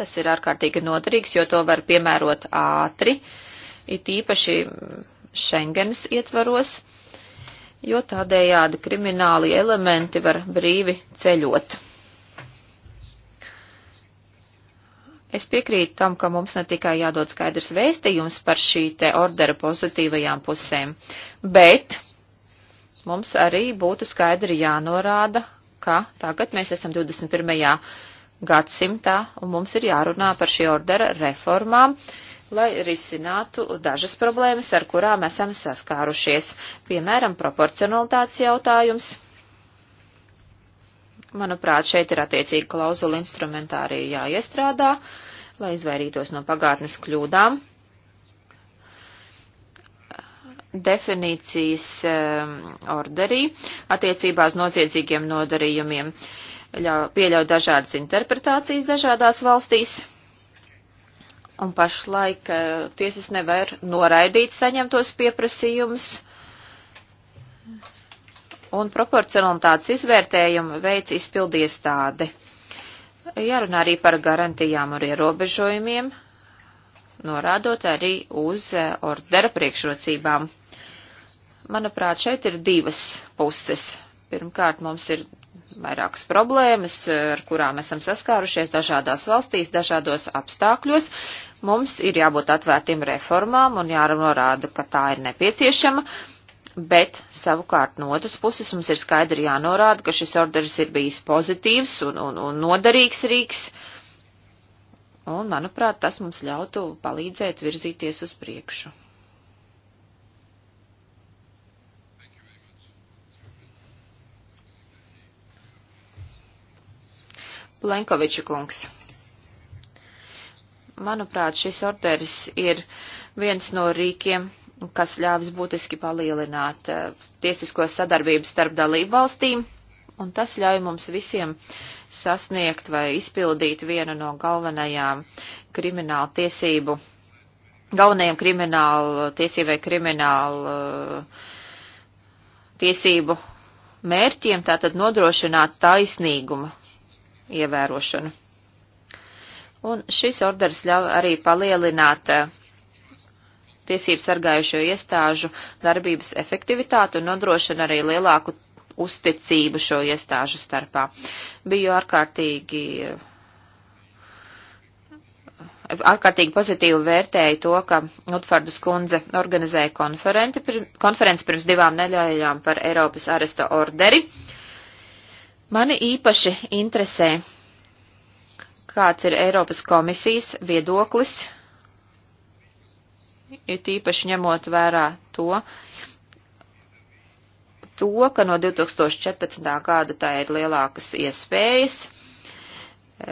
Tas ir ārkārtīgi noderīgs, jo to var piemērot ātri, it īpaši mm, Schengenas ietvaros jo tādējādi krimināli elementi var brīvi ceļot. Es piekrītu tam, ka mums ne tikai jādod skaidrs vēstījums par šī te ordera pozitīvajām pusēm, bet mums arī būtu skaidri jānorāda, ka tagad mēs esam 21. gadsimtā un mums ir jārunā par šī ordera reformām, uh, lai risinātu dažas problēmas, ar kurām esam saskārušies, piemēram, proporcionalitātes jautājums. Manuprāt, šeit ir attiecīgi klauzula instrumentārija jāiestrādā, lai izvairītos no pagātnes kļūdām. Definīcijas um, orderī attiecībā uz noziedzīgiem nodarījumiem pieļauj dažādas interpretācijas dažādās valstīs un pašlaik eh, tiesas nevar noraidīt saņemtos pieprasījumus. Un proporcionalitātes izvērtējumu veic izpildiestāde. Jārunā arī par garantijām un ierobežojumiem, norādot arī uz eh, ordera priekšrocībām. Manuprāt, šeit ir divas puses. Pirmkārt, mums ir vairākas problēmas, eh, ar kurām esam saskārušies dažādās valstīs, dažādos apstākļos, Mums ir jābūt atvērtiem reformām un jānorāda, ka tā ir nepieciešama, bet savukārt no otras puses mums ir skaidri jānorāda, ka šis orders ir bijis pozitīvs un, un, un noderīgs rīks. Un, manuprāt, tas mums ļautu palīdzēt virzīties uz priekšu. Plenkoviča kungs. Manuprāt, šis orderis ir viens no rīkiem, kas ļāvis būtiski palielināt eh, tiesisko sadarbību starp dalību valstīm, un tas ļauj mums visiem sasniegt vai izpildīt vienu no galvenajām kriminālu tiesību, galvenajiem kriminālu tiesībai kriminālu eh, tiesību mērķiem, tātad nodrošināt taisnīgumu ievērošanu. Un šis orders ļauj arī palielināt eh, tiesību sargājušo iestāžu darbības efektivitāti un nodrošina arī lielāku uzticību šo iestāžu starpā. Biju ārkārtīgi eh, ārkārtīgi pozitīvi vērtēju to, ka Utfardas kundze organizēja konferenci, konferenci pirms divām nedēļām par Eiropas aresta orderi. Mani īpaši interesē kāds ir Eiropas komisijas viedoklis, ir tīpaši ņemot vērā to, to, ka no 2014. gada tā ir lielākas iespējas,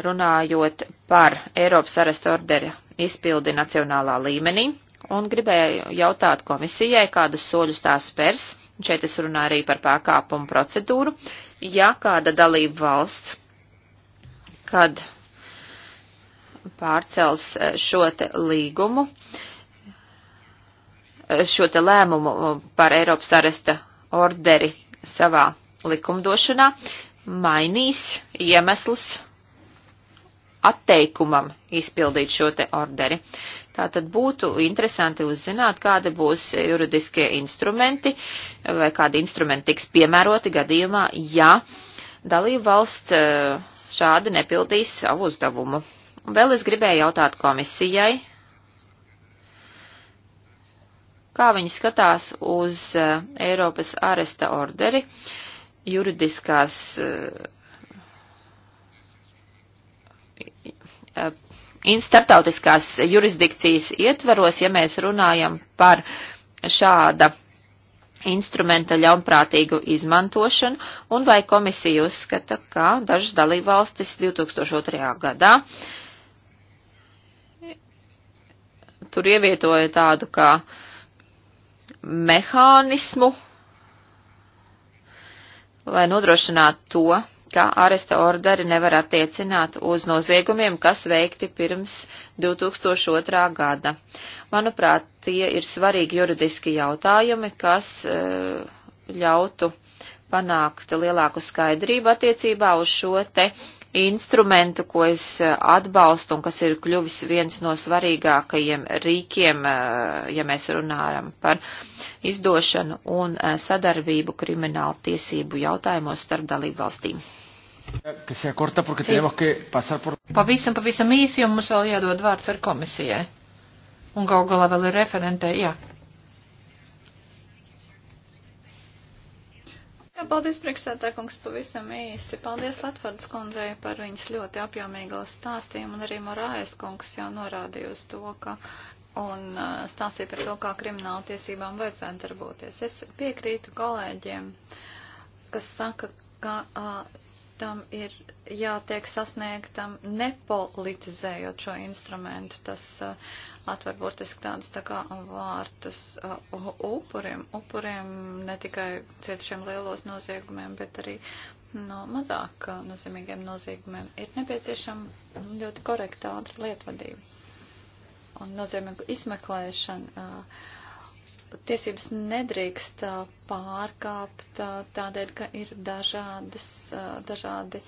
runājot par Eiropas arestu orderu izpildi nacionālā līmenī, un gribēju jautāt komisijai, kādus soļus tās spērs, šeit es runāju arī par pārkāpumu procedūru, ja kāda dalība valsts, kad pārcels e, šo te līgumu, e, šo te lēmumu e, par Eiropas aresta orderi savā likumdošanā, mainīs iemeslus atteikumam izpildīt šo te orderi. Tātad būtu interesanti uzzināt, kādi būs juridiskie instrumenti vai kādi instrumenti tiks piemēroti gadījumā, ja dalība valsts šādi nepildīs savu uzdevumu. Un vēl es gribēju jautāt komisijai, kā viņi skatās uz eh, Eiropas aresta orderi, juridiskās eh, eh, starptautiskās jurisdikcijas ietvaros, ja mēs runājam par šāda instrumenta ļaunprātīgu izmantošanu, un vai komisija uzskata, ka dažas dalībvalstis 2002. gadā tur ievietoja tādu kā mehānismu, lai nodrošinātu to, ka aresta orderi nevar attiecināt uz noziegumiem, kas veikti pirms 2002. gada. Manuprāt, tie ir svarīgi juridiski jautājumi, kas eh, ļautu panākt lielāku skaidrību attiecībā uz šo te uh, instrumentu, ko es eh, atbalstu un kas ir kļuvis viens no svarīgākajiem rīkiem, eh, ja mēs runājam par izdošanu un eh, sadarbību kriminālu tiesību jautājumos starp dalību valstīm. Korta, sí. por... Pavisam, pavisam īsi, jo mums vēl jādod vārds ar komisijai. Un gal galā vēl ir referentē, jā. Jā, paldies, priekšsētā kungs, pavisam īsi. Paldies Latvārdas kundzei par viņas ļoti apjomīgo stāstījumu, un arī Morājas kungs jau norādīja uz to, ka un stāstīja par to, kā krimināla tiesībām vajadzētu darboties. Es piekrītu kolēģiem, kas saka, ka. Uh, tam ir jātiek sasniegtam nepolitizējot šo instrumentu. Tas uh, atver burtiski tādus tā kā vārtus uh, upuriem, upuriem ne tikai cietušiem lielos noziegumiem, bet arī no mazāk uh, nozīmīgiem noziegumiem. Ir nepieciešama ļoti korekta ātra lietvadība un nozīmīgu izmeklēšanu. Uh, tiesības nedrīkst pārkāpt tādēļ, ka ir dažādas, dažādi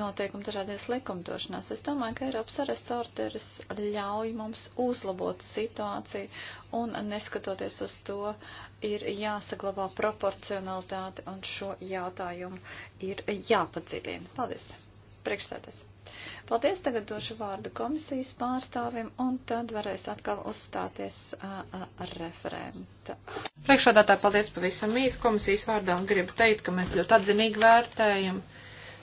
noteikumi dažādās likumdošanās. Es domāju, ka Eiropas arestu orderis ļauj mums uzlabot situāciju un neskatoties uz to ir jāsaglabā proporcionalitāte un šo jautājumu ir jāpadziļina. Paldies! Priekšsēdētājs! Paldies, tagad došu vārdu komisijas pārstāvim, un tad varēs atkal uzstāties ar referenta. Priekšādātā paldies pavisam īsi komisijas vārdā, un gribu teikt, ka mēs ļoti atzinīgi vērtējam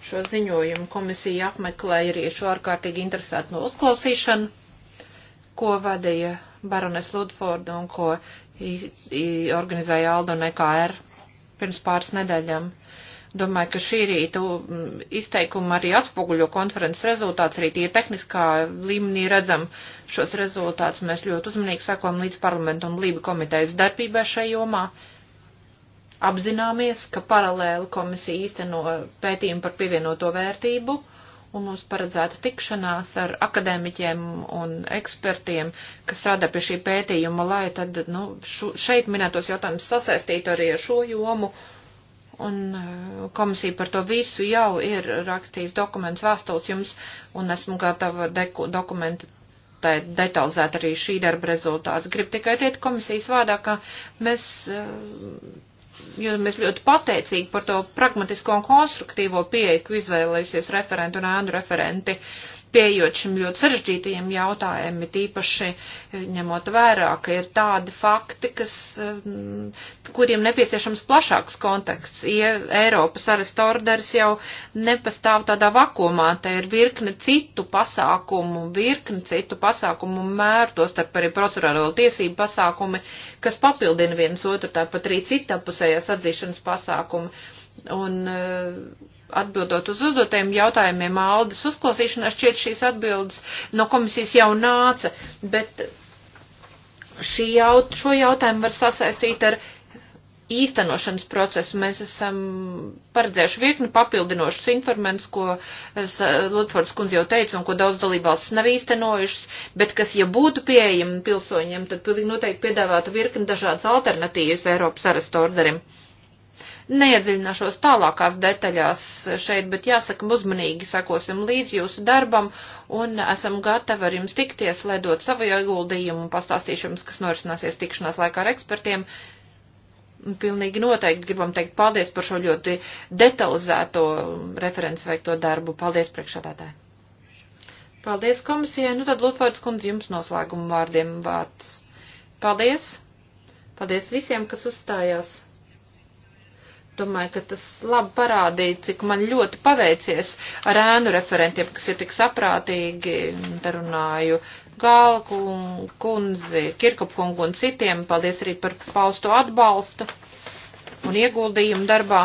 šo ziņojumu. Komisija apmeklēja arī šo ārkārtīgi interesētu no uzklausīšanu, ko vadīja Barones Ludforda un ko organizēja Aldo NKR e pirms pāris nedēļām. Domāju, ka šī rīta mm, izteikuma arī atspoguļo konferences rezultāts, arī tie tehniskā līmenī redzam šos rezultātus. Mēs ļoti uzmanīgi sakojam līdz parlamentu un lība komitejas darbībā šajā jomā. Apzināmies, ka paralēli komisija īsteno pētījumu par pievienoto vērtību un mums paredzēta tikšanās ar akadēmiķiem un ekspertiem, kas strādā pie šī pētījuma, lai tad nu, šu, šeit minētos jautājumus sasaistītu arī ar šo jomu un uh, komisija par to visu jau ir rakstījis dokuments vēstules jums, un esmu gatava dokumentu detalizēt arī šī darba rezultāts. Gribu tikai teikt komisijas vārdā, ka mēs, uh, jo mēs ļoti pateicīgi par to pragmatisko un konstruktīvo pieeju, ko izvēlēsies referenti un ēnu referenti. Uh, pieejot šim ļoti sarežģītajiem jautājumiem, it īpaši e, ņemot vērā, ka ir tādi fakti, kas, e, kuriem nepieciešams plašāks konteksts. Ja Eiropas arestu orders jau nepastāv tādā vakumā, te ir virkne citu pasākumu, virkne citu pasākumu mēru, tostarp arī procedurālo tiesību pasākumi, kas papildina viens otru, tāpat arī citapusējās atzīšanas pasākumi. Un, uh, atbildot uz uzdotajiem jautājumiem Aldas uzklausīšanā, šķiet šīs atbildes no komisijas jau nāca, bet šī jaut, šo jautājumu var sasaistīt ar īstenošanas procesu. Mēs esam paredzējuši virkni papildinošus informantus, ko eh, Lutfords kundze jau teica un ko daudz dalībvalstis nav īstenojušas, bet kas, ja būtu pieejami pilsoņiem, tad pilnīgi noteikti piedāvātu virkni dažādas alternatīvas Eiropas arestu orderim. Neiedziļināšos tālākās detaļās šeit, bet jāsaka, uzmanīgi sakosim līdz jūsu darbam un esam gatavi ar jums tikties, lai dot savu ieguldījumu un pastāstīšu jums, kas norisināsies tikšanās laikā ar ekspertiem. Pilnīgi noteikti gribam teikt paldies par šo ļoti detalizēto referents veikto darbu. Paldies priekšādātāji. Paldies komisijai. Nu tad, Lutvārds kundze, jums noslēguma vārdiem vārds. Paldies. Paldies visiem, kas uzstājās domāju, ka tas labi parādīja, cik man ļoti paveicies ar ēnu referentiem, kas ir tik saprātīgi, darunāju Galku un kundzi, Kirkopkungu un citiem. Paldies arī par pausto atbalstu un ieguldījumu darbā.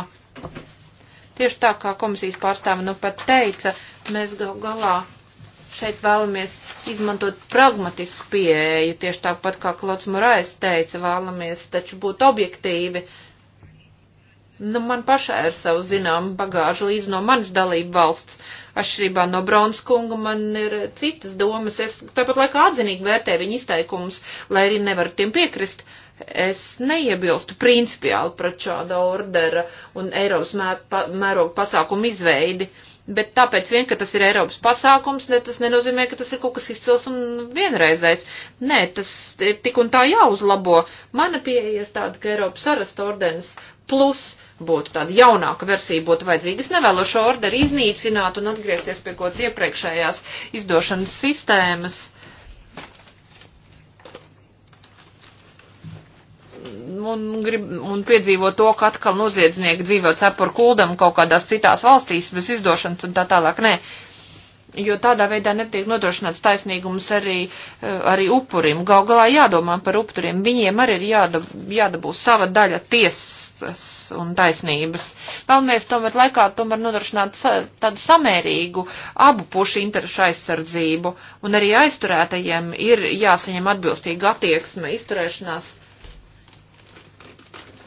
Tieši tā kā komisijas pārstāve nu pat teica, mēs gal galā šeit vēlamies izmantot pragmatisku pieeju, tieši tāpat kā Klods Morais teica, vēlamies taču būt objektīvi. Uh, Nu, man pašai ir savu zinām bagāžu līdz no manas dalību valsts. Atšķirībā no Brons kunga man ir citas domas. Es tāpat laikā atzinīgi vērtēju viņa izteikumus, lai arī nevaru tiem piekrist. Es neiebilstu principiāli pret šāda ordera un Eiropas mē, pa, mēroga pasākumu izveidi. Bet tāpēc vien, ka tas ir Eiropas pasākums, ne, tas nenozīmē, ka tas ir kaut kas izcils un vienreizais. Nē, tas ir tik un tā jāuzlabo. Mana pieeja ir tāda, ka Eiropas arastu ordenis plus būtu tāda jaunāka versija būtu vajadzīga. Es nevēlu šo orderu iznīcināt un atgriezties pie kaut kādas iepriekšējās izdošanas sistēmas. Un, grib, un piedzīvo to, ka atkal noziedznieki dzīvo cepur kuldam kaut kādās citās valstīs bez izdošanas un tā tālāk. Nē, jo tādā veidā netiek nodrošināts taisnīgums arī, eh, arī upurim. Gal galā jādomā par upuriem, viņiem arī ir jādab, jādabū sava daļa tiesas un taisnības. Vēlamies tomēr laikā tomēr nodrošināt sa, tādu samērīgu abu pušu interešu aizsardzību, un arī aizturētajiem ir jāsaņem atbilstīga attieksme, izturēšanās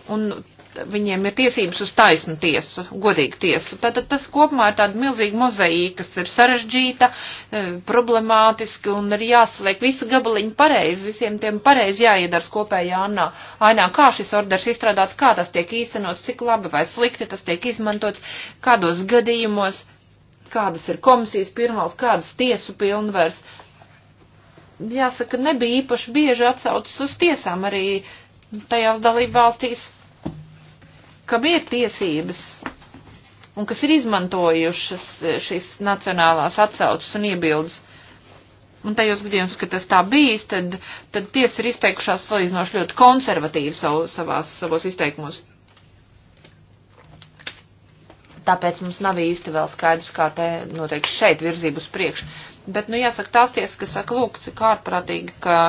un viņiem ir tiesības uz taisnu tiesu, godīgu tiesu. Tātad tas kopumā ir tāda milzīga mozaīka, kas ir sarežģīta, e, problemātiski un ir jāsaliek visu gabaliņu pareizi, visiem tiem pareizi jāiedars kopējā anā. Ainā, kā šis orders izstrādāts, kā tas tiek īstenots, cik labi vai slikti tas tiek izmantots, kādos gadījumos, kādas ir komisijas pirmās, kādas tiesu pilnvars. Jāsaka, nebija īpaši bieži atsaucis uz tiesām arī tajās dalību valstīs kam ir tiesības un kas ir izmantojušas eh, šīs nacionālās atsaucas un iebildes. Un tajos gadījumos, kad tas tā bijis, tad, tad tiesa ir izteikušās salīdzinoši ļoti konservatīvi savu, savās, savos izteikumos. Tāpēc mums nav īsti vēl skaidrs, kā te notiek šeit virzību uz priekšu. Bet, nu, jāsaka, tās tiesas, kas saka, lūk, cik ārprātīgi, ka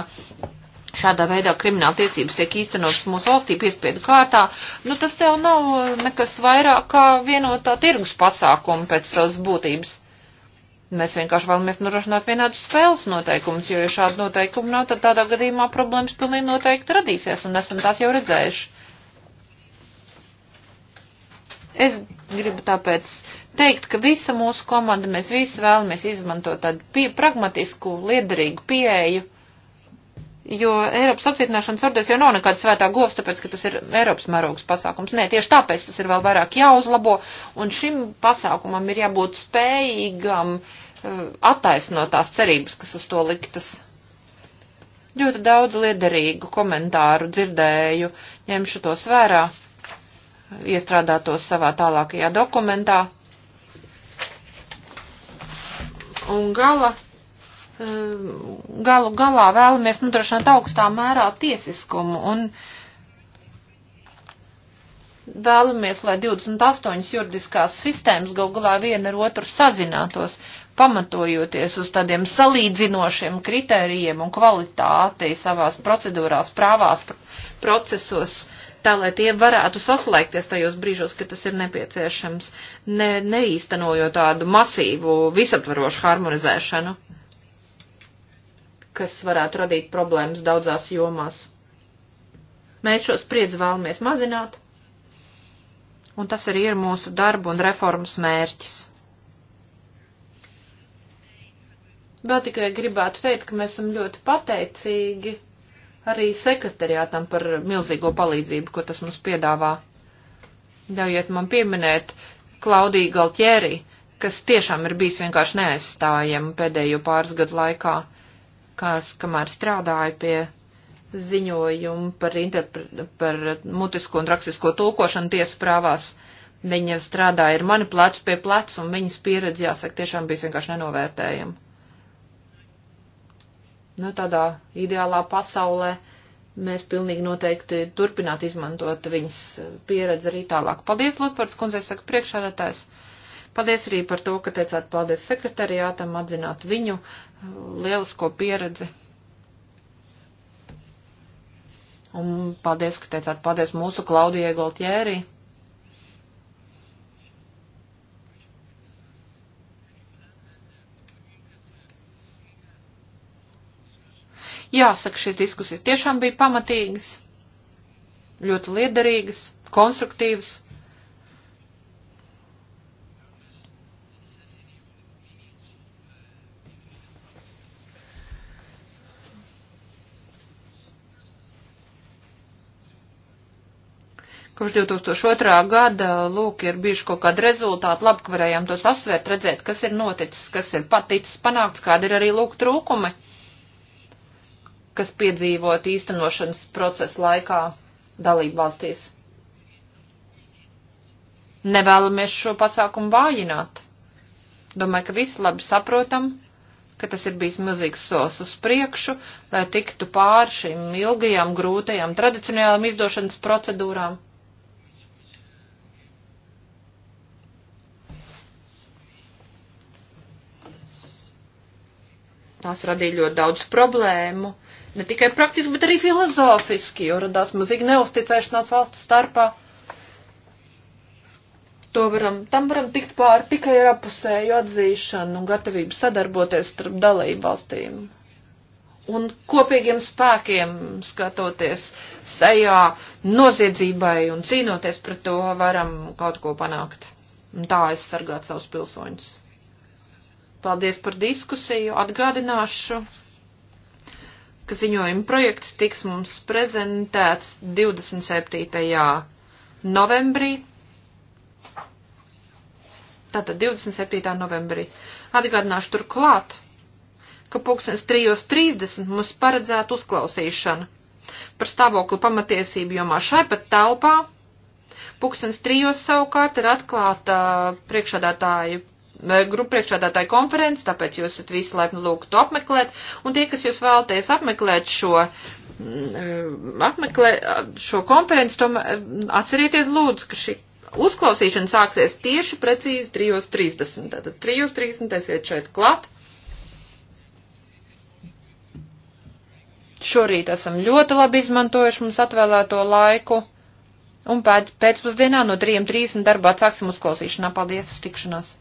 Šādā veidā krimināla tiesības tiek īstenotas mūsu valstī piespiedu kārtā. Nu, tas jau nav uh, nekas vairāk kā vienotā tirgus pasākuma pēc savas būtības. Mēs vienkārši vēlamies norošināt vienādus spēles noteikumus, jo, ja šāda noteikuma nav, tad tādā gadījumā problēmas pilnīgi noteikti radīsies, un esam tās jau redzējuši. Es gribu tāpēc teikt, ka visa mūsu komanda, mēs visi vēlamies izmantot tādu pie, pragmatisku, liederīgu pieeju jo Eiropas apcietināšanas orders jau nav nekāda svētā govs, tāpēc, ka tas ir Eiropas mērogs pasākums. Nē, tieši tāpēc tas ir vēl vairāk jāuzlabo, un šim pasākumam ir jābūt spējīgam uh, attaisnot tās cerības, kas uz to liktas. Ļoti daudz liederīgu komentāru dzirdēju, ņemšu tos vērā, iestrādātos savā tālākajā dokumentā. Un gala Eh, galu galā vēlamies nodrošināt augstā mērā tiesiskumu un vēlamies, lai 28 juridiskās sistēmas galu galā viena ar otru sazinātos, pamatojoties uz tādiem salīdzinošiem kritērijiem un kvalitāti savās procedūrās, prāvās, procesos tā, lai tie varētu saslēgties tajos brīžos, kad tas ir nepieciešams, ne, neīstenojot tādu masīvu, visaptvarošu harmonizēšanu kas varētu radīt problēmas daudzās jomās. Mēs šo spriedzi vēlamies mazināt, un tas arī ir mūsu darba un reformas mērķis. Vēl tikai gribētu teikt, ka mēs esam ļoti pateicīgi arī sekretariātam par milzīgo palīdzību, ko tas mums piedāvā. Ļaujiet man pieminēt Klaudiju Galtjēri, kas tiešām ir bijis vienkārši neaizstājama pēdējo pāris gadu laikā kas, kamēr strādāju pie ziņojumu par, par mutisko un rakstisko tulkošanu tiesu prāvās, viņa strādāja ar mani plecu pie pleca, un viņas pieredze, jāsaka, tiešām bija vienkārši nenovērtējama. Nu, tādā ideālā pasaulē mēs pilnīgi noteikti turpināt izmantot viņas pieredzi arī tālāk. Paldies, Lutvards kundzei, saka priekšādātājs. Paldies arī par to, ka teicāt paldies sekretariātam, atzināt viņu eh, lielisko pieredzi. Un paldies, ka teicāt paldies mūsu Klaudijai Goltjērī. Jāsaka, šīs diskusijas tiešām bija pamatīgas, ļoti liederīgas, konstruktīvas. Kopš 2002. gada, lūk, ir bijuši kaut kādi rezultāti, labi, ka varējām tos asvērt, redzēt, kas ir noticis, kas ir paticis panākts, kādi ir arī, lūk, trūkumi, kas piedzīvot īstenošanas procesa laikā dalību valstīs. Nevēlamies šo pasākumu vājināt. Domāju, ka visi labi saprotam, ka tas ir bijis milzīgs solis uz priekšu, lai tiktu pāri šīm ilgajām, grūtajām, tradicionālām izdošanas procedūrām. Tās radīja ļoti daudz problēmu, ne tikai praktiski, bet arī filozofiski, jo radās mazīga neusticēšanās valstu starpā. To varam, tam varam tikt pāri tikai ar apusēju atzīšanu un gatavību sadarboties starp dalību valstīm. Un kopīgiem spēkiem skatoties sejā noziedzībai un cīnoties pret to varam kaut ko panākt. Un tā aizsargāt savus pilsoņus. Paldies par diskusiju. Atgādināšu, ka ziņojuma projekts tiks mums prezentēts 27. novembrī. Tātad 27. novembrī. Atgādināšu turklāt, ka pulkstens 3.30 mums paredzēta uzklausīšana par stāvokli pamatiesību jomā šai pat telpā. Pūkstens trijos savukārt ir atklāta priekšādātāju grupu priekšādātāju konferenci, tāpēc jūs esat visi laipni lūgtu apmeklēt. Un tie, kas jūs vēlaties apmeklēt šo, apmeklē, šo konferenci, tomēr atcerieties lūdzu, ka šī uzklausīšana sāksies tieši precīzi 3.30. Tātad 3.30 esiet šeit klāt. Šorīt esam ļoti labi izmantojuši mums atvēlēto laiku. Un pēc, pēcpusdienā no 3.30 darbā atsāksim uzklausīšanā. Paldies uz tikšanos!